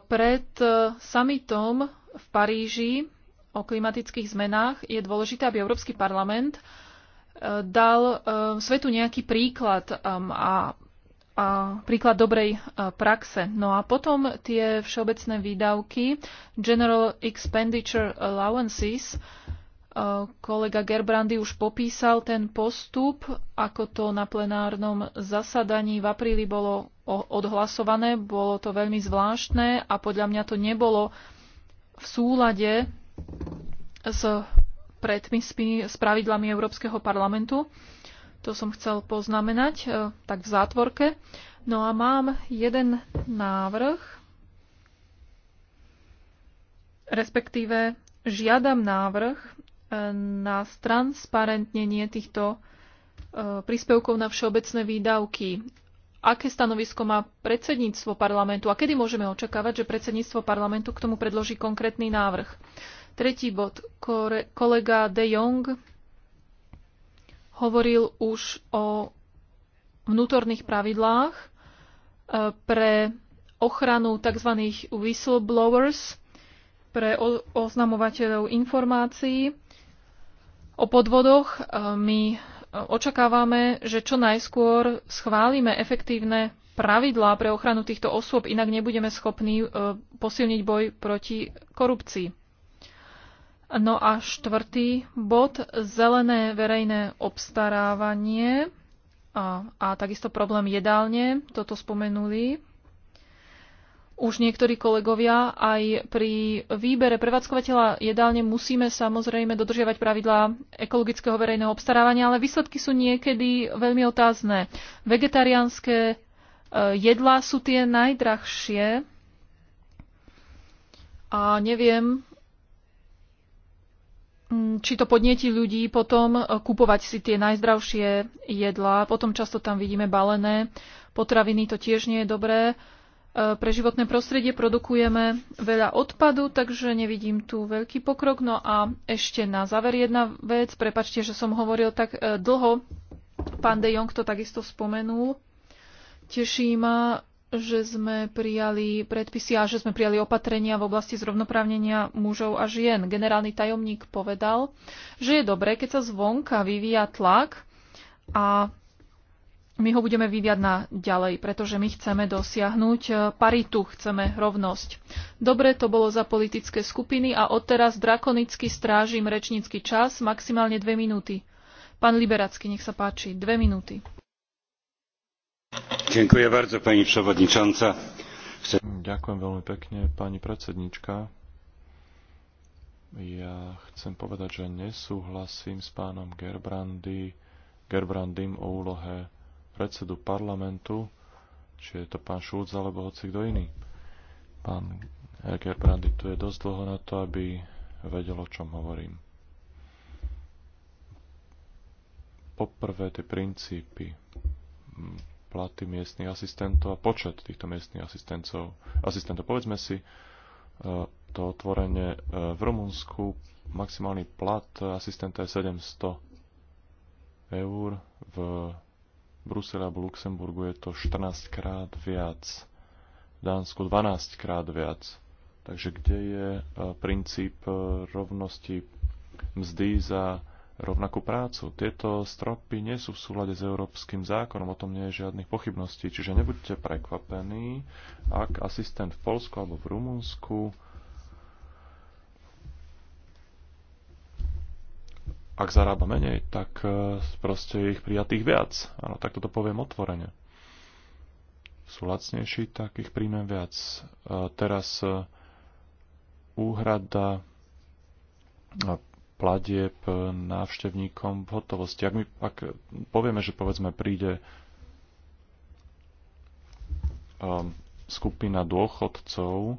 pred e, summitom v Paríži o klimatických zmenách je dôležité, aby Európsky parlament e, dal svetu nejaký príklad um, a, a príklad dobrej praxe. No a potom tie všeobecné výdavky, General Expenditure Allowances, Kolega Gerbrandy už popísal ten postup, ako to na plenárnom zasadaní v apríli bolo odhlasované. Bolo to veľmi zvláštne a podľa mňa to nebolo v súlade s predpismi, s pravidlami Európskeho parlamentu. To som chcel poznamenať, e, tak v zátvorke. No a mám jeden návrh, respektíve žiadam návrh na transparentnenie týchto e, príspevkov na všeobecné výdavky. Aké stanovisko má predsedníctvo parlamentu a kedy môžeme očakávať, že predsedníctvo parlamentu k tomu predloží konkrétny návrh? Tretí bod. Kolega De Jong hovoril už o vnútorných pravidlách e, pre ochranu tzv. whistleblowers, pre oznamovateľov informácií o podvodoch. E, my e, očakávame, že čo najskôr schválime efektívne pravidlá pre ochranu týchto osôb, inak nebudeme schopní e, posilniť boj proti korupcii. No a štvrtý bod, zelené verejné obstarávanie a, a takisto problém jedálne, toto spomenuli už niektorí kolegovia, aj pri výbere prevádzkovateľa jedálne musíme samozrejme dodržiavať pravidlá ekologického verejného obstarávania, ale výsledky sú niekedy veľmi otázne. Vegetariánske e, jedlá sú tie najdrahšie a neviem, mm, či to podnieti ľudí potom e, kupovať si tie najzdravšie jedlá. Potom často tam vidíme balené potraviny, to tiež nie je dobré. E, pre životné prostredie produkujeme veľa odpadu, takže nevidím tu veľký pokrok. No a ešte na záver jedna vec. Prepačte, že som hovoril tak e, dlho. Pán De Jong to takisto spomenul. Teší ma, že sme prijali predpisy a že sme prijali opatrenia v oblasti zrovnoprávnenia mužov a žien. Generálny tajomník povedal, že je dobré, keď sa zvonka vyvíja tlak a my ho budeme vyviať na ďalej, pretože my chceme dosiahnuť e, paritu, chceme rovnosť. Dobre, to bolo za politické skupiny a odteraz drakonicky strážim rečnícky čas, maximálne dve minúty. Pán Liberacký, nech sa páči, dve minúty. Ďakujem bardzo, pani przewodnicząca. Chce... Ďakujem veľmi pekne, pani predsednička. Ja chcem povedať, že nesúhlasím s pánom Gerbrandy Gerbrandym o úlohe predsedu parlamentu, či je to pán Šúc alebo hoci kto iný. Pán Gerbrandy tu je dosť dlho na to, aby vedel, o čom hovorím. Poprvé tie princípy, mm, platy miestnych asistentov a počet týchto miestnych asistentov. asistentov. Povedzme si e, to otvorenie e, v Rumunsku maximálny plat asistenta je 700 eur, v Bruseli alebo Luxemburgu je to 14 krát viac, v Dánsku 12 krát viac. Takže kde je e, princíp e, rovnosti mzdy za rovnakú prácu? Tieto stropy nie sú v súlade s európskym zákonom, o tom nie je žiadnych pochybností, čiže nebuďte prekvapení, ak asistent v Polsku alebo v Rumunsku ak zarába menej, tak e, proste je ich prijatých viac. Áno, tak toto poviem otvorene. Sú lacnejší, tak ich príjmem viac. E, teraz e, úhrada platieb návštevníkom v hotovosti. Ak my ak povieme, že povedzme príde skupina dôchodcov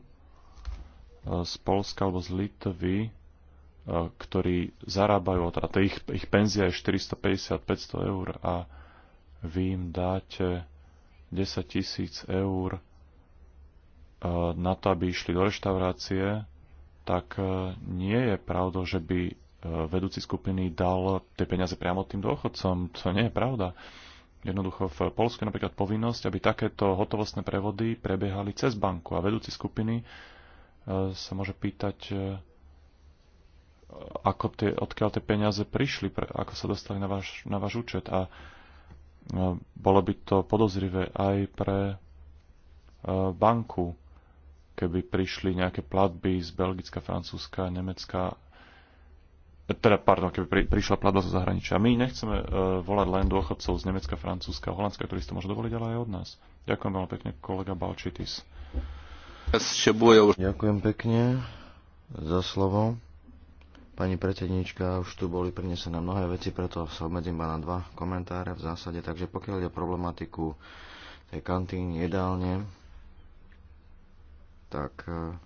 z Polska alebo z Litvy, ktorí zarábajú, teda to ich, ich penzia je 450-500 eur a vy im dáte 10 tisíc eur e, na to, aby išli do reštaurácie, tak e, nie je pravda, že by e, vedúci skupiny dal tie peniaze priamo tým dôchodcom. To nie je pravda. Jednoducho v Polsku je napríklad povinnosť, aby takéto hotovostné prevody prebiehali cez banku a vedúci skupiny sa môže pýtať, ako tie, odkiaľ tie peniaze prišli, pre, ako sa dostali na váš, na váš účet. A e, bolo by to podozrivé aj pre e, banku, keby prišli nejaké platby z Belgická, Francúzska, Nemecka, e, teda, pardon, keby pri, prišla platba zo zahraničia. My nechceme uh, volať len dôchodcov z Nemecka, Francúzska, Holandska, ktorí si to môžu dovoliť, ale aj od nás. Ďakujem veľmi pekne, kolega Balčitis. Ďakujem pekne za slovo. Pani predsednička, už tu boli prinesené mnohé veci, preto sa obmedzím iba na dva komentáre v zásade. Takže pokiaľ ide o problematiku tej kantíny jedálne, tak e,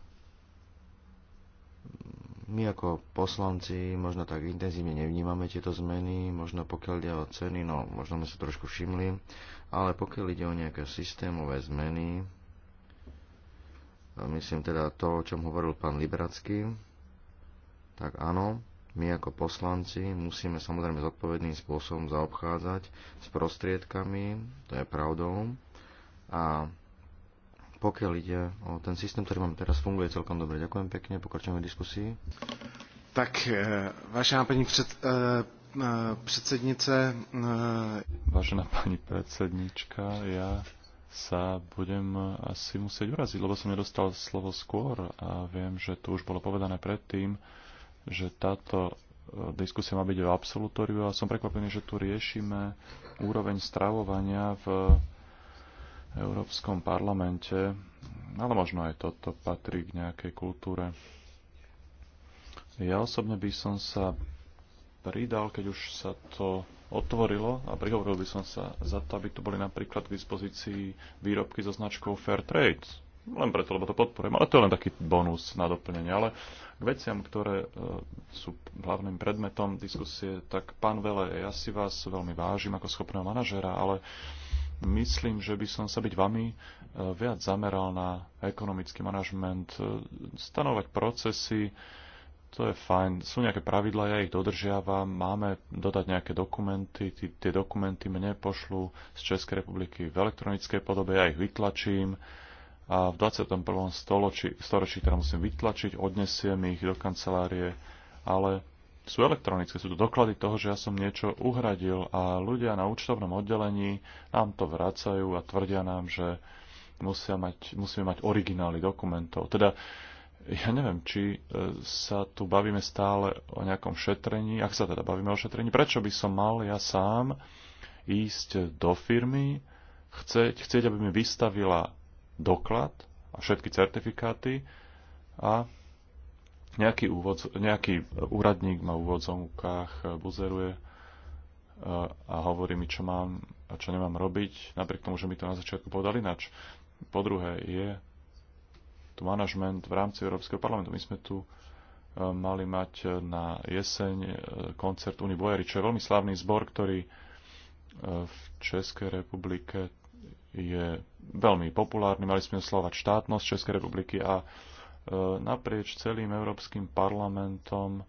my ako poslanci možno tak intenzívne nevnímame tieto zmeny, možno pokiaľ ide o ceny, no možno sme sa trošku všimli, ale pokiaľ ide o nejaké systémové zmeny, myslím teda to, o čom hovoril pán Liberacký, tak áno, my ako poslanci musíme samozrejme zodpovedným spôsobom zaobchádzať s prostriedkami, to je pravdou. A pokiaľ ide o ten systém, ktorý máme teraz, funguje celkom dobre. Ďakujem pekne, pokračujeme v diskusii. Tak, e, vážená pani před, e, e, predsednice... Vážená pani predsednička, ja sa budem asi musieť uraziť, lebo som nedostal slovo skôr a viem, že to už bolo povedané predtým že táto e, diskusia má byť o absolutóriu a som prekvapený, že tu riešime úroveň stravovania v Európskom parlamente, ale možno aj toto patrí k nejakej kultúre. Ja osobne by som sa pridal, keď už sa to otvorilo a prihovoril by som sa za to, aby tu boli napríklad k dispozícii výrobky so značkou Fair Trade, len preto, lebo to podporujem. Ale to je len taký bonus na doplnenie. Ale k veciam, ktoré e, sú hlavným predmetom diskusie, tak pán Vele, ja si vás veľmi vážim ako schopného manažera, ale myslím, že by som sa byť vami e, viac zameral na ekonomický manažment, e, stanovať procesy, to je fajn. Sú nejaké pravidla, ja ich dodržiavam, máme dodať nejaké dokumenty, tí, tie dokumenty mne pošlú z Českej republiky v elektronickej podobe, ja ich vytlačím a v 21. storočí, storočí teda musím vytlačiť, odnesiem ich do kancelárie, ale sú elektronické, sú to doklady toho, že ja som niečo uhradil a ľudia na účtovnom oddelení nám to vracajú a tvrdia nám, že musia mať, musíme mať originály dokumentov. Teda ja neviem, či e, sa tu bavíme stále o nejakom šetrení, ak sa teda bavíme o šetrení, prečo by som mal ja sám ísť do firmy, chcieť, chcieť, aby mi vystavila doklad a všetky certifikáty a nejaký, úvod, nejaký úradník ma v úvodzovkách buzeruje e, a hovorí mi, čo mám a čo nemám robiť, napriek tomu, že mi to na začiatku povedal ináč. Po druhé je tu manažment v rámci Európskeho parlamentu. My sme tu e, mali mať na jeseň e, koncert Univojery, čo je veľmi slávny zbor, ktorý v Českej republike je veľmi populárny. Mali sme slovať štátnosť Českej republiky a e, naprieč celým Európskym parlamentom e,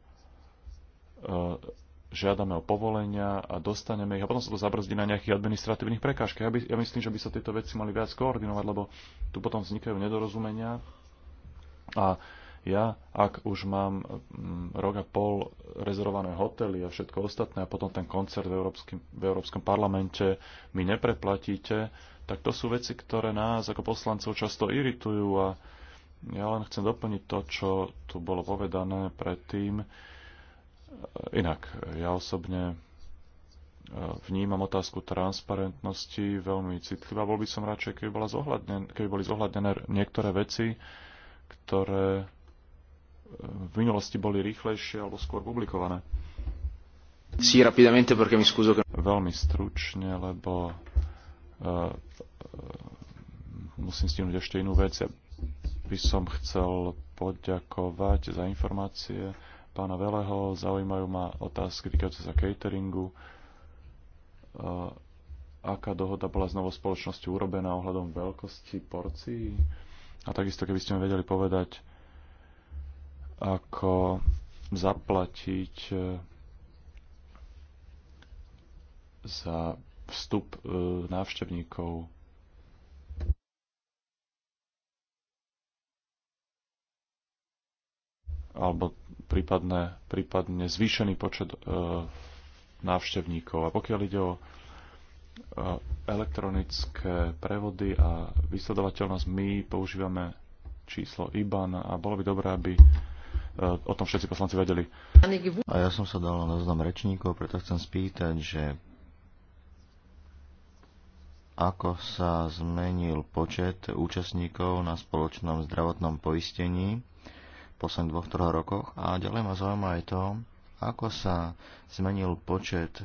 žiadame o povolenia a dostaneme ich a potom sa to zabrzdí na nejakých administratívnych prekážkach. Ja, ja myslím, že by sa tieto veci mali viac koordinovať, lebo tu potom vznikajú nedorozumenia a ja, ak už mám mm, rok a pol rezervované hotely a všetko ostatné a potom ten koncert v, Európskom, v Európskom parlamente mi nepreplatíte, tak to sú veci, ktoré nás ako poslancov často iritujú a ja len chcem doplniť to, čo tu bolo povedané predtým. Inak, ja osobne e, vnímam otázku transparentnosti veľmi citlivá. Bol by som radšej, keby, bola zohľadnen, keby boli zohľadnené niektoré veci, ktoré e, v minulosti boli rýchlejšie alebo skôr publikované. Sí, rapidamente perché mi scuso Veľmi stručne, lebo Eh, musím stihnúť ešte inú vec. Ja by som chcel poďakovať za informácie pána Veleho. Zaujímajú ma otázky týkajúce sa cateringu. Eh, aká dohoda bola s novou spoločnosťou urobená ohľadom veľkosti porcií? A takisto, keby ste mi vedeli povedať, ako zaplatiť eh, za vstup e, návštevníkov. alebo prípadne, prípadne zvýšený počet e, návštevníkov. A pokiaľ ide o e, elektronické prevody a vysledovateľnosť, my používame číslo IBAN a bolo by dobré, aby e, o tom všetci poslanci vedeli. A ja som sa dal na zoznam rečníkov, preto chcem spýtať, že ako sa zmenil počet účastníkov na spoločnom zdravotnom poistení v posledných dvoch, troch rokoch. A ďalej ma zaujíma aj to, ako sa zmenil počet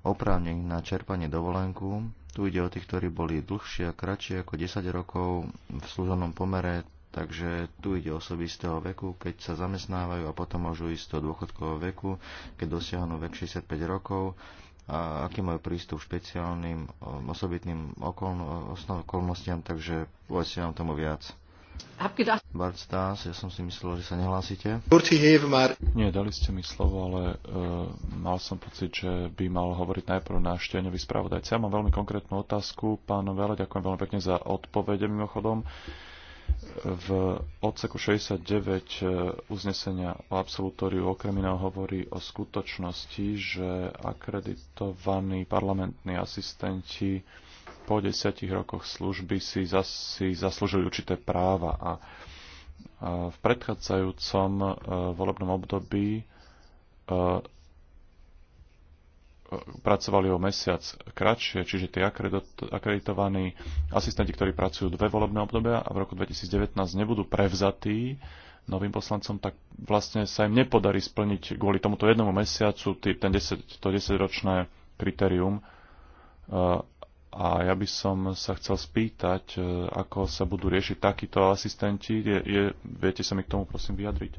oprávnení na čerpanie dovolenku. Tu ide o tých, ktorí boli dlhšie a kratšie ako 10 rokov v služobnom pomere, takže tu ide osoby z toho veku, keď sa zamestnávajú a potom môžu ísť do dôchodkového veku, keď dosiahnu vek 65 rokov a aký majú prístup špeciálnym osobitným okolnostiam, takže povedzte nám tomu viac. Bart Stas, ja som si myslel, že sa nehlásite. Nie, dali ste mi slovo, ale e, mal som pocit, že by mal hovoriť najprv na tieňový spravodajca. Ja mám veľmi konkrétnu otázku. Pán Vele, ďakujem veľmi pekne za odpovede mimochodom. E, v odseku 69 e, uznesenia o absolutóriu okrem iného hovorí o skutočnosti, že akreditovaní parlamentní asistenti po desiatich rokoch služby si, zas, si zaslúžili určité práva a v predchádzajúcom e, volebnom období e, pracovali o mesiac kratšie, čiže tí akreditovaní asistenti, ktorí pracujú dve volebné obdobia a v roku 2019 nebudú prevzatí novým poslancom, tak vlastne sa im nepodarí splniť kvôli tomuto jednomu mesiacu ten 10, to 10-ročné kritérium. A ja by som sa chcel spýtať, e, ako sa budú riešiť takíto asistenti. Je, je, viete sa mi k tomu prosím vyjadriť?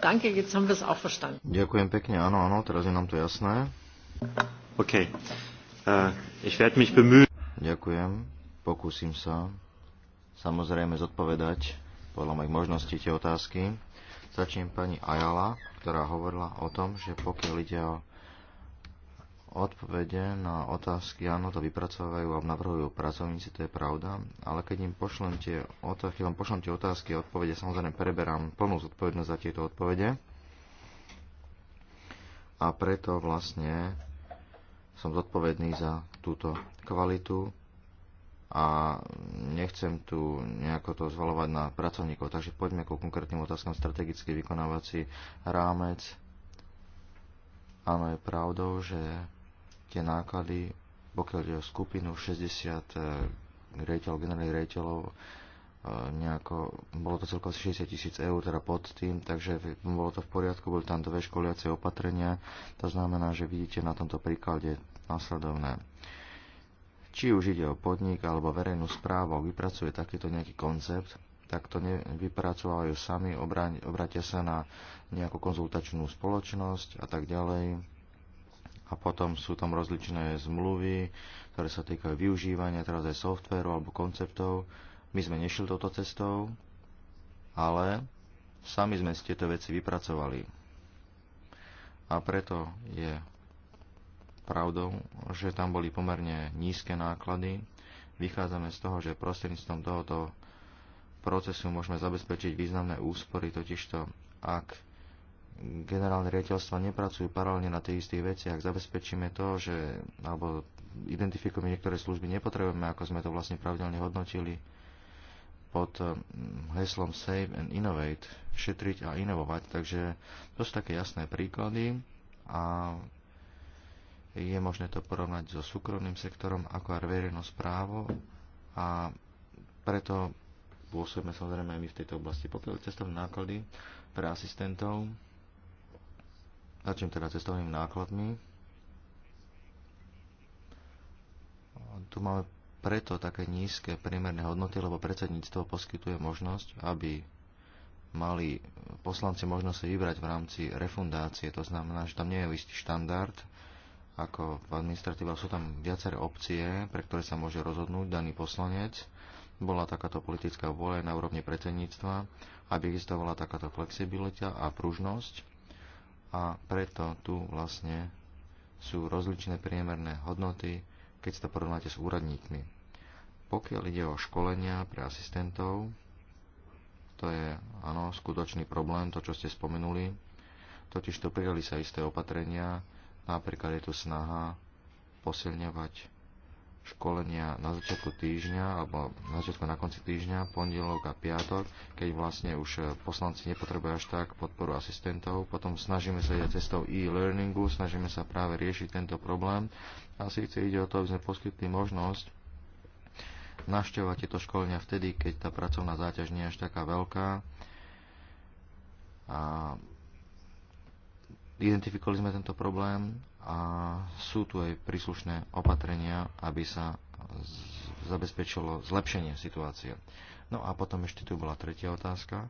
Danke, jetzt haben wir es auch verstanden. Ďakujem pekne, áno, áno, teraz je nám to jasné. OK. Uh, ich werde mich bemühen. Ďakujem, pokúsim sa samozrejme zodpovedať podľa mojich možností tie otázky. Začnem pani Ayala, ktorá hovorila o tom, že pokiaľ ide o odpovede na otázky, áno, to vypracovajú a navrhujú pracovníci, to je pravda, ale keď im pošlem tie otázky, vám pošlem tie otázky a odpovede, samozrejme preberám plnú zodpovednosť za tieto odpovede. A preto vlastne som zodpovedný za túto kvalitu a nechcem tu nejako to zvalovať na pracovníkov. Takže poďme ku konkrétnym otázkam. Strategický vykonávací rámec. Áno, je pravdou, že tie náklady, pokiaľ je o skupinu 60 eh, rejteľov, generálnych rejteľov, eh, nejako, bolo to celkom 60 tisíc eur, teda pod tým, takže bolo to v poriadku, boli tam dve školiace opatrenia, to znamená, že vidíte na tomto príklade následovné. Či už ide o podnik alebo verejnú správu, vypracuje takýto nejaký koncept, tak to nevypracovajú sami, obrátia sa na nejakú konzultačnú spoločnosť a tak ďalej a potom sú tam rozličné zmluvy, ktoré sa týkajú využívania teraz aj softvéru alebo konceptov. My sme nešli touto cestou, ale sami sme si tieto veci vypracovali. A preto je pravdou, že tam boli pomerne nízke náklady. Vychádzame z toho, že prostredníctvom tohoto procesu môžeme zabezpečiť významné úspory, totižto ak generálne riaditeľstva nepracujú paralelne na tých istých veciach, zabezpečíme to, že, alebo identifikujeme niektoré služby, nepotrebujeme, ako sme to vlastne pravidelne hodnotili, pod eh, heslom Save and Innovate, šetriť a inovovať. Takže to sú také jasné príklady a je možné to porovnať so súkromným sektorom ako aj verejnosť právo a preto pôsobíme samozrejme aj my v tejto oblasti. Pokiaľ cestovné náklady pre asistentov, Začnem teda cestovnými nákladmi. Tu máme preto také nízke priemerné hodnoty, lebo predsedníctvo poskytuje možnosť, aby mali poslanci možnosť si vybrať v rámci refundácie. To znamená, že tam nie je istý štandard, ako v administratíve sú tam viaceré opcie, pre ktoré sa môže rozhodnúť daný poslanec. Bola takáto politická vôľa na úrovni predsedníctva, aby existovala takáto flexibilita a pružnosť a preto tu vlastne sú rozličné priemerné hodnoty, keď sa to porovnáte s úradníkmi. Pokiaľ ide o školenia pre asistentov, to je, áno, skutočný problém, to, čo ste spomenuli. Totiž to prijali sa isté opatrenia, napríklad je tu snaha posilňovať školenia na začiatku týždňa, alebo na začiatku na konci týždňa, pondelok a piatok, keď vlastne už e, poslanci nepotrebujú až tak podporu asistentov. Potom snažíme sa ísť cestou e-learningu, snažíme sa práve riešiť tento problém. A síce ide o to, aby sme poskytli možnosť navštevovať tieto školenia vtedy, keď tá pracovná záťaž nie je až taká veľká. A identifikovali sme tento problém a sú tu aj príslušné opatrenia, aby sa zabezpečilo zlepšenie situácie. No a potom ešte tu bola tretia otázka,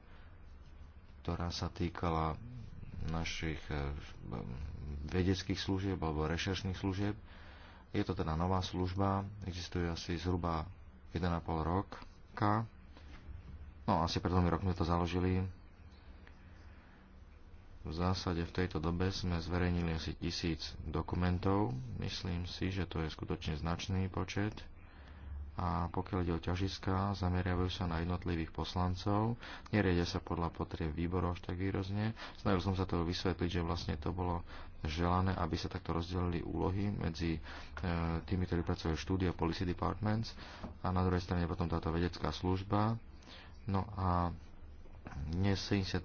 ktorá sa týkala našich eh, vedeckých služieb alebo rešeršných služieb. Je to teda nová služba, existuje asi zhruba 1,5 roka. No asi pred dvomi rokmi to založili. V zásade v tejto dobe sme zverejnili asi tisíc dokumentov. Myslím si, že to je skutočne značný počet. A pokiaľ ide o ťažiska, zameriavajú sa na jednotlivých poslancov, neriedia sa podľa potrieb výborov až tak výrozne. Snažil som sa to vysvetliť, že vlastne to bolo želané, aby sa takto rozdelili úlohy medzi e, tými, ktorí pracujú štúdia Policy Departments a na druhej strane potom táto vedecká služba. No a dnes 70%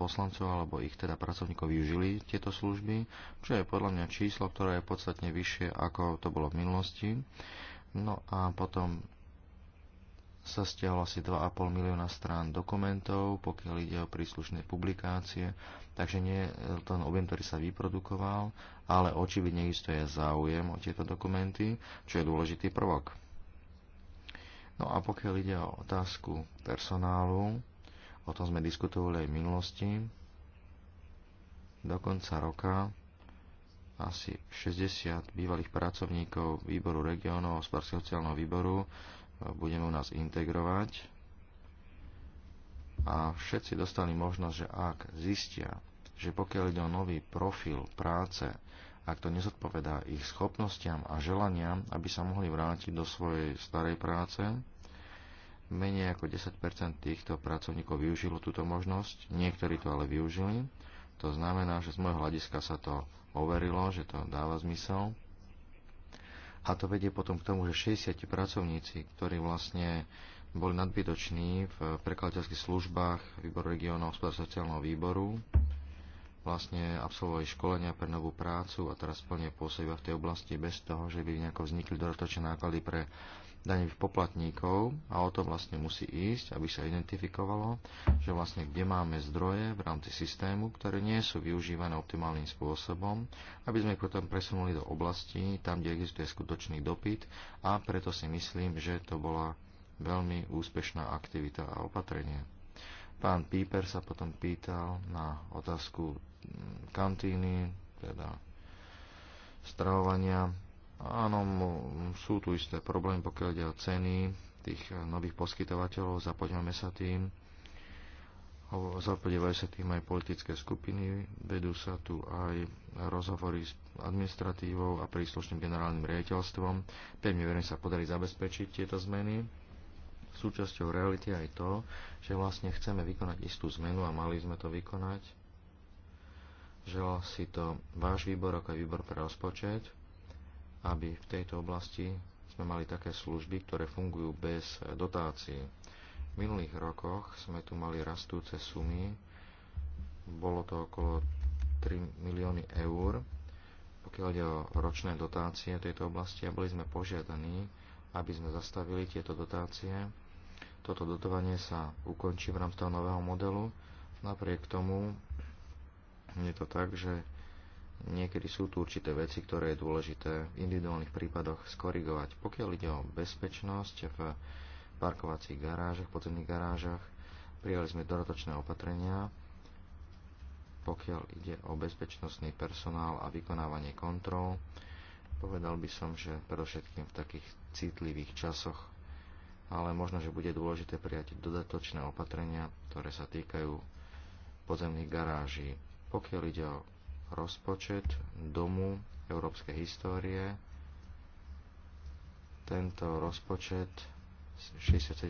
poslancov alebo ich teda pracovníkov využili tieto služby, čo je podľa mňa číslo, ktoré je podstatne vyššie ako to bolo v minulosti. No a potom sa stiahlo asi 2,5 milióna strán dokumentov, pokiaľ ide o príslušné publikácie, takže nie ten objem, ktorý sa vyprodukoval, ale očividne je záujem o tieto dokumenty, čo je dôležitý prvok. No a pokiaľ ide o otázku personálu, O tom sme diskutovali aj v minulosti. Do konca roka asi 60 bývalých pracovníkov výboru regionov, hospodárskeho sociálneho výboru e, budeme u nás integrovať. A všetci dostali možnosť, že ak zistia, že pokiaľ ide o nový profil práce, ak to nezodpovedá ich schopnostiam a želaniam, aby sa mohli vrátiť do svojej starej práce, Menej ako 10 týchto pracovníkov využilo túto možnosť, niektorí to ale využili. To znamená, že z môjho hľadiska sa to overilo, že to dáva zmysel. A to vedie potom k tomu, že 60 pracovníci, ktorí vlastne boli nadbytoční v prekladateľských službách výboru regionov hospodárstvo-sociálneho výboru, vlastne absolvovali školenia pre novú prácu a teraz plne pôsobia v tej oblasti bez toho, že by nejako vznikli dodatočné náklady pre daňových poplatníkov a o to vlastne musí ísť, aby sa identifikovalo, že vlastne kde máme zdroje v rámci systému, ktoré nie sú využívané optimálnym spôsobom, aby sme ich potom presunuli do oblastí, tam, kde existuje skutočný dopyt a preto si myslím, že to bola veľmi úspešná aktivita a opatrenie. Pán Píper sa potom pýtal na otázku kantíny, teda stravovania Áno, sú tu isté problémy, pokiaľ ide o ceny tých eh, nových poskytovateľov, zapoďme sa tým. Zapodievajú sa tým aj politické skupiny, vedú sa tu aj rozhovory s administratívou a príslušným generálnym riaditeľstvom. Pevne verím sa podarí zabezpečiť tieto zmeny. Súčasťou reality aj to, že vlastne chceme vykonať istú zmenu a mali sme to vykonať. Želal si to váš výbor ako aj výbor pre rozpočet aby v tejto oblasti sme mali také služby, ktoré fungujú bez dotácií. V minulých rokoch sme tu mali rastúce sumy, bolo to okolo 3 milióny eur, pokiaľ ide o ročné dotácie v tejto oblasti a boli sme požiadaní, aby sme zastavili tieto dotácie. Toto dotovanie sa ukončí v rámci toho nového modelu. Napriek tomu je to tak, že niekedy sú tu určité veci, ktoré je dôležité v individuálnych prípadoch skorigovať. Pokiaľ ide o bezpečnosť v parkovacích garážach, podzemných garážach, prijali sme dodatočné opatrenia, pokiaľ ide o bezpečnostný personál a vykonávanie kontrol. Povedal by som, že predovšetkým v takých citlivých časoch, ale možno, že bude dôležité prijať dodatočné opatrenia, ktoré sa týkajú podzemných garáží. Pokiaľ ide o rozpočet Domu európskej histórie. Tento rozpočet 67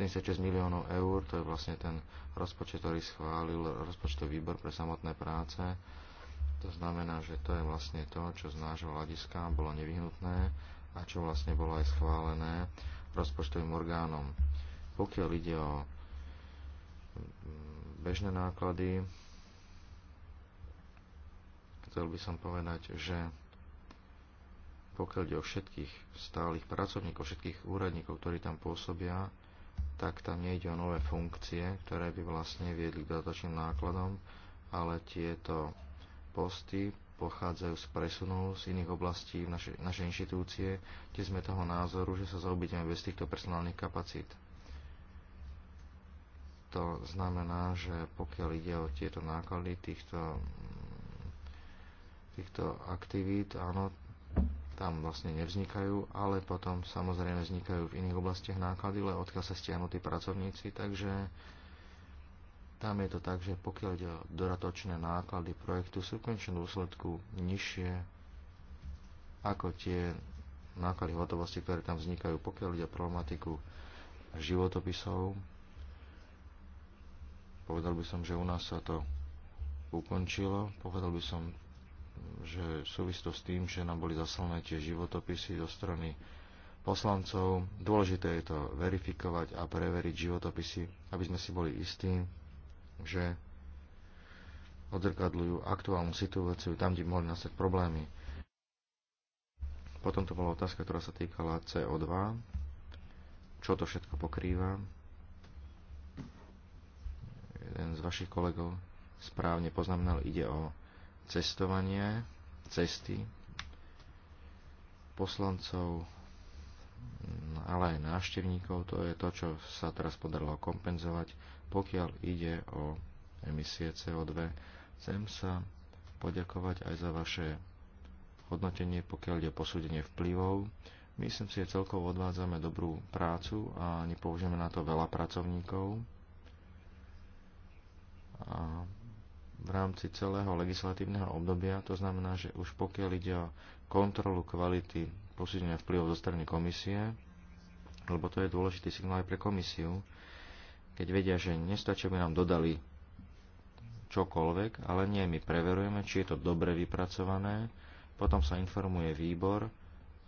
76 miliónov eur, to je vlastne ten rozpočet, ktorý schválil rozpočtový výbor pre samotné práce. To znamená, že to je vlastne to, čo z nášho hľadiska bolo nevyhnutné a čo vlastne bolo aj schválené rozpočtovým orgánom. Pokiaľ ide o mm, bežné náklady, chcel by som povedať, že pokiaľ ide o všetkých stálych pracovníkov, všetkých úradníkov, ktorí tam pôsobia, tak tam nejde o nové funkcie, ktoré by vlastne viedli k dodatočným nákladom, ale tieto posty pochádzajú z presunov z iných oblastí v naše, našej inštitúcie, kde sme toho názoru, že sa zaobídeme bez týchto personálnych kapacít. To znamená, že pokiaľ ide o tieto náklady týchto týchto aktivít, áno, tam vlastne nevznikajú, ale potom samozrejme vznikajú v iných oblastiach náklady, ale odkiaľ sa stiahnu tí pracovníci, takže tam je to tak, že pokiaľ ide o doratočné náklady projektu, sú v končnom dôsledku nižšie ako tie náklady hotovosti, ktoré tam vznikajú, pokiaľ ide o problematiku životopisov. Povedal by som, že u nás sa to ukončilo, povedal by som že súvisí s tým, že nám boli zaslané tie životopisy zo strany poslancov. Dôležité je to verifikovať a preveriť životopisy, aby sme si boli istí, že odzrkadľujú aktuálnu situáciu tam, kde mohli nastať problémy. Potom to bola otázka, ktorá sa týkala CO2, čo to všetko pokrýva. Jeden z vašich kolegov správne poznamenal, ide o cestovanie, cesty poslancov, ale aj návštevníkov. To je to, čo sa teraz podarilo kompenzovať, pokiaľ ide o emisie CO2. Chcem sa poďakovať aj za vaše hodnotenie, pokiaľ ide o posúdenie vplyvov. Myslím si, že celkovo odvádzame dobrú prácu a nepoužijeme na to veľa pracovníkov. A v rámci celého legislatívneho obdobia. To znamená, že už pokiaľ ide o kontrolu kvality posúdenia vplyvov zo strany komisie, lebo to je dôležitý signál aj pre komisiu, keď vedia, že nestačí, aby nám dodali čokoľvek, ale nie, my preverujeme, či je to dobre vypracované, potom sa informuje výbor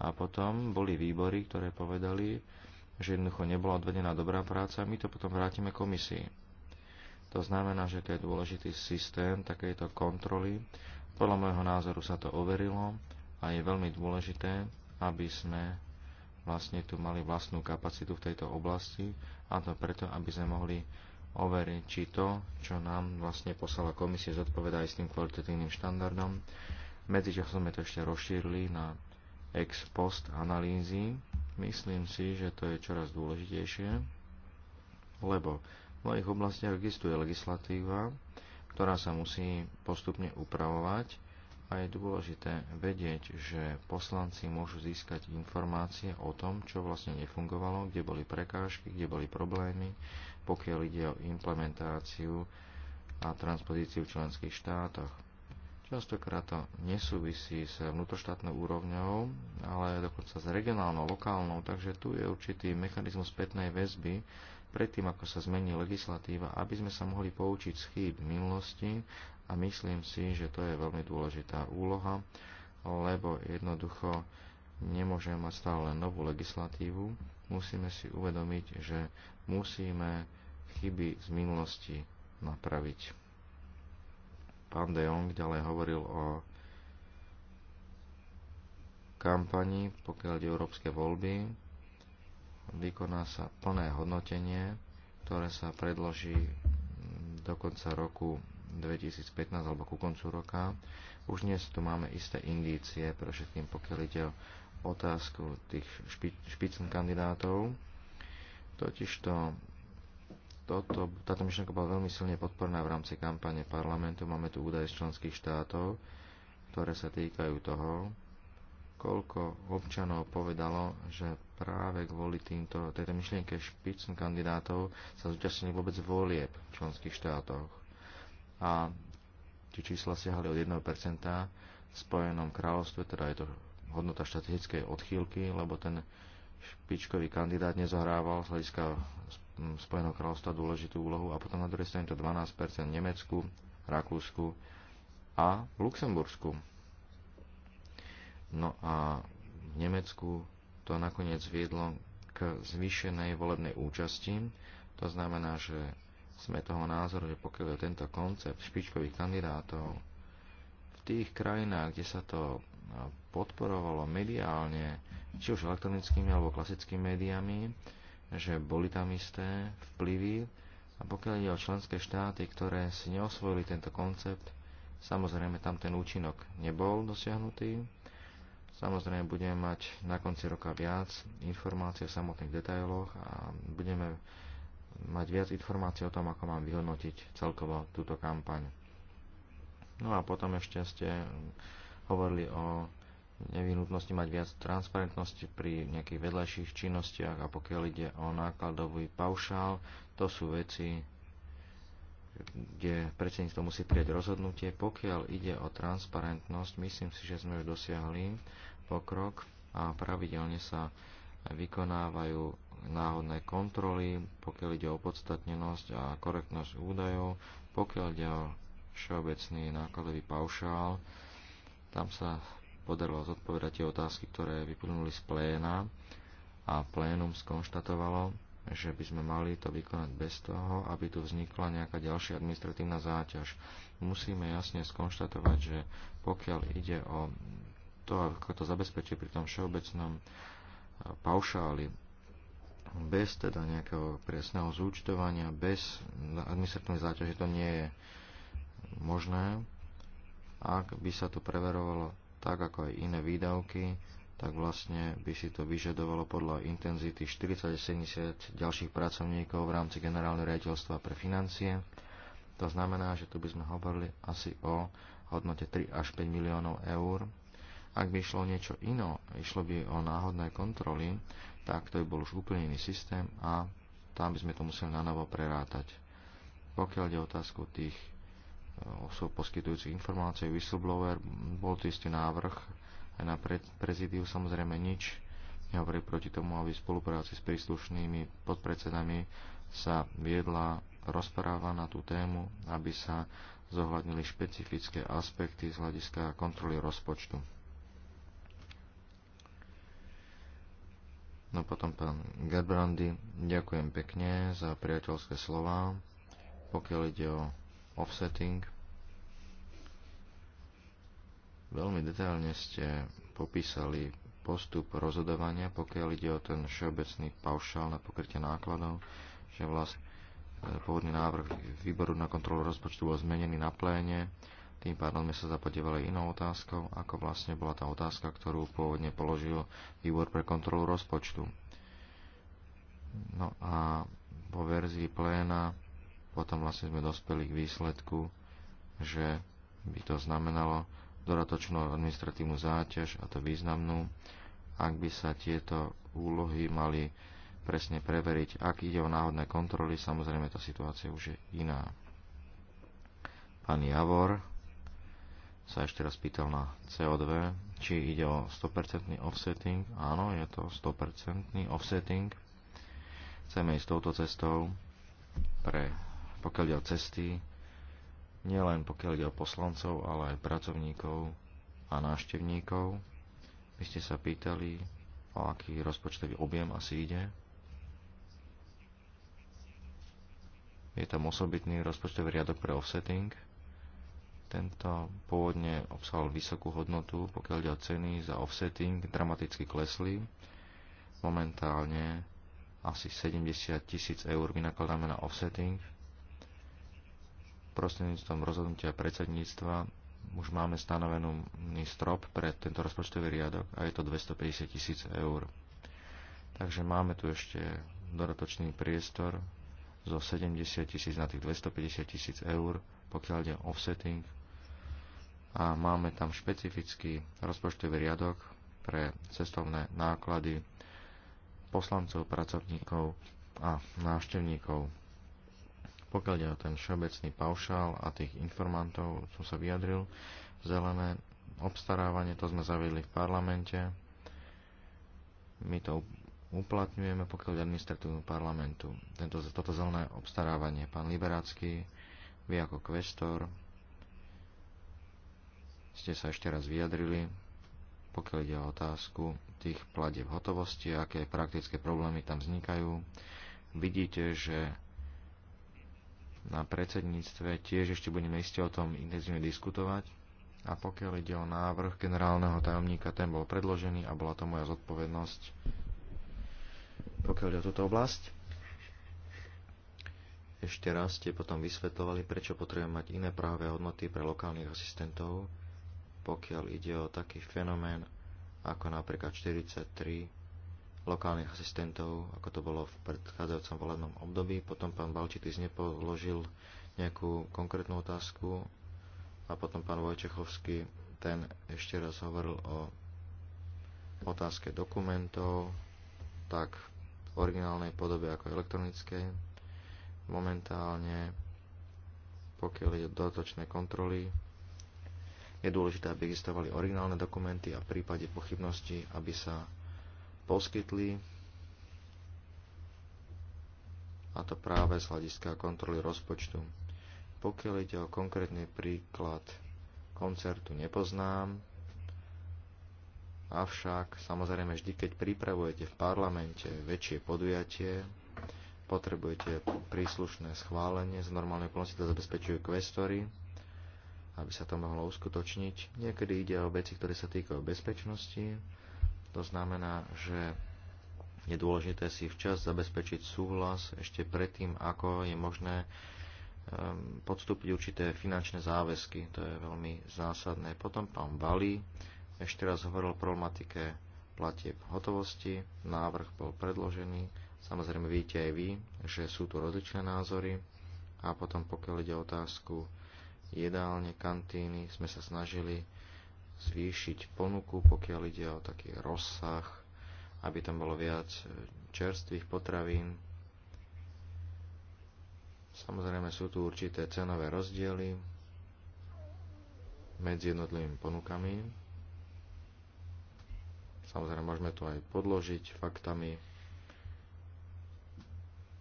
a potom boli výbory, ktoré povedali, že jednoducho nebola odvedená dobrá práca my to potom vrátime komisii. To znamená, že to je dôležitý systém takejto kontroly. Podľa môjho názoru sa to overilo a je veľmi dôležité, aby sme vlastne tu mali vlastnú kapacitu v tejto oblasti a to preto, aby sme mohli overiť, či to, čo nám vlastne poslala komisie, zodpoveda aj s tým kvalitatívnym štandardom. Medzičasom sme to ešte rozšírili na ex post analýzy. Myslím si, že to je čoraz dôležitejšie, lebo mnohých oblastiach existuje legislatíva, ktorá sa musí postupne upravovať a je dôležité vedieť, že poslanci môžu získať informácie o tom, čo vlastne nefungovalo, kde boli prekážky, kde boli problémy, pokiaľ ide o implementáciu a transpozíciu v členských štátoch. Častokrát to nesúvisí s vnútroštátnou úrovňou, ale dokonca s regionálnou, lokálnou, takže tu je určitý mechanizmus spätnej väzby, predtým, ako sa zmení legislatíva, aby sme sa mohli poučiť z chýb minulosti a myslím si, že to je veľmi dôležitá úloha, lebo jednoducho nemôžeme mať stále len novú legislatívu, musíme si uvedomiť, že musíme chyby z minulosti napraviť. Pán De Jong ďalej hovoril o kampani, pokiaľ ide európske voľby, vykoná sa plné hodnotenie, ktoré sa predloží do konca roku 2015 alebo ku koncu roka. Už dnes tu máme isté indície, pre všetkým pokiaľ ide o otázku tých špi- špicn kandidátov. Totižto toto, táto myšlenka bola veľmi silne podporná v rámci kampane parlamentu. Máme tu údaje z členských štátov, ktoré sa týkajú toho, koľko občanov povedalo, že práve kvôli týmto, tejto myšlienke špicn kandidátov sa zúčastnili vôbec volieb v členských štátoch. A tie čísla siahali od 1% v Spojenom kráľovstve, teda je to hodnota štatistickej odchýlky, lebo ten špičkový kandidát nezohrával z hľadiska Spojeného kráľovstva dôležitú úlohu a potom na druhej strane to 12% v Nemecku, Rakúsku a Luxembursku. No a v Nemecku to nakoniec viedlo k zvýšenej volebnej účasti. To znamená, že sme toho názoru, že pokiaľ je tento koncept špičkových kandidátov v tých krajinách, kde sa to podporovalo mediálne, či už elektronickými alebo klasickými médiami, že boli tam isté vplyvy a pokiaľ ide o členské štáty, ktoré si neosvojili tento koncept, samozrejme tam ten účinok nebol dosiahnutý, Samozrejme budeme mať na konci roka viac informácií o samotných detailoch a budeme mať viac informácií o tom, ako mám vyhodnotiť celkovo túto kampaň. No a potom ešte ste hovorili o nevyhnutnosti mať viac transparentnosti pri nejakých vedľajších činnostiach a pokiaľ ide o nákladový paušál, to sú veci, kde predsedníctvo musí prijať rozhodnutie. Pokiaľ ide o transparentnosť, myslím si, že sme už dosiahli pokrok a pravidelne sa vykonávajú náhodné kontroly, pokiaľ ide o podstatnenosť a korektnosť údajov, pokiaľ ide o všeobecný nákladový paušál, tam sa podarilo zodpovedať tie otázky, ktoré vyplynuli z pléna a plénum skonštatovalo, že by sme mali to vykonať bez toho, aby tu vznikla nejaká ďalšia administratívna záťaž. Musíme jasne skonštatovať, že pokiaľ ide o to, ako to zabezpečí pri tom všeobecnom paušáli, bez teda nejakého presného zúčtovania, bez administratívnej záťaže to nie je možné, ak by sa to preverovalo tak, ako aj iné výdavky, tak vlastne by si to vyžadovalo podľa intenzity 40-70 ďalších pracovníkov v rámci generálneho riaditeľstva pre financie. To znamená, že tu by sme hovorili asi o hodnote 3 až 5 miliónov eur. Ak by išlo niečo iné, išlo by o náhodné kontroly, tak to by bol už úplne iný systém a tam by sme to museli na novo prerátať. Pokiaľ ide otázku tých e, osôb poskytujúcich informácií, whistleblower, bol to istý návrh, aj na prezidiu samozrejme nič nehovorí proti tomu, aby v spolupráci s príslušnými podpredsedami sa viedla rozpráva na tú tému, aby sa zohľadnili špecifické aspekty z hľadiska kontroly rozpočtu. No potom pán Gerbrandy, ďakujem pekne za priateľské slova. Pokiaľ ide o offsetting, Veľmi detailne ste popísali postup rozhodovania, pokiaľ ide o ten všeobecný paušál na pokrytie nákladov, že vlastne pôvodný návrh výboru na kontrolu rozpočtu bol zmenený na pléne, tým pádom sme sa zapodievali inou otázkou, ako vlastne bola tá otázka, ktorú pôvodne položil výbor pre kontrolu rozpočtu. No a po verzii pléna potom vlastne sme dospeli k výsledku, že by to znamenalo dodatočnú administratívnu záťaž, a to významnú, ak by sa tieto úlohy mali presne preveriť. Ak ide o náhodné kontroly, samozrejme tá situácia už je iná. Pán Javor sa ešte raz pýtal na CO2, či ide o 100% offsetting. Áno, je to 100% offsetting. Chceme ísť touto cestou pre pokiaľ ide o cesty, nielen pokiaľ ide o poslancov, ale aj pracovníkov a návštevníkov. Vy ste sa pýtali, o aký rozpočtový objem asi ide. Je tam osobitný rozpočtový riadok pre offsetting. Tento pôvodne obsahol vysokú hodnotu, pokiaľ ide o ceny za offsetting, dramaticky klesli. Momentálne asi 70 tisíc eur vynakladáme na offsetting, prostredníctvom rozhodnutia predsedníctva už máme stanovenú strop pre tento rozpočtový riadok a je to 250 tisíc eur. Takže máme tu ešte dodatočný priestor zo 70 tisíc na tých 250 tisíc eur, pokiaľ ide offsetting. A máme tam špecifický rozpočtový riadok pre cestovné náklady poslancov, pracovníkov a návštevníkov. Pokiaľ ide o ten všeobecný paušál a tých informantov, som sa vyjadril, zelené obstarávanie, to sme zaviedli v parlamente. My to uplatňujeme, pokiaľ ide administratívnu parlamentu. Tento, toto zelené obstarávanie. Pán Liberácky, vy ako kvestor, ste sa ešte raz vyjadrili, pokiaľ ide o otázku tých platieb hotovosti, aké praktické problémy tam vznikajú. Vidíte, že na predsedníctve tiež ešte budeme iste o tom intenzívne diskutovať. A pokiaľ ide o návrh generálneho tajomníka, ten bol predložený a bola to moja zodpovednosť, pokiaľ ide o túto oblasť. Ešte raz ste potom vysvetovali, prečo potrebujeme mať iné práve hodnoty pre lokálnych asistentov, pokiaľ ide o taký fenomén ako napríklad 43 lokálnych asistentov, ako to bolo v predchádzajúcom volebnom období. Potom pán Balčitis nepoložil nejakú konkrétnu otázku a potom pán Vojčechovský ten ešte raz hovoril o otázke dokumentov, tak v originálnej podobe ako elektronickej. Momentálne, pokiaľ ide o dodatočné kontroly, je dôležité, aby existovali originálne dokumenty a v prípade pochybnosti, aby sa poskytli a to práve z hľadiska kontroly rozpočtu. Pokiaľ ide o konkrétny príklad koncertu nepoznám, avšak samozrejme vždy, keď pripravujete v parlamente väčšie podujatie, potrebujete príslušné schválenie, z normálnej plnosti to zabezpečujú kvestory, aby sa to mohlo uskutočniť. Niekedy ide o veci, ktoré sa týkajú bezpečnosti, to znamená, že je dôležité si včas zabezpečiť súhlas ešte predtým, ako je možné ehm, podstúpiť určité finančné záväzky. To je veľmi zásadné. Potom pán Bali ešte raz hovoril o problematike platieb hotovosti. Návrh bol predložený. Samozrejme vidíte aj vy, že sú tu rozličné názory. A potom pokiaľ ide o otázku jedálne, kantíny, sme sa snažili zvýšiť ponuku, pokiaľ ide o taký rozsah, aby tam bolo viac e, čerstvých potravín. Samozrejme sú tu určité cenové rozdiely medzi jednotlivými ponukami. Samozrejme môžeme to aj podložiť faktami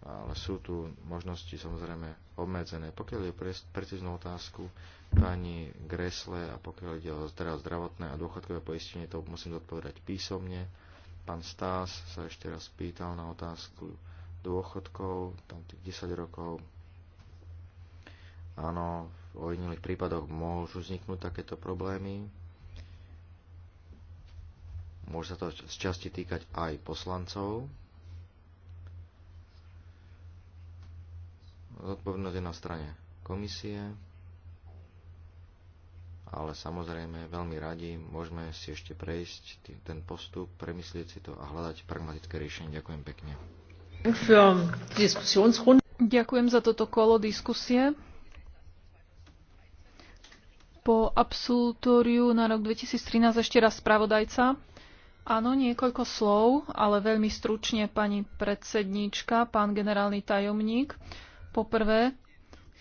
ale sú tu možnosti samozrejme obmedzené. Pokiaľ je precíznu otázku pani Gresle a pokiaľ ide o teda zdravotné a dôchodkové poistenie, to musím zodpovedať písomne. Pán Stás sa ešte raz pýtal na otázku dôchodkov, tam tých 10 rokov. Áno, v ojedinelých prípadoch môžu vzniknúť takéto problémy. Môže sa to z časti týkať aj poslancov, Zodpovednosť je na strane komisie, ale samozrejme veľmi radi môžeme si ešte prejsť ten postup, premyslieť si to a hľadať pragmatické riešenie. Ďakujem pekne. Ďakujem za toto kolo diskusie. Po absolutóriu na rok 2013 ešte raz spravodajca. Áno, niekoľko slov, ale veľmi stručne pani predsedníčka, pán generálny tajomník. Poprvé,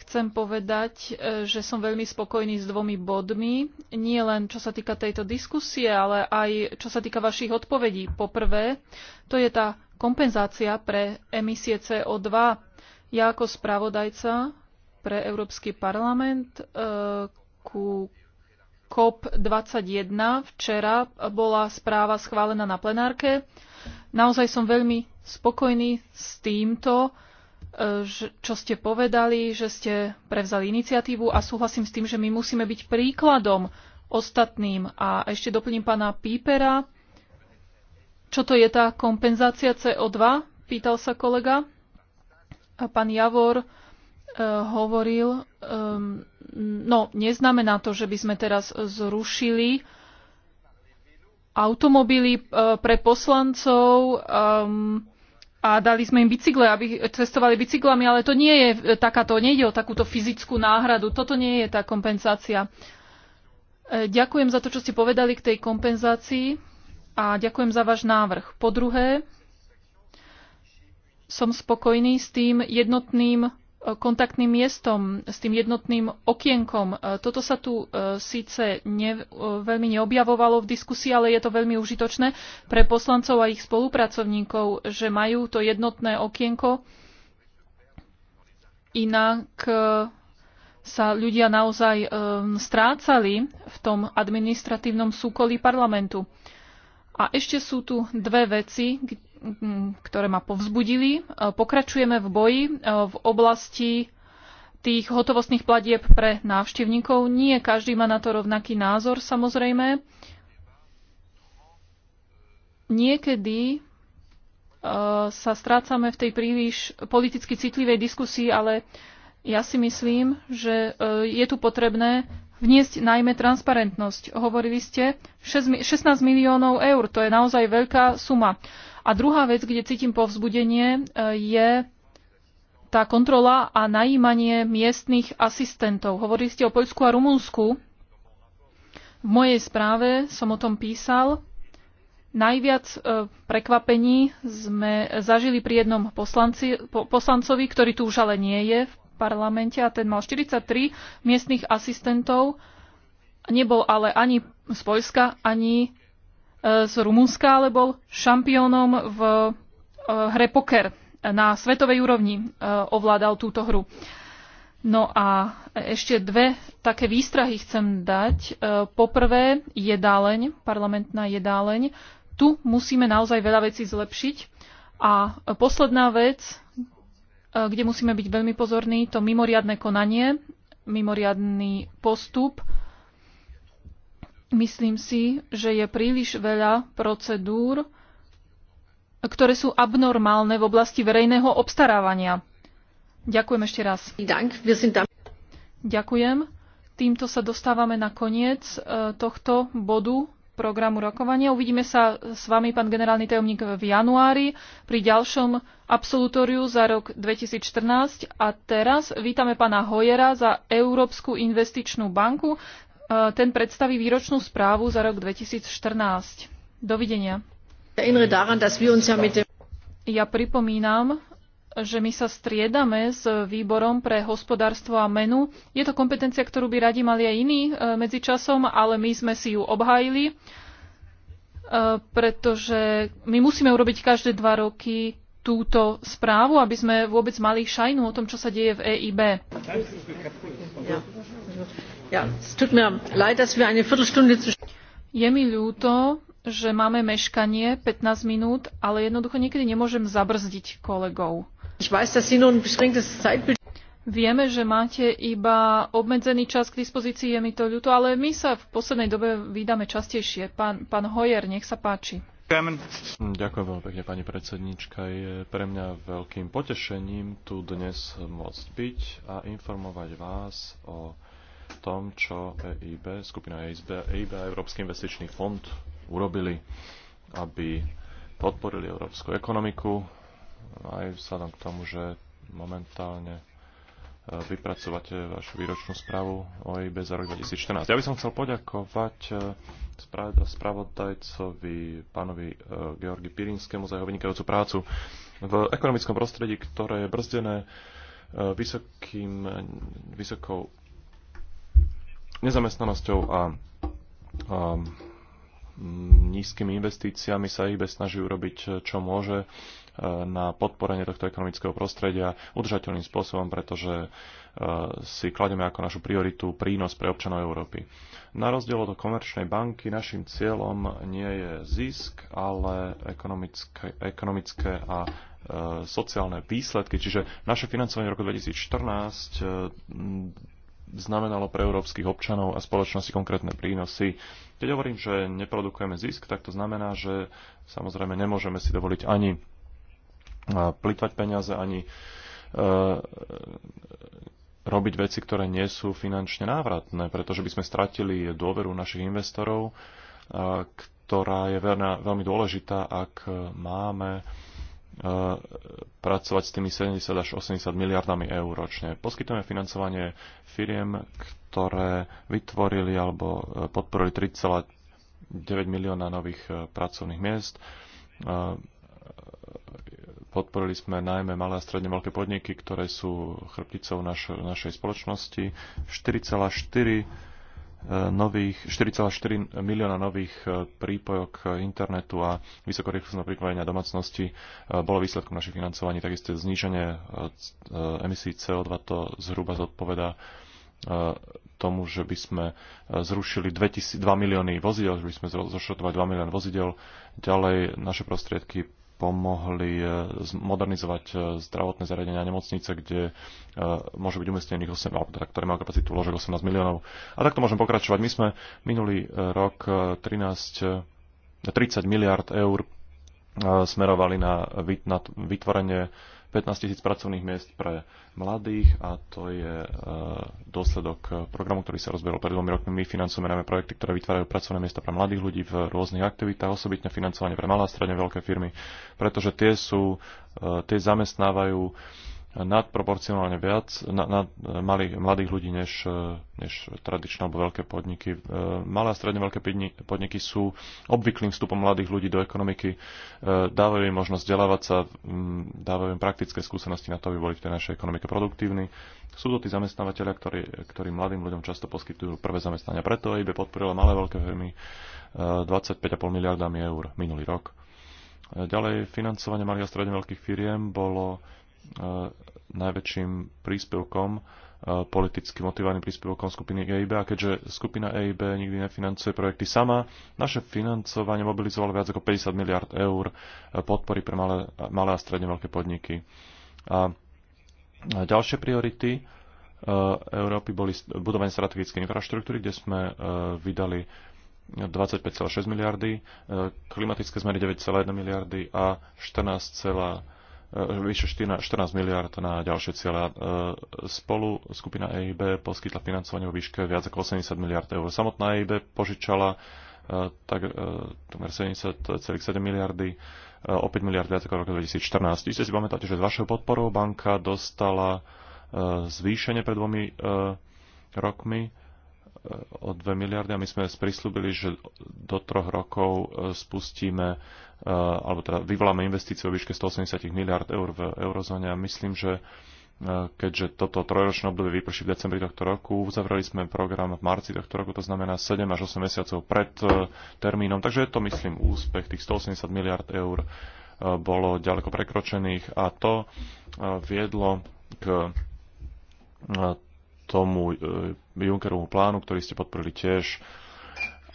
chcem povedať, e, že som veľmi spokojný s dvomi bodmi. Nie len čo sa týka tejto diskusie, ale aj čo sa týka vašich odpovedí. Poprvé, to je tá kompenzácia pre emisie CO2. Ja ako spravodajca pre Európsky parlament e, ku COP21 včera bola správa schválená na plenárke. Naozaj som veľmi spokojný s týmto čo ste povedali, že ste prevzali iniciatívu a súhlasím s tým, že my musíme byť príkladom ostatným. A ešte doplním pána Pípera. Čo to je tá kompenzácia CO2? Pýtal sa kolega. A pán Javor uh, hovoril, um, no neznamená to, že by sme teraz zrušili automobily uh, pre poslancov. Um, a dali sme im bicykle, aby cestovali bicyklami, ale to nie je e, takáto, nejde o takúto fyzickú náhradu. Toto nie je tá kompenzácia. E, ďakujem za to, čo ste povedali k tej kompenzácii a ďakujem za váš návrh. Po druhé, som spokojný s tým jednotným kontaktným miestom, s tým jednotným okienkom. E, toto sa tu e, síce ne, e, veľmi neobjavovalo v diskusii, ale je to veľmi užitočné pre poslancov a ich spolupracovníkov, že majú to jednotné okienko. Inak sa ľudia naozaj strácali v tom administratívnom súkolí parlamentu. A ešte sú tu dve veci, ktoré ma povzbudili. E, pokračujeme v boji e, v oblasti tých hotovostných platieb pre návštevníkov. Nie každý má na to rovnaký názor, samozrejme. Niekedy e, sa strácame v tej príliš politicky citlivej diskusii, ale ja si myslím, že je tu potrebné vniesť najmä transparentnosť. Hovorili ste 16 miliónov eur, to je naozaj veľká suma. A druhá vec, kde cítim povzbudenie, e, je tá kontrola a najímanie miestnych asistentov. Hovorili ste o Poľsku a Rumunsku. V mojej správe som o tom písal. Najviac e, prekvapení sme zažili pri jednom poslanci, poslancovi, ktorý tu už ale nie je v parlamente a ten mal 43 miestnych asistentov. Nebol ale ani z Poľska, ani E, z Rumunska, ale bol šampiónom v e, hre poker na svetovej úrovni e, ovládal túto hru. No a ešte dve také výstrahy chcem dať. Poprvé, jedáleň, parlamentná jedáleň. Tu musíme naozaj veľa vecí zlepšiť. A posledná vec, kde musíme byť veľmi pozorní, to mimoriadne konanie, mimoriadný postup, Myslím si, že je príliš veľa procedúr, ktoré sú abnormálne v oblasti verejného obstarávania. Ďakujem ešte raz. Ďakujem. Týmto sa dostávame na koniec e, tohto bodu programu rokovania. Uvidíme sa s vami, pán generálny tajomník, v januári pri ďalšom absolutóriu za rok 2014. A teraz vítame pána Hojera za Európsku investičnú banku. E, ten predstaví výročnú správu za rok 2014. Dovidenia. Ja pripomínam, že my sa striedame s výborom pre hospodárstvo a menu. Je to kompetencia, ktorú by radi mali aj iní e, medzi časom, ale my sme si ju obhájili, e, pretože my musíme urobiť každé dva roky túto správu, aby sme vôbec mali šajnu o tom, čo sa deje v EIB. Je mi ľúto, že máme meškanie 15 minút, ale jednoducho niekedy nemôžem zabrzdiť kolegov. Vieme, že máte iba obmedzený čas k dispozícii, je mi to ľúto, ale my sa v poslednej dobe vydáme častejšie. Pán, pán Hojer, nech sa páči. Ďakujem veľmi pekne, pani predsednička. Je pre mňa veľkým potešením tu dnes môcť byť a informovať vás o tom, čo EIB, skupina EIB, EIB a Európsky investičný fond urobili, aby podporili európsku ekonomiku, aj vzhľadom k tomu, že momentálne e, vypracovate vašu výročnú správu o EIB za rok 2014. Ja by som chcel poďakovať e, spravodajcovi pánovi e, Georgi Pirinskému za jeho vynikajúcu prácu v ekonomickom prostredí, ktoré je brzdené vysokým, vysokou nezamestnanosťou a, a nízkymi investíciami sa ibe snaží urobiť, čo môže e, na podporenie tohto ekonomického prostredia udržateľným spôsobom, pretože e, si klademe ako našu prioritu prínos pre občanov Európy. Na rozdiel od komerčnej banky našim cieľom nie je zisk, ale ekonomické, ekonomické a e, sociálne výsledky. Čiže naše financovanie v roku 2014 znamenalo pre európskych občanov a spoločnosti konkrétne prínosy. Keď hovorím, že neprodukujeme zisk, tak to znamená, že samozrejme nemôžeme si dovoliť ani plitvať peniaze, ani e, robiť veci, ktoré nie sú finančne návratné, pretože by sme stratili dôveru našich investorov, ktorá je veľmi dôležitá, ak e, máme E, pracovať s tými 70 až 80 miliardami eur ročne. Poskytujeme financovanie firiem, ktoré vytvorili alebo e, podporili 3,9 milióna nových e, pracovných miest. Podporili sme najmä malé a stredne veľké podniky, ktoré sú chrbticou naš- našej spoločnosti. 4,4 nových 4,4 milióna nových e, prípojok e, internetu a vysokorýchlostného pripojenia domácnosti e, bolo výsledkom našich financovaní. Takisto zníženie emisí CO2 to zhruba zodpoveda tomu, že by sme zrušili 2, 000, 2 milióny vozidel, že by sme zrušili 2 milióny vozidel. Ďalej naše prostriedky pomohli e, modernizovať e, zdravotné zariadenia a nemocnice, kde e, môže byť umiestnených 8, teda, ktoré majú kapacitu ložek 18 miliónov. A takto môžem pokračovať. My sme minulý rok 13, 30 miliard eur smerovali na vytvorenie 15 tisíc pracovných miest pre mladých a to je e, dôsledok e, programu, ktorý sa rozbehol pred dvomi rokmi. My financujeme najmä projekty, ktoré vytvárajú pracovné miesta pre mladých ľudí v rôznych aktivitách, osobitne financovanie pre malé a stredne veľké firmy, pretože tie sú, e, tie zamestnávajú nadproporcionálne viac na, na malých, mladých ľudí než, e, než tradičné alebo veľké podniky. E, malé a stredne veľké podniky sú obvyklým vstupom mladých ľudí do ekonomiky, e, dávajú im možnosť vzdelávať sa, dávajú im praktické skúsenosti na to, aby boli v tej našej ekonomike produktívni. Sú to tí zamestnávateľia, ktorí, ktorí mladým ľuďom často poskytujú prvé zamestnania. Preto IB podporila malé veľké firmy 25,5 miliardami eur minulý rok. Ďalej financovanie malých a stredne veľkých firiem bolo E, najväčším príspevkom, e, politicky motivovaným príspevkom skupiny EIB a keďže skupina EIB nikdy nefinancuje projekty sama, naše financovanie mobilizovalo viac ako 50 miliard eur e, podpory pre malé, malé a stredne veľké podniky. A ďalšie priority Európy boli budovanie strategickej infraštruktúry, kde sme vydali 25,6 miliardy, klimatické zmeny 9,1 miliardy a 14,1 E, vyše 14 miliard na ďalšie cieľa. E, spolu skupina EIB poskytla financovanie vo výške viac ako 80 miliard eur. Samotná EIB požičala e, tak takmer 70,7 miliardy, o 5 miliard viac ako v roku 2014. Isté si pamätáte, že z vašou podporou banka dostala zvýšenie pred dvomi rokmi o 2 miliardy a my sme prislúbili, že do troch rokov e, spustíme e, alebo teda vyvoláme investície o výške 180 miliard eur v eurozóne a myslím, že e, keďže toto trojročné obdobie vyprší v decembri tohto roku. Uzavreli sme program v marci tohto roku, to znamená 7 až 8 mesiacov pred termínom. Takže je to, myslím, úspech. Tých 180 miliard eur bolo ďaleko prekročených a to viedlo k tomu e, Junckerovmu plánu, ktorý ste podporili tiež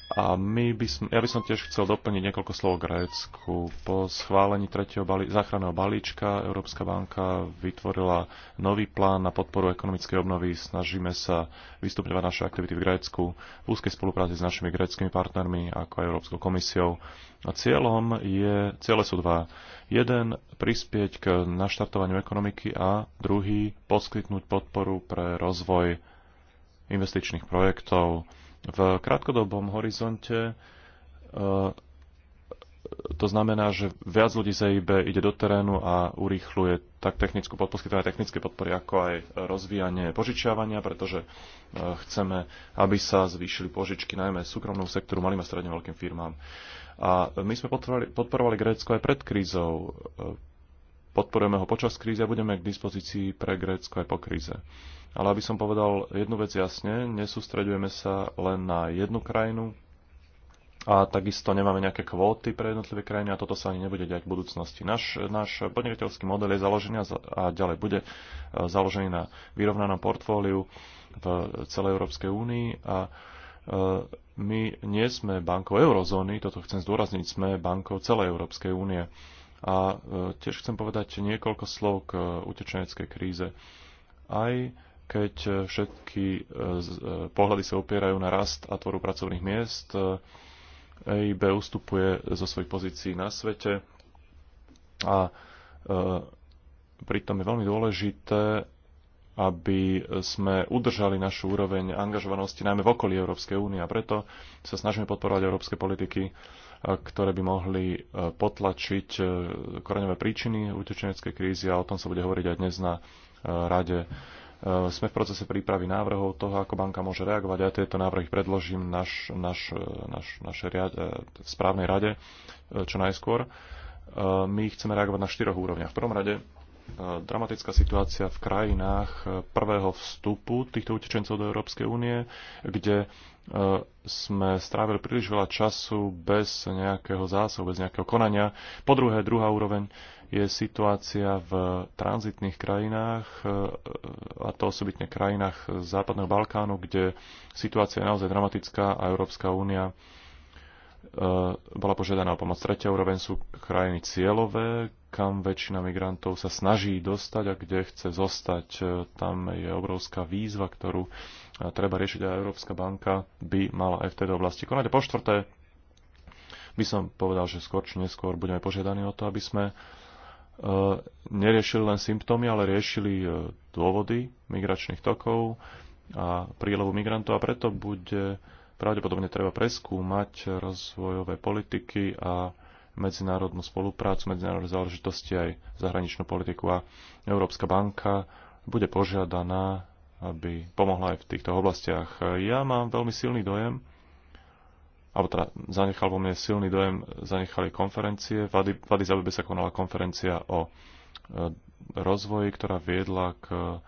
a my by som, ja by som tiež chcel doplniť niekoľko slov Grécku. Po schválení tretieho bali- záchranného balíčka Európska banka vytvorila nový plán na podporu ekonomickej obnovy. Snažíme sa vystupňovať naše aktivity v Grécku v úzkej spolupráci s našimi gréckými partnermi, ako aj Európskou komisiou. A cieľom je, ciele sú dva. Jeden, prispieť k naštartovaniu ekonomiky a druhý, poskytnúť podporu pre rozvoj investičných projektov v krátkodobom horizonte e, to znamená, že viac ľudí z EIB ide do terénu a urýchluje tak technickú podposkytovanie technické podpory, ako aj rozvíjanie požičiavania, pretože e, chceme, aby sa zvýšili požičky najmä súkromnom sektoru, malým a stredne veľkým firmám. A my sme podporovali, podporovali Grécko aj pred krízou e, podporujeme ho počas krízy a budeme k dispozícii pre Grécko aj po kríze. Ale aby som povedal jednu vec jasne, nesústredujeme sa len na jednu krajinu a takisto nemáme nejaké kvóty pre jednotlivé krajiny a toto sa ani nebude diať v budúcnosti. Náš, náš podnikateľský model je založený a ďalej bude e, založený na vyrovnanom portfóliu v celej Európskej únii a e, my nie sme bankou eurozóny, toto chcem zdôrazniť, sme bankou celej Európskej únie. A e, tiež chcem povedať niekoľko slov k e, utečeneckej kríze. Aj keď e, všetky pohľady sa opierajú na rast a tvoru pracovných miest, EIB ustupuje zo svojich pozícií na svete a pritom je veľmi dôležité, aby sme udržali našu úroveň angažovanosti najmä v okolí Európskej únie a preto sa snažíme podporovať európske politiky ktoré by mohli e, potlačiť e, koreňové príčiny utečeneckej krízy a o tom sa bude hovoriť aj dnes na e, rade. Sme v procese prípravy návrhov toho, ako banka môže reagovať. Ja tieto návrhy predložím naš, naš, naš, našej správnej rade čo najskôr. My chceme reagovať na štyroch úrovniach. V prvom rade E, dramatická situácia v krajinách e, prvého vstupu týchto utečencov do Európskej únie, kde e, sme strávili príliš veľa času bez nejakého zásahu, bez nejakého konania. Po druhé, druhá úroveň je situácia v tranzitných krajinách, a to osobitne krajinách Západného Balkánu, kde situácia je naozaj dramatická a Európska únia Eh, bola požiadaná o pomoc. Tretia úroveň sú krajiny cieľové, kam väčšina migrantov sa snaží dostať a kde chce zostať. Eh, tam je obrovská výzva, ktorú eh, treba riešiť a Európska banka by mala aj v tejto oblasti konať. po štvrté, by som povedal, že skôr či neskôr budeme požiadaní o to, aby sme neriešili len symptómy, ale riešili dôvody migračných tokov a prílevu migrantov a preto bude pravdepodobne treba preskúmať rozvojové politiky a medzinárodnú spoluprácu, medzinárodné záležitosti aj zahraničnú politiku a Európska banka bude požiadaná, aby pomohla aj v týchto oblastiach. Ja mám veľmi silný dojem, alebo teda zanechal vo mne silný dojem, zanechali konferencie. V Addis sa konala konferencia o e, rozvoji, ktorá viedla k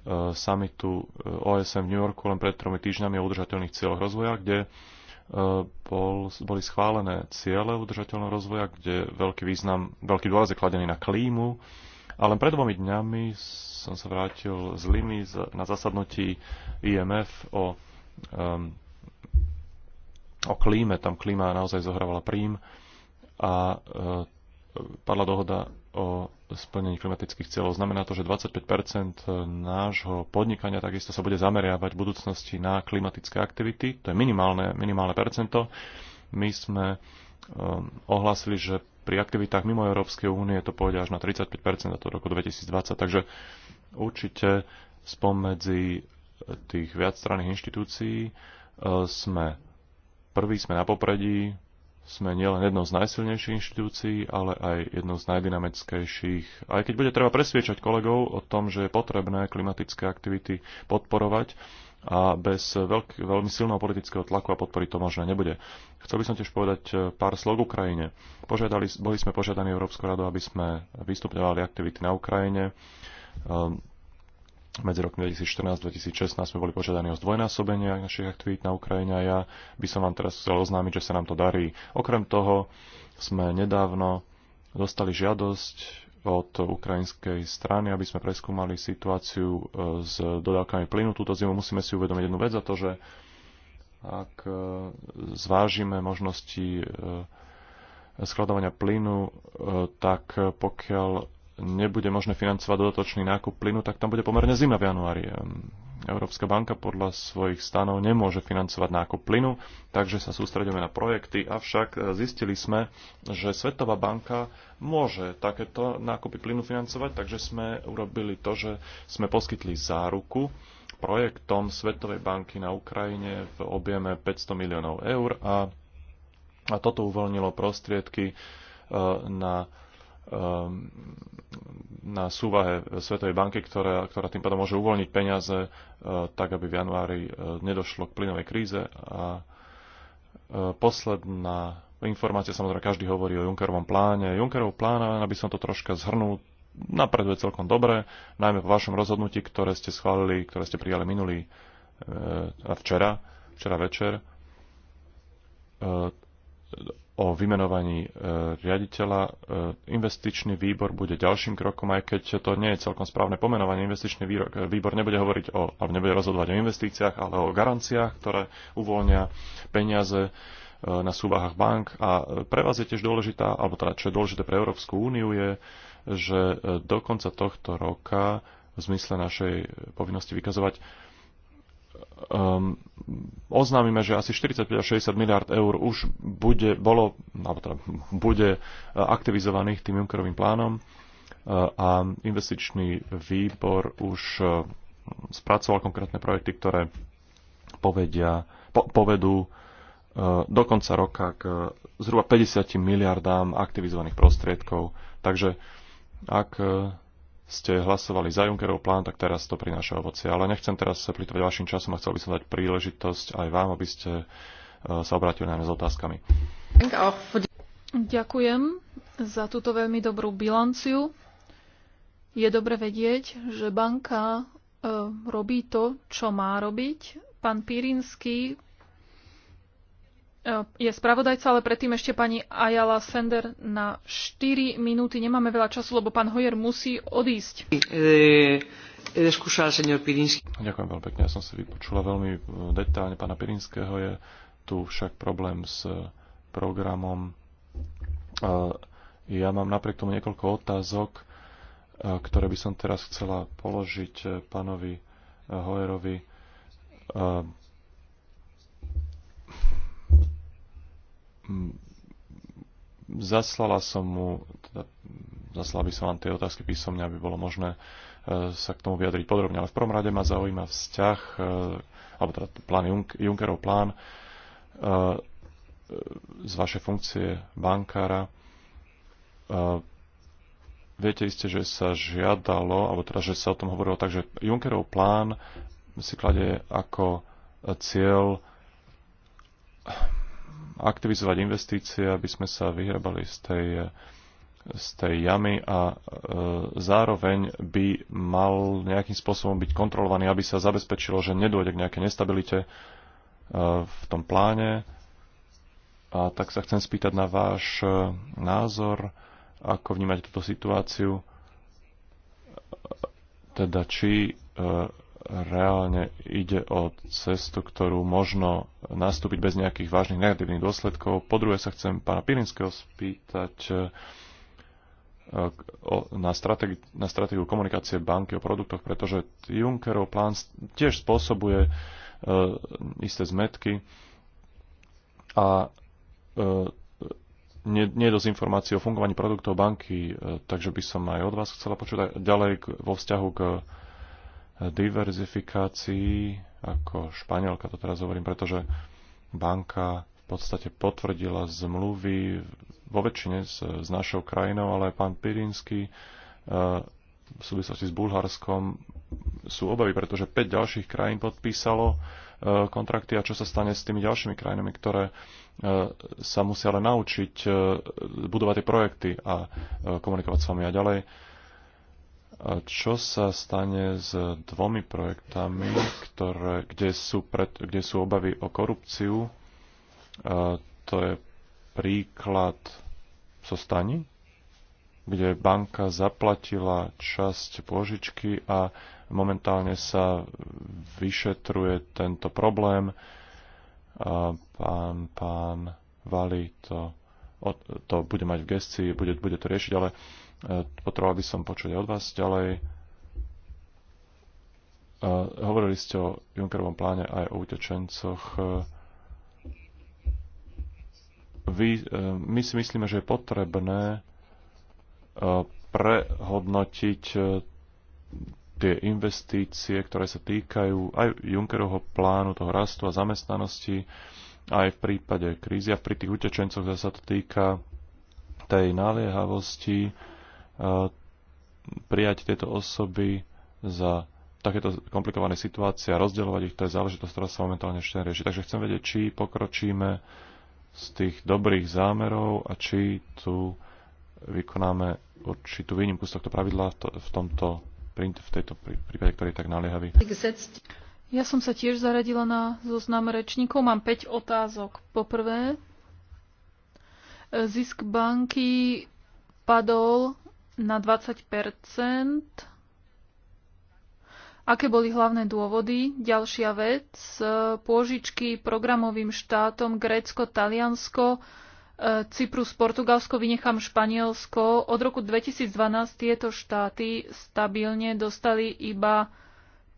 Eh, samitu eh, OSM v New Yorku len pred tromi týždňami o udržateľných cieľoch rozvoja, kde eh, bol, boli schválené ciele udržateľného rozvoja, kde veľký význam, veľký dôraz je kladený na klímu. A len pred dvomi dňami som sa vrátil z Limy na zasadnutí IMF o, um, o klíme. Tam klíma naozaj zohrávala prím a uh, padla dohoda o splnení klimatických cieľov. Znamená to, že 25 nášho podnikania takisto sa bude zameriavať v budúcnosti na klimatické aktivity. To je minimálne, minimálne percento. My sme um, ohlásili, že pri aktivitách mimo Európskej únie to pôjde až na 35 a to roku 2020. Takže určite spomedzi tých viacstranných inštitúcií uh, sme prví, sme na popredí, sme nielen jednou z najsilnejších inštitúcií, ale aj jednou z najdynamickejších. Aj keď bude treba presviečať kolegov o tom, že je potrebné klimatické aktivity podporovať a bez veľk- veľmi silného politického tlaku a podpory to možné nebude. Chcel by som tiež povedať e, pár slov k Ukrajine. Požiadali, boli sme požiadaní Európskou radou, aby sme vystupňovali aktivity na Ukrajine. Um, medzi rokmi 2014-2016 sme boli požiadaní o zdvojnásobenie našich aktivít na Ukrajine a ja by som vám teraz chcel oznámiť, že sa nám to darí. Okrem toho sme nedávno dostali žiadosť od ukrajinskej strany, aby sme preskúmali situáciu e, s dodávkami plynu. Túto zimu musíme si uvedomiť jednu vec za to, že ak e, zvážime možnosti e, skladovania plynu, tak pokiaľ nebude možné financovať dodatočný nákup plynu, tak tam bude pomerne zima v januári. Európska banka podľa svojich stanov nemôže financovať nákup plynu, takže sa sústredíme na projekty. Avšak e, zistili sme, že Svetová banka môže takéto nákupy plynu financovať, takže sme urobili to, že sme poskytli záruku projektom Svetovej banky na Ukrajine v objeme 500 miliónov eur a, a toto uvoľnilo prostriedky e, na Um, na súvahe Svetovej banky, ktorá, ktorá tým pádom môže uvoľniť peniaze uh, tak, aby v januári uh, nedošlo k plynovej kríze. A uh, posledná informácia, samozrejme každý hovorí o Junckerovom pláne. Junckerov plán, aby som to troška zhrnul, napreduje celkom dobre, najmä po vašom rozhodnutí, ktoré ste schválili, ktoré ste prijali minulý a včera, včera večer o vymenovaní e, riaditeľa. E, investičný výbor bude ďalším krokom, aj keď to nie je celkom správne pomenovanie. Investičný e, výbor nebude hovoriť o, alebo nebude rozhodovať o investíciách, ale o garanciách, ktoré uvoľnia peniaze na súvahách bank. A pre vás je tiež dôležitá, alebo teda čo je dôležité pre Európsku úniu je, že do konca tohto roka v zmysle našej povinnosti vykazovať um, oznámime, že asi 45 až 60 miliard eur už bude, bolo, no, teda bude e, aktivizovaných tým Junckerovým plánom e, a investičný výbor už e, spracoval konkrétne projekty, ktoré povedia, po, povedú do konca roka k zhruba 50 miliardám aktivizovaných prostriedkov. Takže ak ste hlasovali za Junckerov plán, tak teraz to prináša ovoci. Ale nechcem teraz sa plýtovať vašim časom a chcel by som dať príležitosť aj vám, aby ste e, sa obrátili na s otázkami. Ďakujem za túto veľmi dobrú bilanciu. Je dobre vedieť, že banka e, robí to, čo má robiť. Pán Pírinsky E, je spravodajca, ale predtým ešte pani Ayala Sender na 4 minúty. Nemáme veľa času, lebo pán Hojer musí odísť. E, e, Ďakujem veľmi pekne, ja som si vypočula veľmi detálne pána Pirinského. Je tu však problém s programom. Ja mám napriek tomu niekoľko otázok, ktoré by som teraz chcela položiť pánovi Hojerovi Mm, zaslala som mu, teda zaslala by som vám tie otázky písomne, aby bolo možné e, sa k tomu vyjadriť podrobne, ale v prvom rade ma zaujíma vzťah, e, alebo teda plán Junk- Junckerov plán e, z vašej funkcie bankára. Viete iste, že sa žiadalo, alebo teda, že sa o tom hovorilo tak, že Junckerov plán si kladie ako cieľ aktivizovať investície, aby sme sa vyhrabali z tej, z tej jamy a e, zároveň by mal nejakým spôsobom byť kontrolovaný, aby sa zabezpečilo, že nedôjde k nejakej nestabilite e, v tom pláne. A tak sa chcem spýtať na váš e, názor, ako vnímať túto situáciu, e, teda či e, reálne ide o cestu, ktorú možno nastúpiť bez nejakých vážnych negatívnych dôsledkov. Po druhé sa chcem pána Pirinského spýtať eh, na, stratégiu komunikácie banky o produktoch, pretože Junckerov plán tiež spôsobuje eh, isté zmetky a eh, nie, nie dosť informácií o fungovaní produktov banky, takže by som aj od vás chcela počuť ďalej vo vzťahu k diverzifikácii, ako Španielka to teraz hovorím, pretože banka v podstate potvrdila zmluvy vo väčšine s, s našou krajinou, ale aj pán Pirinsky e, v súvislosti s Bulharskom sú obavy, pretože 5 ďalších krajín podpísalo e, kontrakty a čo sa stane s tými ďalšími krajinami, ktoré e, sa musia ale naučiť budovať tie projekty a komunikovať s vami a ďalej čo sa stane s dvomi projektami, ktoré, kde, sú pred, kde sú obavy o korupciu. To je príklad so Stani, kde banka zaplatila časť pôžičky a momentálne sa vyšetruje tento problém. Pán, pán Vali to, to bude mať v gestii, bude, bude to riešiť, ale uh, E, potreboval by som počuť od vás ďalej. E, hovorili ste o Junckerovom pláne aj o utečencoch. E, vy, my si myslíme, že je potrebné prehodnotiť tie investície, ktoré sa týkajú aj Junckerovho plánu, toho rastu a zamestnanosti, aj v prípade krízy a pri tých utečencoch sa to týka tej naliehavosti prijať tieto osoby za takéto komplikované situácie a rozdeľovať ich, to je záležitosť, ktorá sa momentálne ešte rieši. Takže chcem vedieť, či pokročíme z tých dobrých zámerov a či tu vykonáme určitú výnimku z tohto pravidla v tomto v tejto prípade, ktorý je tak naliehavý. Ja som sa tiež zaradila na zoznam rečníkov. Mám 5 otázok. Poprvé, zisk banky padol na 20 Aké boli hlavné dôvody? Ďalšia vec. E, pôžičky programovým štátom Grécko, Taliansko, e, Cyprus, Portugalsko, vynechám Španielsko. Od roku 2012 tieto štáty stabilne dostali iba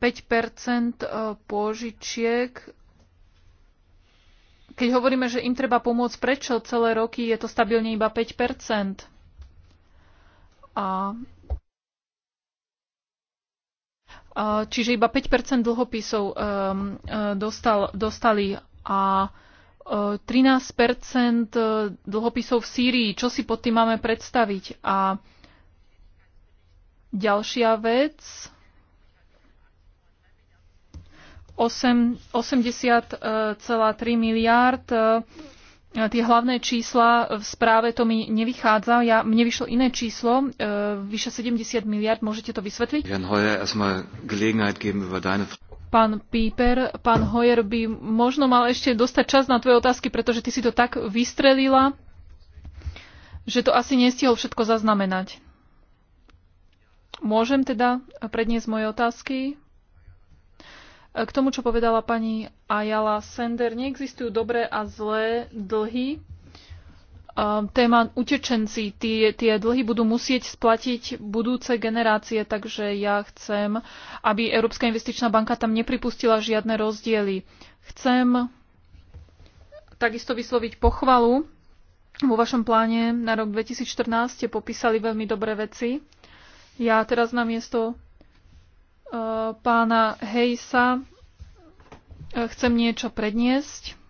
5 e, pôžičiek. Keď hovoríme, že im treba pomôcť prečo celé roky, je to stabilne iba 5 a Čiže iba 5 dlhopisov um, uh, dostal, dostali a 13 uh, uh, dlhopisov v Sýrii. Čo si pod tým máme predstaviť? A ďalšia vec. 80,3 miliárd tie hlavné čísla v správe to mi nevychádza. Ja, mne vyšlo iné číslo, e, vyše 70 miliard. Môžete to vysvetliť? Pán Píper, pán Hoyer by možno mal ešte dostať čas na tvoje otázky, pretože ty si to tak vystrelila, že to asi nestihol všetko zaznamenať. Môžem teda predniesť moje otázky? K tomu, čo povedala pani Ayala Sender, neexistujú dobré a zlé dlhy. Ehm, téma utečenci, tie, tie dlhy budú musieť splatiť budúce generácie, takže ja chcem, aby Európska investičná banka tam nepripustila žiadne rozdiely. Chcem takisto vysloviť pochvalu. Vo vašom pláne na rok 2014 ste popísali veľmi dobré veci. Ja teraz na miesto pána Hejsa e, chcem niečo predniesť.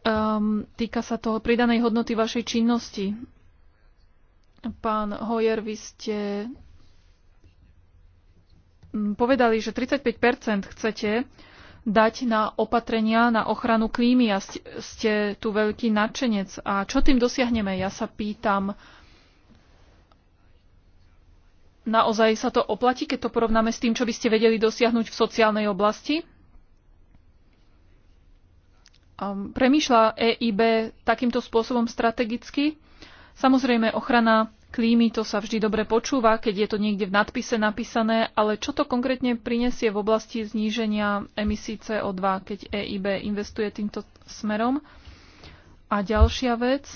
Um, týka sa toho pridanej hodnoty vašej činnosti. Pán Hoyer, vy ste povedali, že 35 chcete dať na opatrenia na ochranu klímy a ste tu veľký nadšenec. A čo tým dosiahneme? Ja sa pýtam, uh, Naozaj sa to oplatí, keď to porovnáme s tým, čo by ste vedeli dosiahnuť v sociálnej oblasti? Ehm, premýšľa EIB takýmto spôsobom strategicky? Samozrejme, ochrana klímy, to sa vždy dobre počúva, keď je to niekde v nadpise napísané, ale čo to konkrétne prinesie v oblasti zníženia emisí CO2, keď EIB investuje týmto smerom? A ďalšia vec,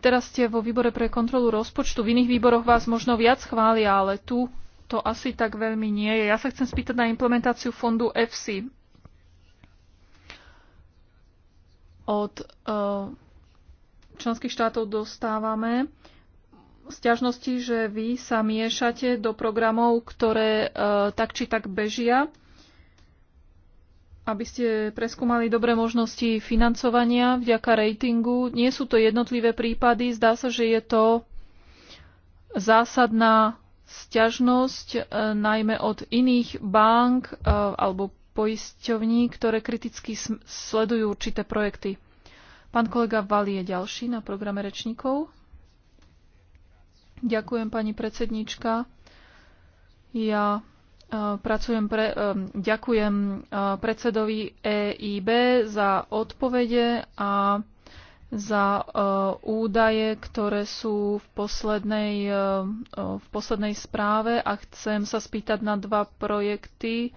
Teraz ste vo výbore pre kontrolu rozpočtu. V iných výboroch vás možno viac chvália, ale tu to asi tak veľmi nie je. Ja sa chcem spýtať na implementáciu fondu EFSI. Od uh, členských štátov dostávame sťažnosti, že vy sa miešate do programov, ktoré uh, tak či tak bežia aby ste preskúmali dobré možnosti financovania vďaka ratingu. Nie sú to jednotlivé prípady, zdá sa, že je to zásadná sťažnosť, e, najmä od iných bank e, alebo poisťovní, ktoré kriticky sledujú určité projekty. Pán kolega Vali je ďalší na programe rečníkov. Ďakujem, pani predsednička. Ja E, pracujem pre, e, ďakujem e, predsedovi EIB za odpovede a za údaje, ktoré sú v poslednej, v poslednej správe a chcem sa spýtať na dva projekty,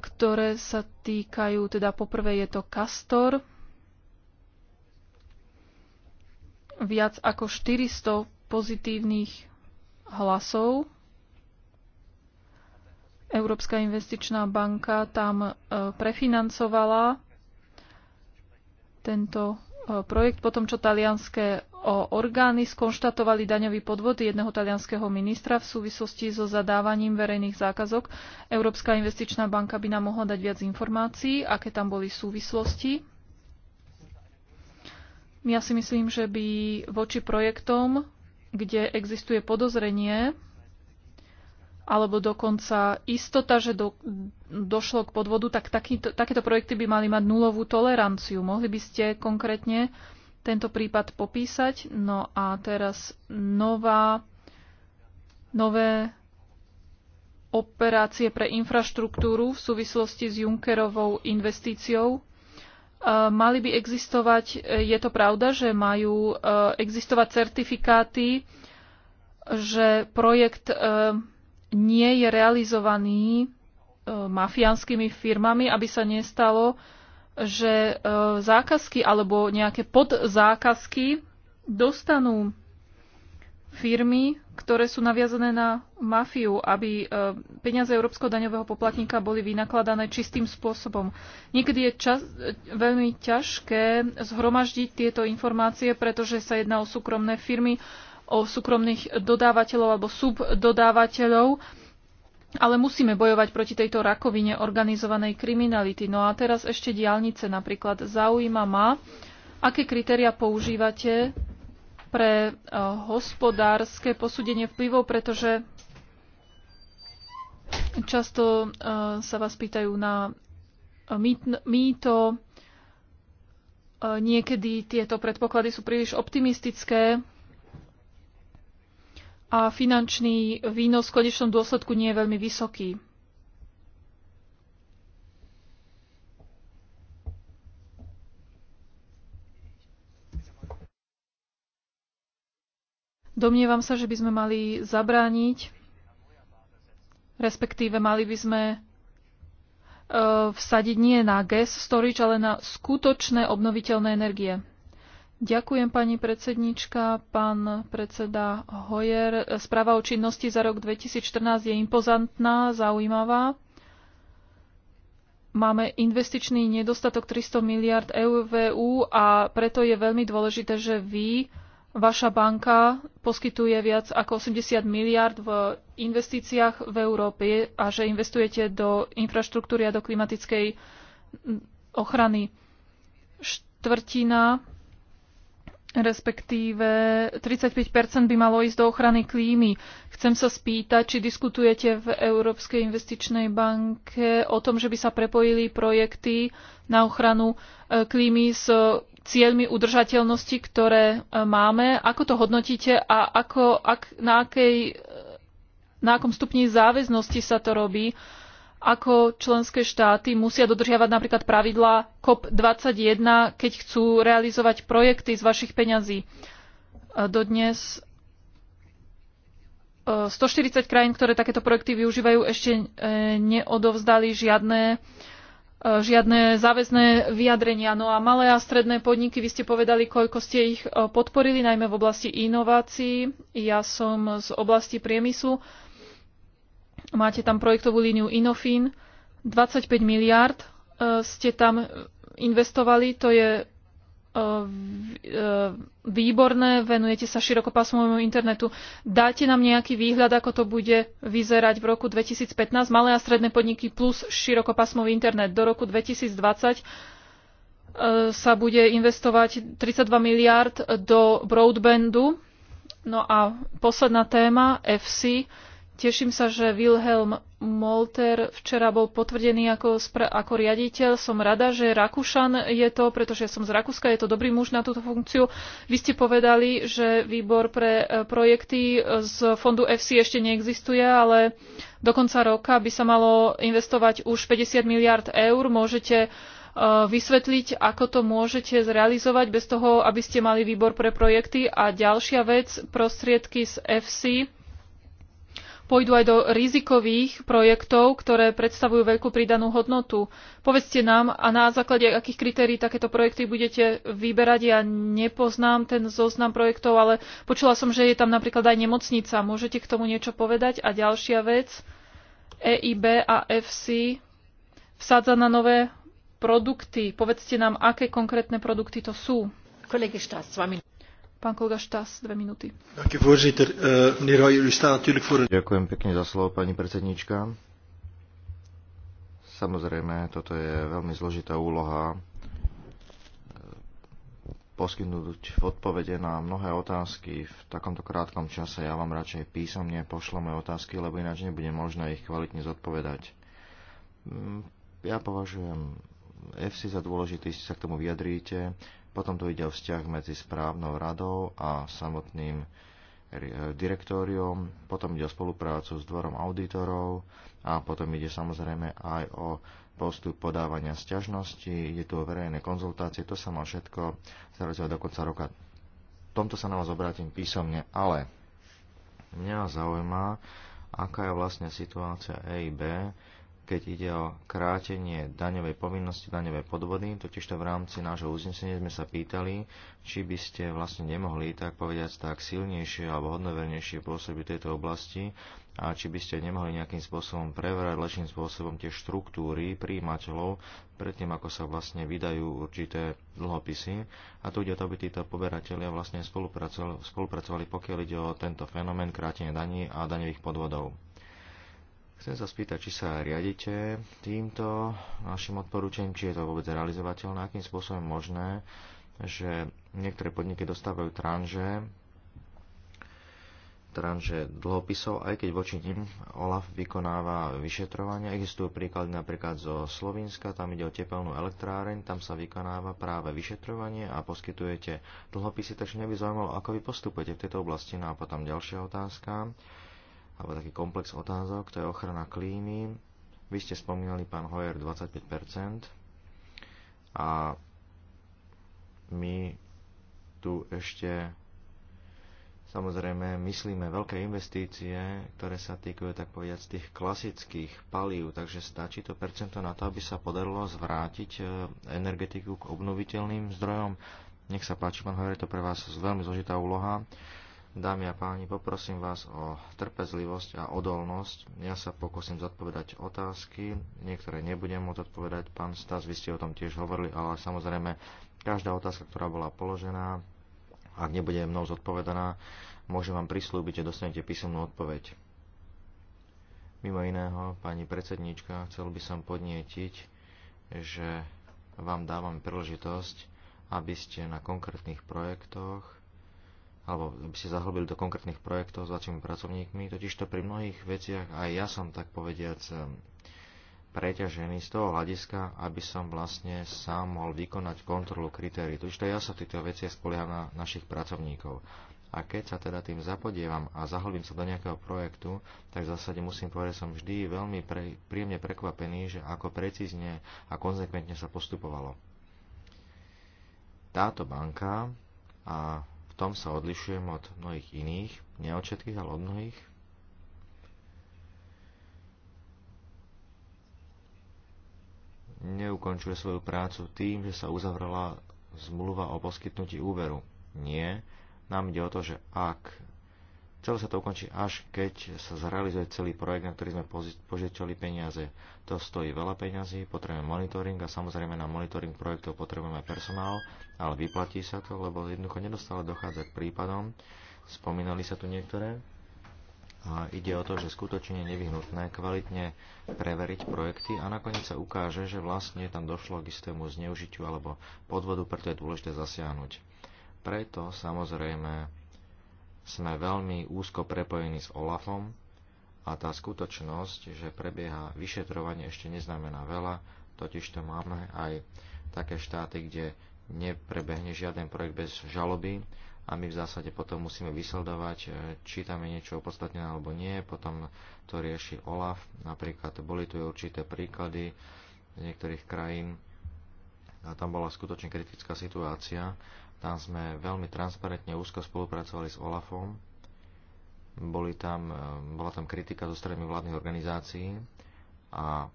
ktoré sa týkajú, teda poprvé je to Castor, viac ako 400 pozitívnych hlasov Európska investičná banka tam e, prefinancovala tento e, projekt. Potom, čo talianské orgány skonštatovali daňový podvod jedného talianského ministra v súvislosti so zadávaním verejných zákazok, Európska investičná banka by nám mohla dať viac informácií, aké tam boli súvislosti. Ja si myslím, že by voči projektom, kde existuje podozrenie, alebo dokonca istota, že do, došlo k podvodu, tak takýto, takéto projekty by mali mať nulovú toleranciu. Mohli by ste konkrétne tento prípad popísať? No a teraz nová, nové operácie pre infraštruktúru v súvislosti s Junckerovou investíciou. E, mali by existovať, e, je to pravda, že majú e, existovať certifikáty, že projekt nie je realizovaný e, mafiánskymi firmami, aby sa nestalo, že e, zákazky alebo nejaké podzákazky dostanú firmy, ktoré sú naviazané na mafiu, aby e, peniaze európskeho daňového poplatníka boli vynakladané čistým spôsobom. Niekedy je čas, veľmi ťažké zhromaždiť tieto informácie, pretože sa jedná o súkromné firmy o súkromných dodávateľov alebo subdodávateľov, ale musíme bojovať proti tejto rakovine organizovanej kriminality. No a teraz ešte diálnice napríklad. Zaujíma ma, aké kritéria používate pre e, hospodárske posúdenie vplyvov, pretože často e, sa vás pýtajú na mýto. E, niekedy tieto predpoklady sú príliš optimistické, a finančný výnos v konečnom dôsledku nie je veľmi vysoký. Domnievam sa, že by sme mali zabrániť, respektíve mali by sme e, vsadiť nie na gas storage, ale na skutočné obnoviteľné energie. Ďakujem pani predsednička, pán predseda Hojer. Správa o činnosti za rok 2014 je impozantná, zaujímavá. Máme investičný nedostatok 300 miliard eur v EU a preto je veľmi dôležité, že vy, vaša banka, poskytuje viac ako 80 miliard v investíciách v Európe a že investujete do infraštruktúry a do klimatickej ochrany. Štvrtina respektíve 35 by malo ísť do ochrany klímy. Chcem sa spýtať, či diskutujete v Európskej investičnej banke o tom, že by sa prepojili projekty na ochranu e, klímy s cieľmi udržateľnosti, ktoré e, máme. Ako to hodnotíte a ako, ak, na, akej, e, na akom stupni záväznosti sa to robí? ako členské štáty musia dodržiavať napríklad pravidlá COP21, keď chcú realizovať projekty z vašich peňazí. E, dodnes 140 e, krajín, ktoré takéto projekty využívajú, ešte e, neodovzdali žiadne, žiadne záväzné vyjadrenia. No a malé a stredné podniky, vy ste povedali, koľko ste ich podporili, najmä v oblasti inovácií. Ja som z oblasti priemyslu. Máte tam projektovú líniu Inofin, 25 miliard e, ste tam investovali, to je e, e, výborné, venujete sa širokopásmovému internetu. Dáte nám nejaký výhľad, ako to bude vyzerať v roku 2015? Malé a stredné podniky plus širokopásmový internet. Do roku 2020 sa bude investovať 32 miliard do broadbandu. No a posledná téma, FC Teším sa, že Wilhelm Molter včera bol potvrdený ako, ako riaditeľ. Som rada, že Rakúšan je to, pretože som z Rakúska, je to dobrý muž na túto funkciu. Vy ste povedali, že výbor pre e, projekty z fondu FC ešte neexistuje, ale do konca roka by sa malo investovať už 50 miliard eur. Môžete e, vysvetliť, ako to môžete zrealizovať bez toho, aby ste mali výbor pre projekty. A ďalšia vec, prostriedky z FC pôjdu aj do rizikových projektov, ktoré predstavujú veľkú pridanú hodnotu. Povedzte nám, a na základe akých kritérií takéto projekty budete vyberať. Ja nepoznám ten zoznam projektov, ale počula som, že je tam napríklad aj nemocnica. Môžete k tomu niečo povedať? A ďalšia vec, EIB a FC vsádza na nové produkty. Povedzte nám, aké konkrétne produkty to sú. Kolegy Štás, s vami. Pán kolega Štás, dve minúty. Eh, Ďakujem pekne za slovo, pani predsednička. Samozrejme, toto je veľmi zložitá úloha eh, poskytnúť odpovede na mnohé otázky v takomto krátkom čase. Ja vám radšej písomne pošlem moje otázky, lebo ináč nebude možné ich kvalitne zodpovedať. Mm, ja považujem FC za dôležitý, si sa k tomu vyjadríte. Potom tu ide o vzťah medzi správnou radou a samotným eh, direktóriom, potom ide o spoluprácu s dvorom auditorov a potom ide samozrejme aj o postup podávania sťažnosti, ide tu o verejné konzultácie, to sa má všetko zarazovať do konca roka. Tomto sa na vás obrátim písomne, ale mňa zaujíma, aká je vlastne situácia EIB keď ide o krátenie daňovej povinnosti, daňové podvody. Totižto v rámci nášho uznesenia sme sa pýtali, či by ste vlastne nemohli, tak povedať tak silnejšie alebo hodnovernejšie pôsobiť tejto oblasti a či by ste nemohli nejakým spôsobom preverať lepším spôsobom tie štruktúry príjimateľov predtým, ako sa vlastne vydajú určité dlhopisy. A tu ide o to, aby títo poberatelia vlastne spolupracovali, spolupracovali, pokiaľ ide o tento fenomén krátenia daní a daňových podvodov. Chcem sa spýtať, či sa riadite týmto našim odporúčaním, či je to vôbec realizovateľné, akým spôsobom možné, že niektoré podniky dostávajú tranže, tranže dlhopisov, aj keď voči nim OLAF vykonáva vyšetrovania. Existujú príklady napríklad zo Slovenska, tam ide o tepelnú elektráreň, tam sa vykonáva práve vyšetrovanie a poskytujete dlhopisy, takže mňa by zaujímalo, ako vy postupujete v tejto oblasti. No a potom ďalšia otázka alebo taký komplex otázok, to je ochrana klímy. Vy ste spomínali, pán Hoyer, 25%. A my tu ešte samozrejme myslíme veľké investície, ktoré sa týkajú tak povedať z tých klasických palív, takže stačí to percento na to, aby sa podarilo zvrátiť e, energetiku k obnoviteľným zdrojom. Nech sa páči, pán Hoyer, to pre vás veľmi zložitá úloha. Dámy a páni, poprosím vás o trpezlivosť a odolnosť. Ja sa pokúsim zodpovedať otázky. Niektoré nebudem môcť odpovedať. Pán Stas, vy ste o tom tiež hovorili, ale samozrejme, každá otázka, ktorá bola položená, ak nebude mnou zodpovedaná, môžem vám prislúbiť, že dostanete písomnú odpoveď. Mimo iného, pani predsedníčka, chcel by som podnietiť, že vám dávam príležitosť, aby ste na konkrétnych projektoch alebo aby ste zahlbili do konkrétnych projektov s vašimi pracovníkmi, totiž to pri mnohých veciach aj ja som tak povediac preťažený z toho hľadiska, aby som vlastne sám mohol vykonať kontrolu kritérií. Totiž to ja sa v týchto veciach spolieham na našich pracovníkov. A keď sa teda tým zapodievam a zahlbím sa do nejakého projektu, tak v zásade musím povedať, že som vždy veľmi pre, príjemne prekvapený, že ako precízne a konzekventne sa postupovalo. Táto banka a v tom sa odlišujem od mnohých iných, nie od všetkých, ale od mnohých. Neukončuje svoju prácu tým, že sa uzavrela zmluva o poskytnutí úveru. Nie, nám ide o to, že ak Celé sa to ukončí až keď sa zrealizuje celý projekt, na ktorý sme požičali peniaze. To stojí veľa peňazí, potrebujeme monitoring a samozrejme na monitoring projektov potrebujeme personál, ale vyplatí sa to, lebo jednoducho nedostále dochádza k prípadom. Spomínali sa tu niektoré. A ide o to, že skutočne nevyhnutné kvalitne preveriť projekty a nakoniec sa ukáže, že vlastne tam došlo k istému zneužitiu alebo podvodu, preto je dôležité zasiahnuť. Preto samozrejme sme veľmi úzko prepojení s OLAFom a tá skutočnosť, že prebieha vyšetrovanie ešte neznamená veľa, totiž to máme aj také štáty, kde neprebehne žiaden projekt bez žaloby a my v zásade potom musíme vysledovať, e, či tam je niečo opodstatnené alebo nie, potom to rieši OLAF, napríklad boli tu určité príklady z niektorých krajín a tam bola skutočne kritická situácia, tam sme veľmi transparentne úzko spolupracovali s OLAFom. Boli tam, e, bola tam kritika zo strany vládnych organizácií a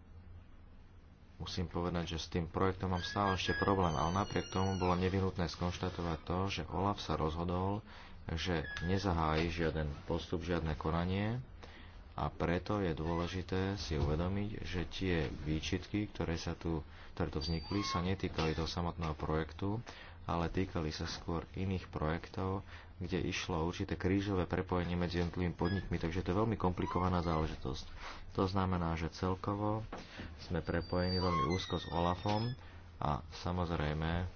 musím povedať, že s tým projektom mám stále ešte problém, ale napriek tomu bolo nevyhnutné skonštatovať to, že OLAF sa rozhodol, že nezahájí žiaden postup, žiadne konanie a preto je dôležité si uvedomiť, že tie výčitky, ktoré sa tu, ktoré tu vznikli, sa netýkali toho samotného projektu, ale týkali sa skôr iných projektov, kde išlo určité krížové prepojenie medzi jednotlivými podnikmi, takže to je veľmi komplikovaná záležitosť. To znamená, že celkovo sme prepojení veľmi úzko s OLAFom a samozrejme,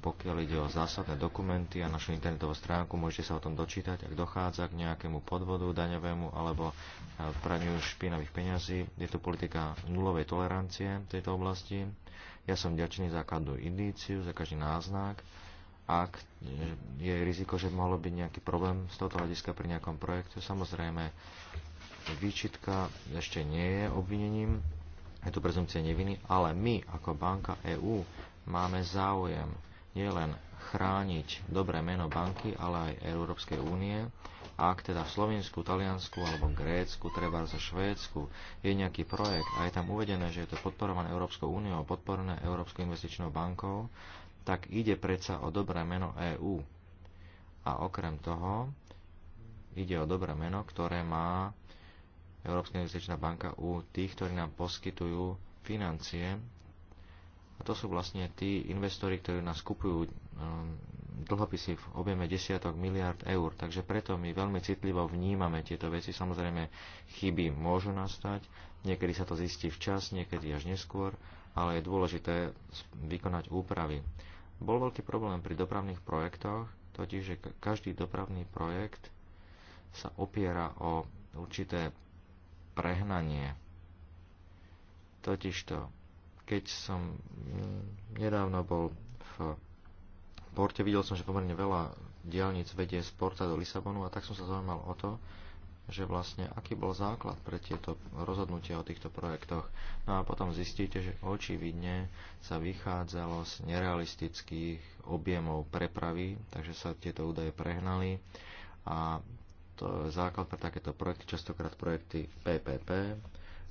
pokiaľ ide o zásadné dokumenty a našu internetovú stránku, môžete sa o tom dočítať, ak dochádza k nejakému podvodu daňovému alebo praniu špinavých peňazí. Je to politika nulovej tolerancie v tejto oblasti ja som vďačný za každú indíciu, za každý náznak. Ak je riziko, že mohlo byť nejaký problém z tohto hľadiska pri nejakom projekte, samozrejme výčitka ešte nie je obvinením, je tu prezumcie neviny, ale my ako banka EÚ máme záujem nielen chrániť dobré meno banky, ale aj Európskej únie ak teda v Slovensku, Taliansku alebo Grécku, treba za Švédsku je nejaký projekt a je tam uvedené, že je to podporované Európskou úniou, podporené Európskou investičnou bankou, tak ide predsa o dobré meno EÚ. A okrem toho ide o dobré meno, ktoré má Európska investičná banka u tých, ktorí nám poskytujú financie. A to sú vlastne tí investori, ktorí nás kupujú um, dlhopisy v objeme desiatok miliard eur, takže preto my veľmi citlivo vnímame tieto veci. Samozrejme, chyby môžu nastať, niekedy sa to zistí včas, niekedy až neskôr, ale je dôležité vykonať úpravy. Bol veľký problém pri dopravných projektoch, totiž, že každý dopravný projekt sa opiera o určité prehnanie. Totižto, keď som nedávno bol v Porte. Videl som, že pomerne veľa diálnic vedie z Porta do Lisabonu a tak som sa zaujímal o to, že vlastne aký bol základ pre tieto rozhodnutia o týchto projektoch. No a potom zistíte, že očividne sa vychádzalo z nerealistických objemov prepravy, takže sa tieto údaje prehnali a to je základ pre takéto projekty, častokrát projekty PPP,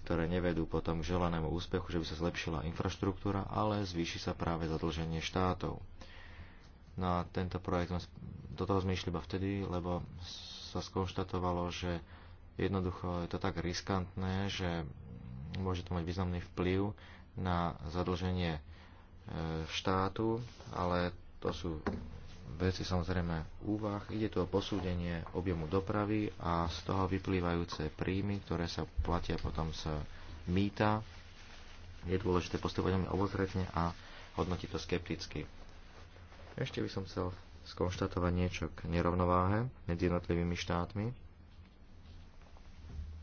ktoré nevedú potom k želanému úspechu, že by sa zlepšila infraštruktúra, ale zvýši sa práve zadlženie štátov. No a tento projekt do toho sme išli iba vtedy, lebo sa skonštatovalo, že jednoducho je to tak riskantné, že môže to mať významný vplyv na zadlženie e, štátu, ale to sú veci samozrejme úvah. Ide tu o posúdenie objemu dopravy a z toho vyplývajúce príjmy, ktoré sa platia potom sa mýta. Je dôležité postupovať obozretne a hodnotiť to skepticky. Ešte by som chcel skonštatovať niečo k nerovnováhe medzi jednotlivými štátmi.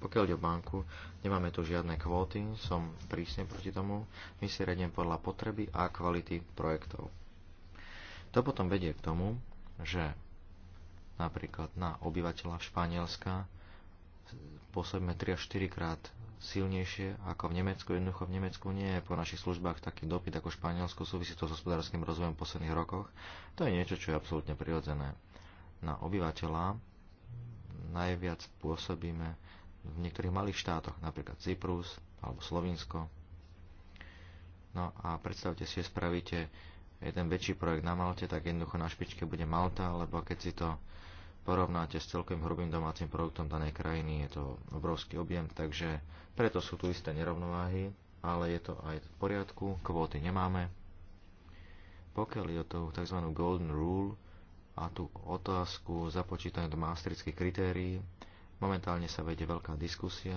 Pokiaľ ide o banku, nemáme tu žiadne kvóty, som prísne proti tomu, my si rediem podľa potreby a kvality projektov. To potom vedie k tomu, že napríklad na obyvateľa Španielska posledme 3 až 4 krát silnejšie ako v Nemecku. Jednoducho v Nemecku nie je po našich službách taký dopyt ako v Španielsku, súvisí to s hospodárskym rozvojom v posledných rokoch. To je niečo, čo je absolútne prirodzené. Na obyvateľa najviac pôsobíme v niektorých malých štátoch, napríklad Cyprus alebo Slovinsko. No a predstavte si, spravíte jeden väčší projekt na Malte, tak jednoducho na špičke bude Malta, lebo keď si to porovnáte s celkovým hrubým domácim produktom danej krajiny, je to obrovský objem, takže preto sú tu isté nerovnováhy, ale je to aj v poriadku, kvóty nemáme. Pokiaľ je o tú tzv. Golden Rule a tú otázku započítania do maastrických kritérií, momentálne sa vedie veľká diskusia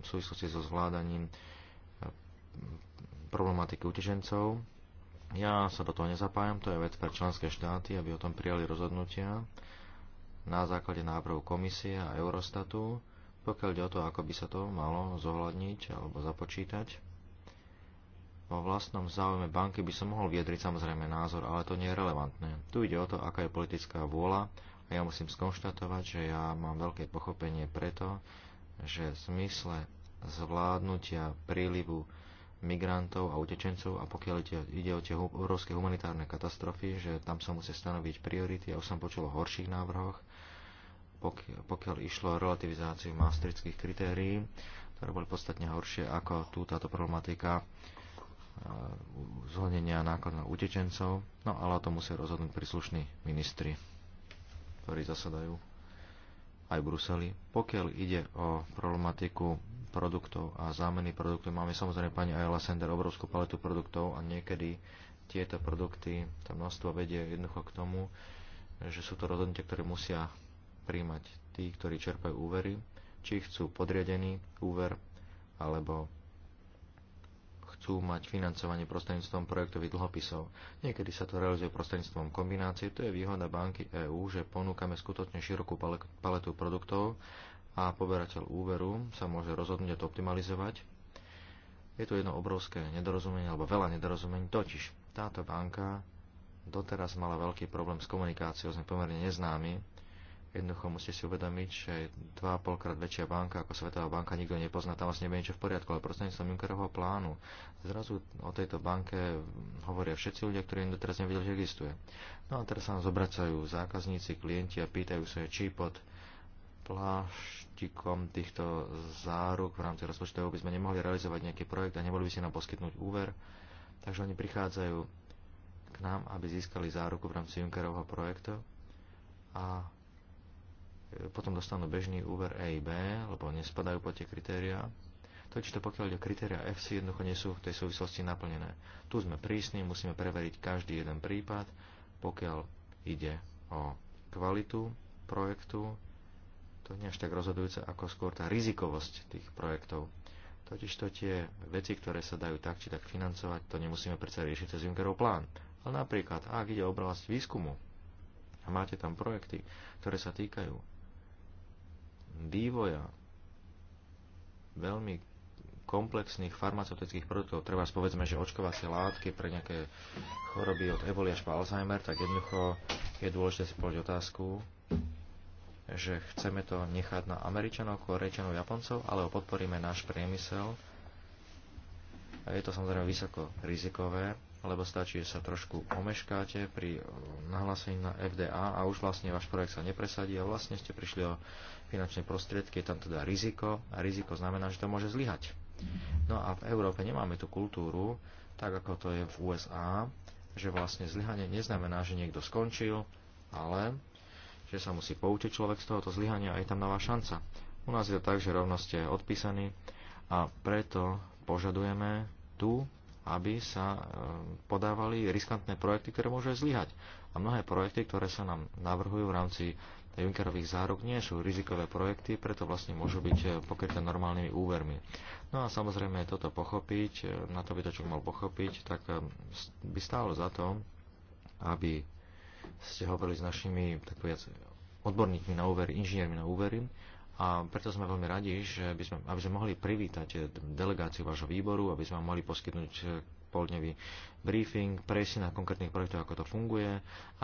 v súvislosti so zvládaním eh, problematiky utečencov. Ja sa do toho nezapájam, to je vec pre členské štáty, aby o tom prijali rozhodnutia na základe návrhu komisie a Eurostatu, pokiaľ ide o to, ako by sa to malo zohľadniť alebo započítať. Vo vlastnom záujme banky by som mohol viedriť samozrejme názor, ale to nie je relevantné. Tu ide o to, aká je politická vôľa a ja musím skonštatovať, že ja mám veľké pochopenie preto, že v zmysle zvládnutia prílivu migrantov a utečencov a pokiaľ ide o tie obrovské humanitárne katastrofy, že tam sa musia stanoviť priority. Ja už som počul o horších návrhoch pokiaľ, pokiaľ išlo o relativizáciu maastrických kritérií, ktoré boli podstatne horšie ako tú, táto problematika zhodnenia e, nákladov utečencov, no ale o tom musia rozhodnúť príslušní ministri, ktorí zasadajú aj v Bruseli. Pokiaľ ide o problematiku produktov a zámeny produktov, máme samozrejme pani Ayala Sender obrovskú paletu produktov a niekedy tieto produkty, tá množstvo vedie jednoducho k tomu, že sú to rozhodnutia, ktoré musia príjmať tí, ktorí čerpajú úvery, či chcú podriadený úver, alebo chcú mať financovanie prostredníctvom projektových dlhopisov. Niekedy sa to realizuje prostredníctvom kombinácie. To je výhoda banky EÚ, že ponúkame skutočne širokú paletu produktov a poberateľ úveru sa môže rozhodnúť a to optimalizovať. Je tu jedno obrovské nedorozumenie, alebo veľa nedorozumení, totiž táto banka doteraz mala veľký problém s komunikáciou, sme pomerne neznámi, Jednoducho musíte si uvedomiť, že 2,5 krát väčšia banka ako Svetová banka nikto nepozná, tam vlastne nevie niečo v poriadku, ale som Junckerovho plánu. Zrazu o tejto banke hovoria všetci ľudia, ktorí doteraz nevideli, že existuje. No a teraz sa nám zobracajú zákazníci, klienti a pýtajú sa, či pod pláštikom týchto záruk v rámci rozpočtu by sme nemohli realizovať nejaký projekt a nemohli by si nám poskytnúť úver. Takže oni prichádzajú k nám, aby získali záruku v rámci Junckerovho projektu a potom dostanú bežný úver EIB, lebo nespadajú pod tie kritériá. Totiž to pokiaľ ide kritéria FC, jednoducho nie sú v tej súvislosti naplnené. Tu sme prísni, musíme preveriť každý jeden prípad, pokiaľ ide o kvalitu projektu, to nie až tak rozhodujúce, ako skôr tá rizikovosť tých projektov. Totiž to tie veci, ktoré sa dajú tak či tak financovať, to nemusíme predsa riešiť cez Junckerov plán. Ale napríklad, ak ide o oblasť výskumu a máte tam projekty, ktoré sa týkajú vývoja veľmi komplexných farmaceutických produktov, treba povedzme, že očkovacie látky pre nejaké choroby od eboli až po Alzheimer, tak jednoducho je dôležité si povedať otázku, že chceme to nechať na Američanov, Korejčanov, Japoncov, ale podporíme náš priemysel. A je to samozrejme vysoko rizikové, lebo stačí, že sa trošku omeškáte pri eh, nahlásení na FDA a už vlastne váš projekt sa nepresadí a vlastne ste prišli o finančné prostriedky, je tam teda riziko a riziko znamená, že to môže zlyhať. No a v Európe nemáme tú kultúru, tak ako to je v USA, že vlastne zlyhanie neznamená, že niekto skončil, ale že sa musí poučiť človek z tohoto zlyhania a je tam nová šanca. U nás je to tak, že rovno ste odpísaní a preto požadujeme tu aby sa e, podávali riskantné projekty, ktoré môžu aj zlyhať. A mnohé projekty, ktoré sa nám navrhujú v rámci Junckerových zárok, nie sú rizikové projekty, preto vlastne môžu byť e, pokryté normálnymi úvermi. No a samozrejme toto pochopiť, e, na to by to čo mal pochopiť, tak by stálo za to, aby ste hovorili s našimi tak povedať, odborníkmi na úvery, inžiniermi na úvery, a preto sme veľmi radi, že by sme, aby sme mohli privítať eh, delegáciu vášho výboru, aby sme mohli poskytnúť eh, poldňový briefing, presne na konkrétnych projektoch, ako to funguje,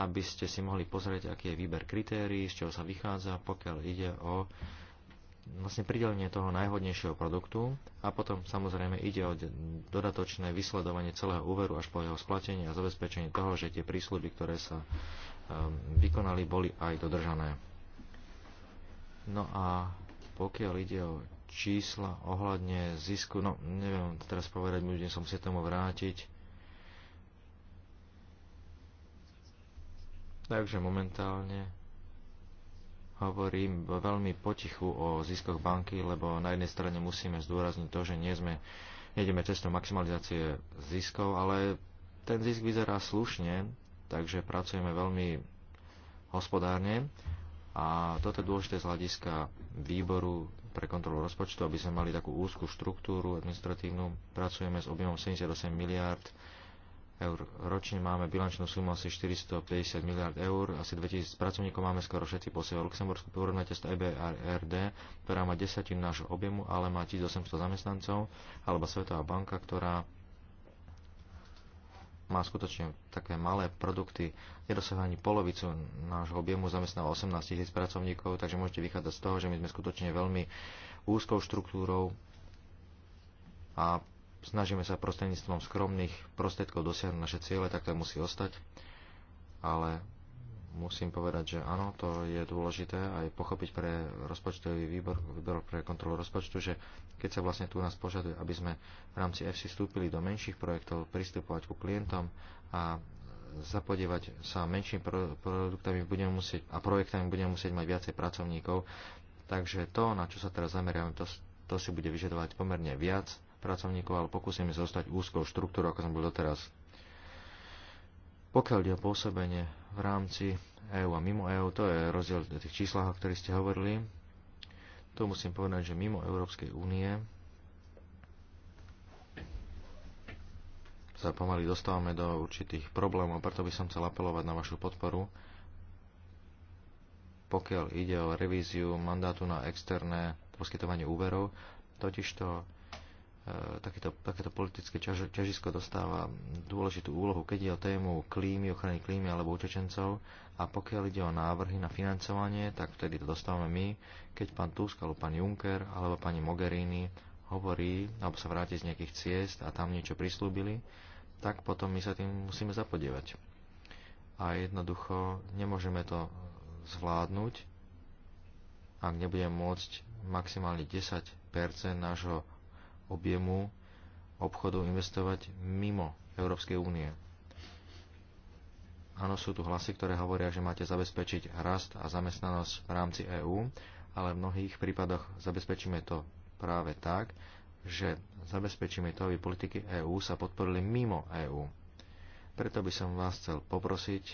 aby ste si mohli pozrieť, aký je výber kritérií, z čoho sa vychádza, pokiaľ ide o vlastne pridelenie toho najhodnejšieho produktu a potom samozrejme ide o dodatočné vysledovanie celého úveru až po jeho splatenie a zabezpečenie toho, že tie prísľuby, ktoré sa um, vykonali, boli aj dodržané. No a pokiaľ ide o čísla ohľadne zisku, no neviem teraz povedať, budem som si tomu vrátiť. Takže momentálne hovorím veľmi potichu o ziskoch banky, lebo na jednej strane musíme zdôrazniť to, že nie sme, nejdeme cestou maximalizácie ziskov, ale ten zisk vyzerá slušne, takže pracujeme veľmi hospodárne. A toto je dôležité z hľadiska výboru pre kontrolu rozpočtu, aby sme mali takú úzkú štruktúru administratívnu. Pracujeme s objemom 78 miliárd eur ročne, máme bilančnú sumu asi 450 miliard eur, asi 2000 pracovníkov máme skoro všetci po sebe v Luxembursku, porovnáte s EBRD, ktorá má desatinu nášho objemu, ale má 1800 zamestnancov, alebo Svetová banka, ktorá má skutočne také malé produkty, nedosahuje ani polovicu nášho objemu, zamestnáva 18 tisíc pracovníkov, takže môžete vychádzať z toho, že my sme skutočne veľmi úzkou štruktúrou a snažíme sa prostredníctvom skromných prostriedkov dosiahnuť naše ciele, tak to musí ostať, ale musím povedať, že áno, to je dôležité aj pochopiť pre rozpočtový výbor, výbor pre kontrolu rozpočtu, že keď sa vlastne tu nás požaduje, aby sme v rámci FC vstúpili do menších projektov, pristupovať ku klientom a zapodievať sa menším pro, produktami budeme musieť, a projektami budeme musieť mať viacej pracovníkov. Takže to, na čo sa teraz zameriame, to, to si bude vyžadovať pomerne viac pracovníkov, ale pokúsime zostať úzkou štruktúrou, ako sme boli doteraz pokiaľ ide o pôsobenie v rámci EÚ a mimo EÚ, to je rozdiel v tých číslach, o ktorých ste hovorili. To musím povedať, že mimo Európskej únie sa pomaly dostávame do určitých problémov, preto by som chcel apelovať na vašu podporu, pokiaľ ide o revíziu mandátu na externé poskytovanie úverov, totižto E, takéto, takéto politické ťaž, ťažisko dostáva dôležitú úlohu, keď je o tému klímy, ochrany klímy alebo utečencov a pokiaľ ide o návrhy na financovanie, tak vtedy to dostávame my, keď pán Tusk alebo pán Juncker alebo pani Mogherini hovorí alebo sa vráti z nejakých ciest a tam niečo prislúbili, tak potom my sa tým musíme zapodievať. A jednoducho nemôžeme to zvládnuť, ak nebudeme môcť maximálne 10% nášho objemu obchodov investovať mimo Európskej únie. Áno, sú tu hlasy, ktoré hovoria, že máte zabezpečiť rast a zamestnanosť v rámci EÚ, ale v mnohých prípadoch zabezpečíme to práve tak, že zabezpečíme to, aby politiky EÚ sa podporili mimo EÚ. Preto by som vás chcel poprosiť,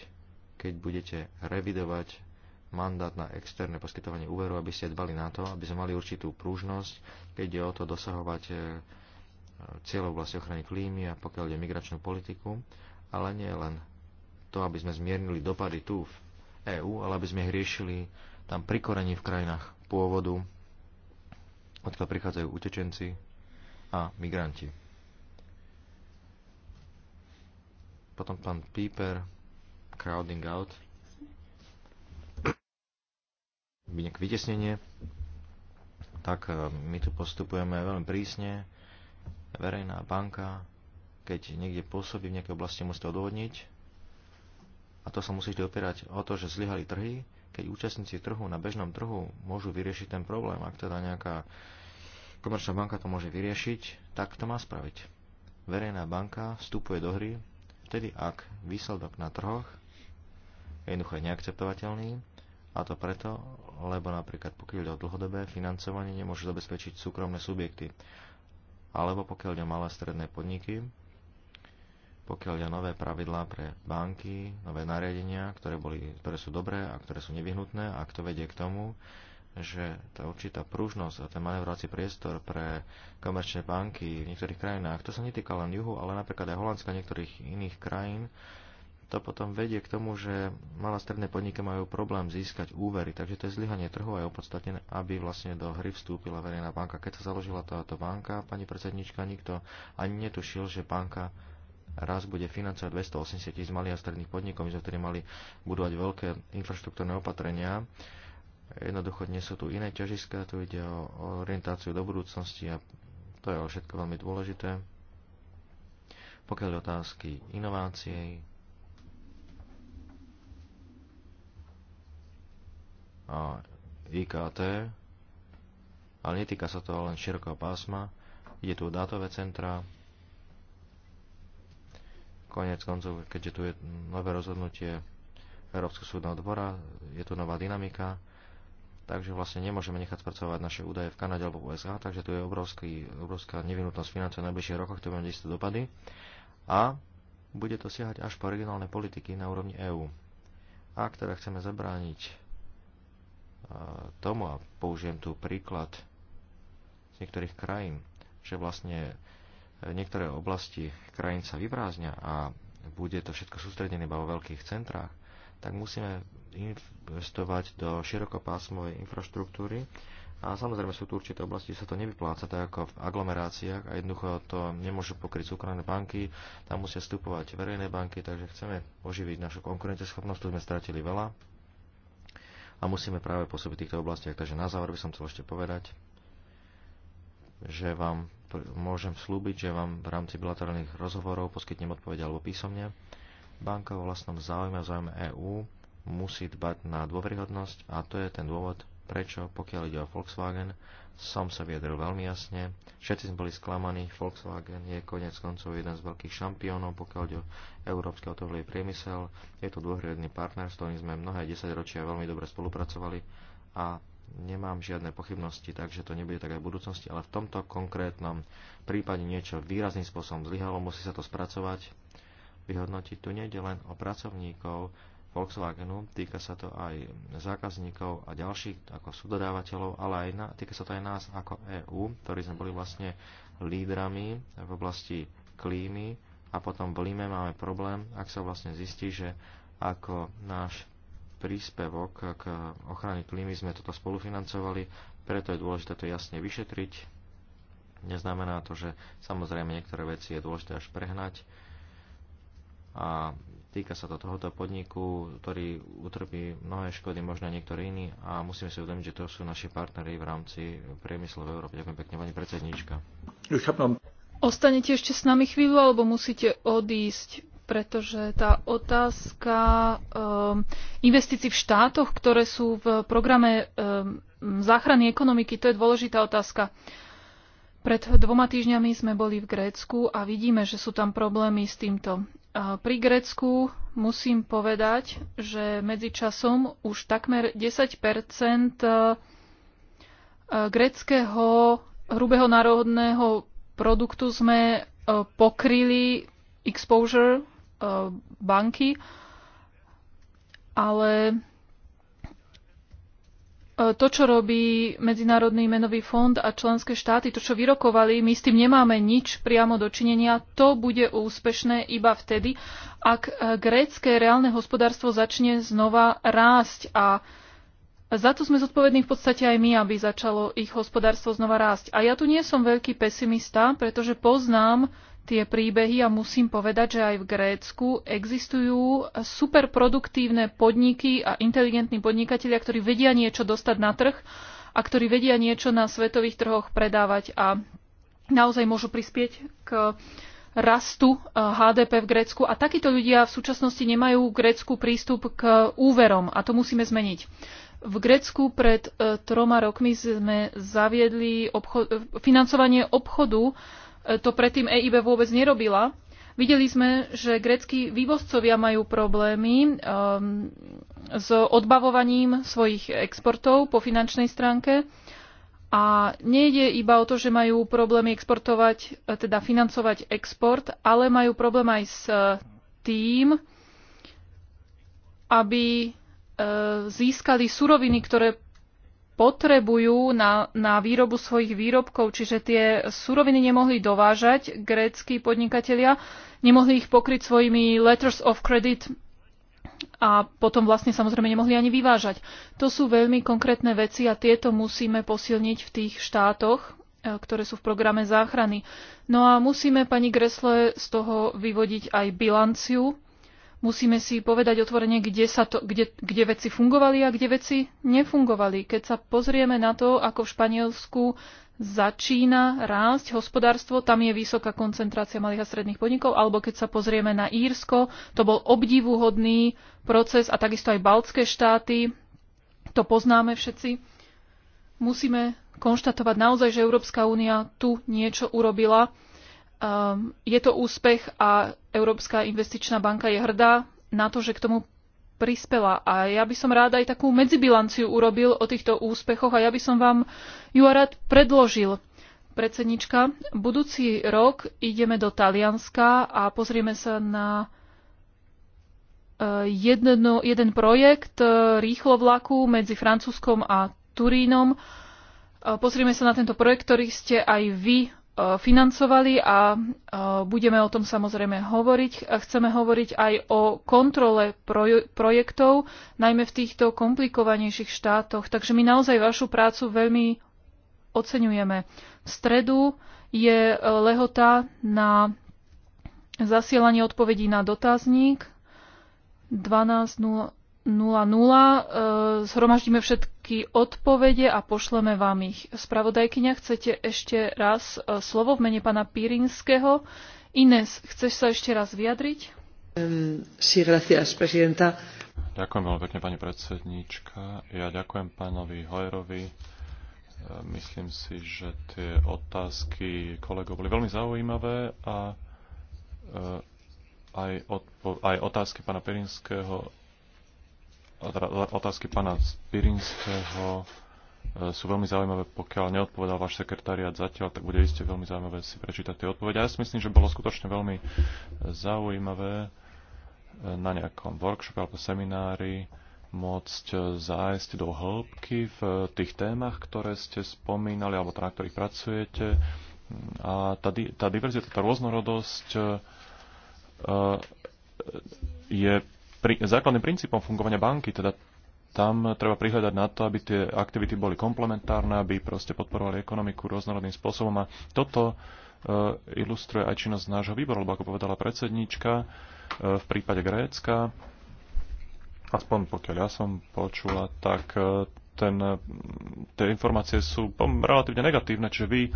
keď budete revidovať mandát na externé poskytovanie úveru, aby ste dbali na to, aby sme mali určitú prúžnosť, keď ide o to dosahovať e, cieľov vlastne ochrany klímy a pokiaľ ide migračnú politiku, ale nie len to, aby sme zmiernili dopady tu v EÚ, ale aby sme ich riešili tam pri korení v krajinách pôvodu, odkiaľ prichádzajú utečenci a migranti. Potom pán Píper, crowding out, nejaké vytesnenie, tak e, my tu postupujeme veľmi prísne. Verejná banka, keď niekde pôsobí v nejakej oblasti, musí to odvodniť. A to sa musí vždy opierať o to, že zlyhali trhy, keď účastníci trhu na bežnom trhu môžu vyriešiť ten problém, ak teda nejaká komerčná banka to môže vyriešiť, tak to má spraviť. Verejná banka vstupuje do hry vtedy, ak výsledok na trhoch je jednoducho neakceptovateľný, a to preto, lebo napríklad pokiaľ ide o dlhodobé financovanie, nemôže zabezpečiť súkromné subjekty. Alebo pokiaľ ide o malé stredné podniky, pokiaľ ide o nové pravidlá pre banky, nové nariadenia, ktoré, boli, ktoré sú dobré a ktoré sú nevyhnutné a to vedie k tomu, že tá určitá pružnosť a ten manevrovací priestor pre komerčné banky v niektorých krajinách, to sa netýka len juhu, ale napríklad aj Holandska a niektorých iných krajín, to potom vedie k tomu, že malé stredné podniky majú problém získať úvery, takže to je zlyhanie trhu a je opodstatnené, aby vlastne do hry vstúpila verejná banka. Keď sa založila táto banka, pani predsednička, nikto ani netušil, že banka raz bude financovať 280 tisíc malých a stredných podnikov, my sme vtedy mali budovať veľké infraštruktúrne opatrenia. Jednoducho dnes sú tu iné ťažiska, tu ide o orientáciu do budúcnosti a to je všetko veľmi dôležité. Pokiaľ otázky inovácií, a IKT, ale netýka sa to len širokého pásma, ide tu dátové centra, konec koncov, keďže tu je nové rozhodnutie Európskeho súdneho dvora, je tu nová dynamika, takže vlastne nemôžeme nechať spracovať naše údaje v Kanade alebo v USA, takže tu je obrovský, obrovská nevinutnosť financie v najbližších rokoch, to bude isté dopady a bude to siahať až po regionálne politiky na úrovni EÚ. Ak teda chceme zabrániť tomu, a použijem tu príklad z niektorých krajín, že vlastne e, niektoré oblasti krajín sa vyprázdnia a bude to všetko sústredené iba vo veľkých centrách, tak musíme investovať do širokopásmovej infraštruktúry a samozrejme sú tu určité oblasti, kde sa to nevypláca, tak ako v aglomeráciách a jednoducho to nemôžu pokryť súkromné banky, tam musia vstupovať verejné banky, takže chceme oživiť našu konkurenceschopnosť, tu sme stratili veľa a musíme práve pôsobiť v týchto oblastiach. Takže na záver by som chcel ešte povedať, že vám môžem slúbiť, že vám v rámci bilaterálnych rozhovorov poskytnem odpovede alebo písomne. Banka vo vlastnom záujme a záujme EÚ musí dbať na dôveryhodnosť a to je ten dôvod, prečo, pokiaľ ide o Volkswagen, som sa vyjadril veľmi jasne. Všetci sme boli sklamaní, Volkswagen je konec koncov jeden z veľkých šampiónov, pokiaľ ide o európsky autovlý priemysel. Je to dôhriedný partner, s ktorým sme mnohé desaťročia veľmi dobre spolupracovali a nemám žiadne pochybnosti, takže to nebude tak aj v budúcnosti, ale v tomto konkrétnom prípade niečo výrazným spôsobom zlyhalo, musí sa to spracovať, vyhodnotiť. Tu nejde len o pracovníkov, Volkswagenu, týka sa to aj zákazníkov a ďalších ako subdodávateľov, ale aj na, týka sa to aj nás ako EÚ, ktorí sme boli vlastne lídrami v oblasti klímy a potom v Líme máme problém, ak sa vlastne zistí, že ako náš príspevok k ochrane klímy sme toto spolufinancovali, preto je dôležité to jasne vyšetriť. Neznamená to, že samozrejme niektoré veci je dôležité až prehnať a Týka sa to tohoto podniku, ktorý utrpí mnohé škody, možno niektorí iní a musíme si uvedomiť, že to sú naši partnery v rámci priemyslu v Európe. Ďakujem pekne, pani predsednička. Ostanete ešte s nami chvíľu, alebo musíte odísť? pretože tá otázka um, investícií v štátoch, ktoré sú v programe um, záchrany ekonomiky, to je dôležitá otázka. Pred dvoma týždňami sme boli v Grécku a vidíme, že sú tam problémy s týmto. Pri Grécku musím povedať, že medzičasom už takmer 10 e, gréckého hrubého národného produktu sme e, pokryli exposure e, banky, ale E, to, čo robí Medzinárodný menový fond a členské štáty, to, čo vyrokovali, my s tým nemáme nič priamo dočinenia. To bude úspešné iba vtedy, ak e, grécké reálne hospodárstvo začne znova rásť a za to sme zodpovední v podstate aj my, aby začalo ich hospodárstvo znova rásť. A ja tu nie som veľký pesimista, pretože poznám tie príbehy a musím povedať, že aj v Grécku existujú superproduktívne podniky a inteligentní podnikatelia, ktorí vedia niečo dostať na trh a ktorí vedia niečo na svetových trhoch predávať a naozaj môžu prispieť k rastu HDP eh, v Grécku a takíto ľudia v súčasnosti nemajú v Grécku prístup k úverom a to musíme zmeniť. V Grécku pred eh, troma rokmi sme zaviedli obcho- eh, financovanie obchodu to predtým EIB vôbec nerobila. Videli sme, že greckí vývozcovia majú problémy um, s odbavovaním svojich exportov po finančnej stránke. A nejde iba o to, že majú problémy exportovať, teda financovať export, ale majú problém aj s tým, aby eh, získali suroviny, ktoré potrebujú na, na výrobu svojich výrobkov, čiže tie suroviny nemohli dovážať grécky podnikatelia, nemohli ich pokryť svojimi letters of credit a potom vlastne samozrejme nemohli ani vyvážať. To sú veľmi konkrétne veci a tieto musíme posilniť v tých štátoch, e, ktoré sú v programe záchrany. No a musíme pani Gresle z toho vyvodiť aj bilanciu Musíme si povedať otvorene, kde, sa to, kde, kde veci fungovali a kde veci nefungovali. Keď sa pozrieme na to, ako v Španielsku začína rásť hospodárstvo, tam je vysoká koncentrácia malých a stredných podnikov, alebo keď sa pozrieme na Írsko, to bol obdivuhodný proces a takisto aj baltské štáty, to poznáme všetci. Musíme konštatovať naozaj, že Európska únia tu niečo urobila Um, je to úspech a Európska investičná banka je hrdá na to, že k tomu prispela. A ja by som rád aj takú medzibilanciu urobil o týchto úspechoch a ja by som vám ju rád predložil. Predsednička, budúci rok ideme do Talianska a pozrieme sa na eh, jedno, jeden projekt eh, rýchlovlaku medzi Francúzskom a Turínom. Eh, pozrieme sa na tento projekt, ktorý ste aj vy E, financovali a e, budeme o tom samozrejme hovoriť. E, chceme hovoriť aj o kontrole projektov, najmä v týchto komplikovanejších štátoch. Takže my naozaj vašu prácu veľmi oceňujeme. V stredu je lehota na zasielanie odpovedí na dotazník 12.00 00. E, zhromaždíme všetky odpovede a pošleme vám ich. Spravodajkyňa, chcete ešte raz e, slovo v mene pána Pírinského? Ines, chceš sa ešte raz vyjadriť? Um, sí, gracias, presidenta. Ďakujem veľmi pekne, pani predsednička. Ja ďakujem pánovi Hojerovi. E, myslím si, že tie otázky kolegov boli veľmi zaujímavé a aj, odpo- aj otázky pána Perinského otázky pána Spirinského e, sú veľmi zaujímavé. Pokiaľ neodpovedal váš sekretariat zatiaľ, tak bude iste veľmi zaujímavé si prečítať tie odpovede. Ja si myslím, že bolo skutočne veľmi e, zaujímavé e, na nejakom workshop alebo seminári môcť zájsť do hĺbky v tých témach, ktoré ste spomínali alebo teda na ktorých pracujete. A tá, tá diverzita, tá rôznorodosť je pri, základným princípom fungovania banky, teda tam treba prihľadať na to, aby tie aktivity boli komplementárne, aby proste podporovali ekonomiku rôznorodným spôsobom. A toto e, ilustruje aj činnosť nášho výboru, lebo ako povedala predsednička, e, v prípade Grécka, aspoň pokiaľ ja som počula, tak e, ten, tie informácie sú relatívne negatívne, čiže vy e,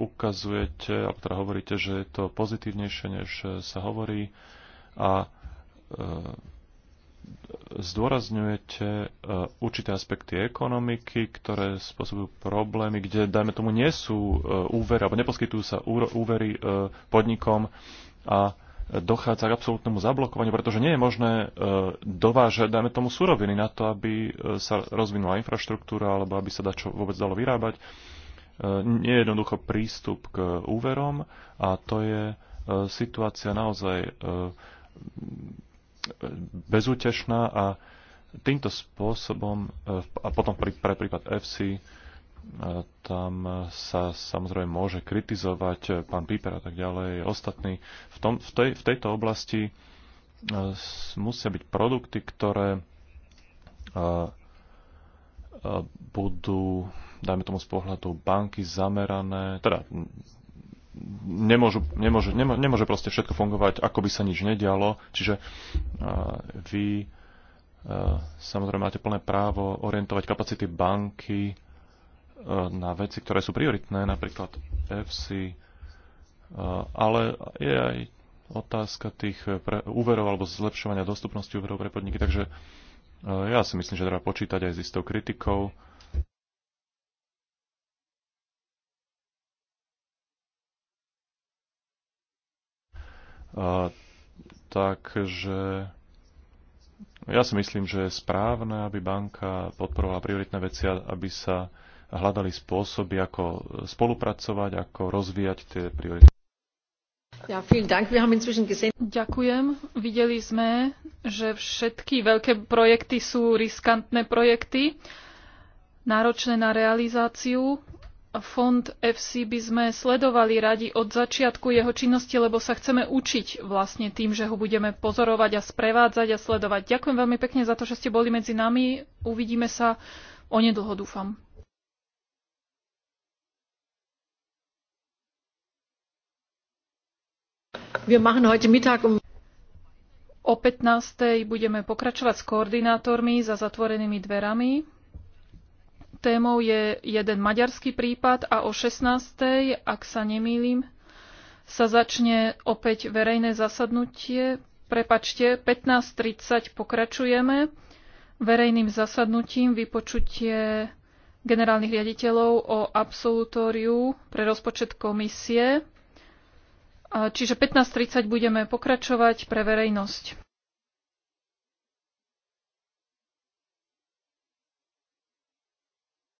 ukazujete, alebo teda hovoríte, že je to pozitívnejšie, než sa hovorí. A E, zdôrazňujete e, určité aspekty ekonomiky, ktoré spôsobujú problémy, kde, dajme tomu, nie sú e, úvery, alebo neposkytujú sa úvery podnikom a dochádza k absolútnemu zablokovaniu, pretože nie je možné dovážať, dajme tomu, suroviny na to, aby sa rozvinula infraštruktúra, alebo aby sa da čo vôbec dalo vyrábať. Nie je jednoducho prístup k úverom a to je situácia naozaj bezútešná a týmto spôsobom, a potom pre prípad FC, e, tam sa samozrejme môže kritizovať pán Piper a tak ďalej, ostatní. V, tom, v, tej, v tejto oblasti e, musia byť produkty, ktoré e, budú, dajme tomu z pohľadu banky, zamerané, teda nemôžu, nemôže, nemô, nemôže proste všetko fungovať, ako by sa nič nedialo. Čiže uh, vy uh, samozrejme máte plné právo orientovať kapacity banky uh, na veci, ktoré sú prioritné, napríklad FC, uh, ale je aj otázka tých pre, úverov alebo zlepšovania dostupnosti úverov pre podniky. Takže ja si myslím, že treba počítať aj s istou kritikou takže ja si myslím, že je správne, aby banka podporovala prioritné veci, aby sa hľadali spôsoby, ako spolupracovať, ako rozvíjať tie priority. Ja, Dank. Wir haben inzwischen gesehen... Ďakujem. Videli sme, že všetky veľké projekty sú riskantné projekty, náročné na realizáciu fond FC by sme sledovali radi od začiatku jeho činnosti, lebo sa chceme učiť vlastne tým, že ho budeme pozorovať a sprevádzať a sledovať. Ďakujem veľmi pekne za to, že ste boli medzi nami. Uvidíme sa onedlho, dúfam. Wir machen heute Mittag um O 15. budeme pokračovať s koordinátormi za zatvorenými dverami témou je jeden maďarský prípad a o 16. ak sa nemýlim, sa začne opäť verejné zasadnutie. Prepačte, 15.30 pokračujeme verejným zasadnutím vypočutie generálnych riaditeľov o absolutóriu pre rozpočet komisie. Čiže 15.30 budeme pokračovať pre verejnosť.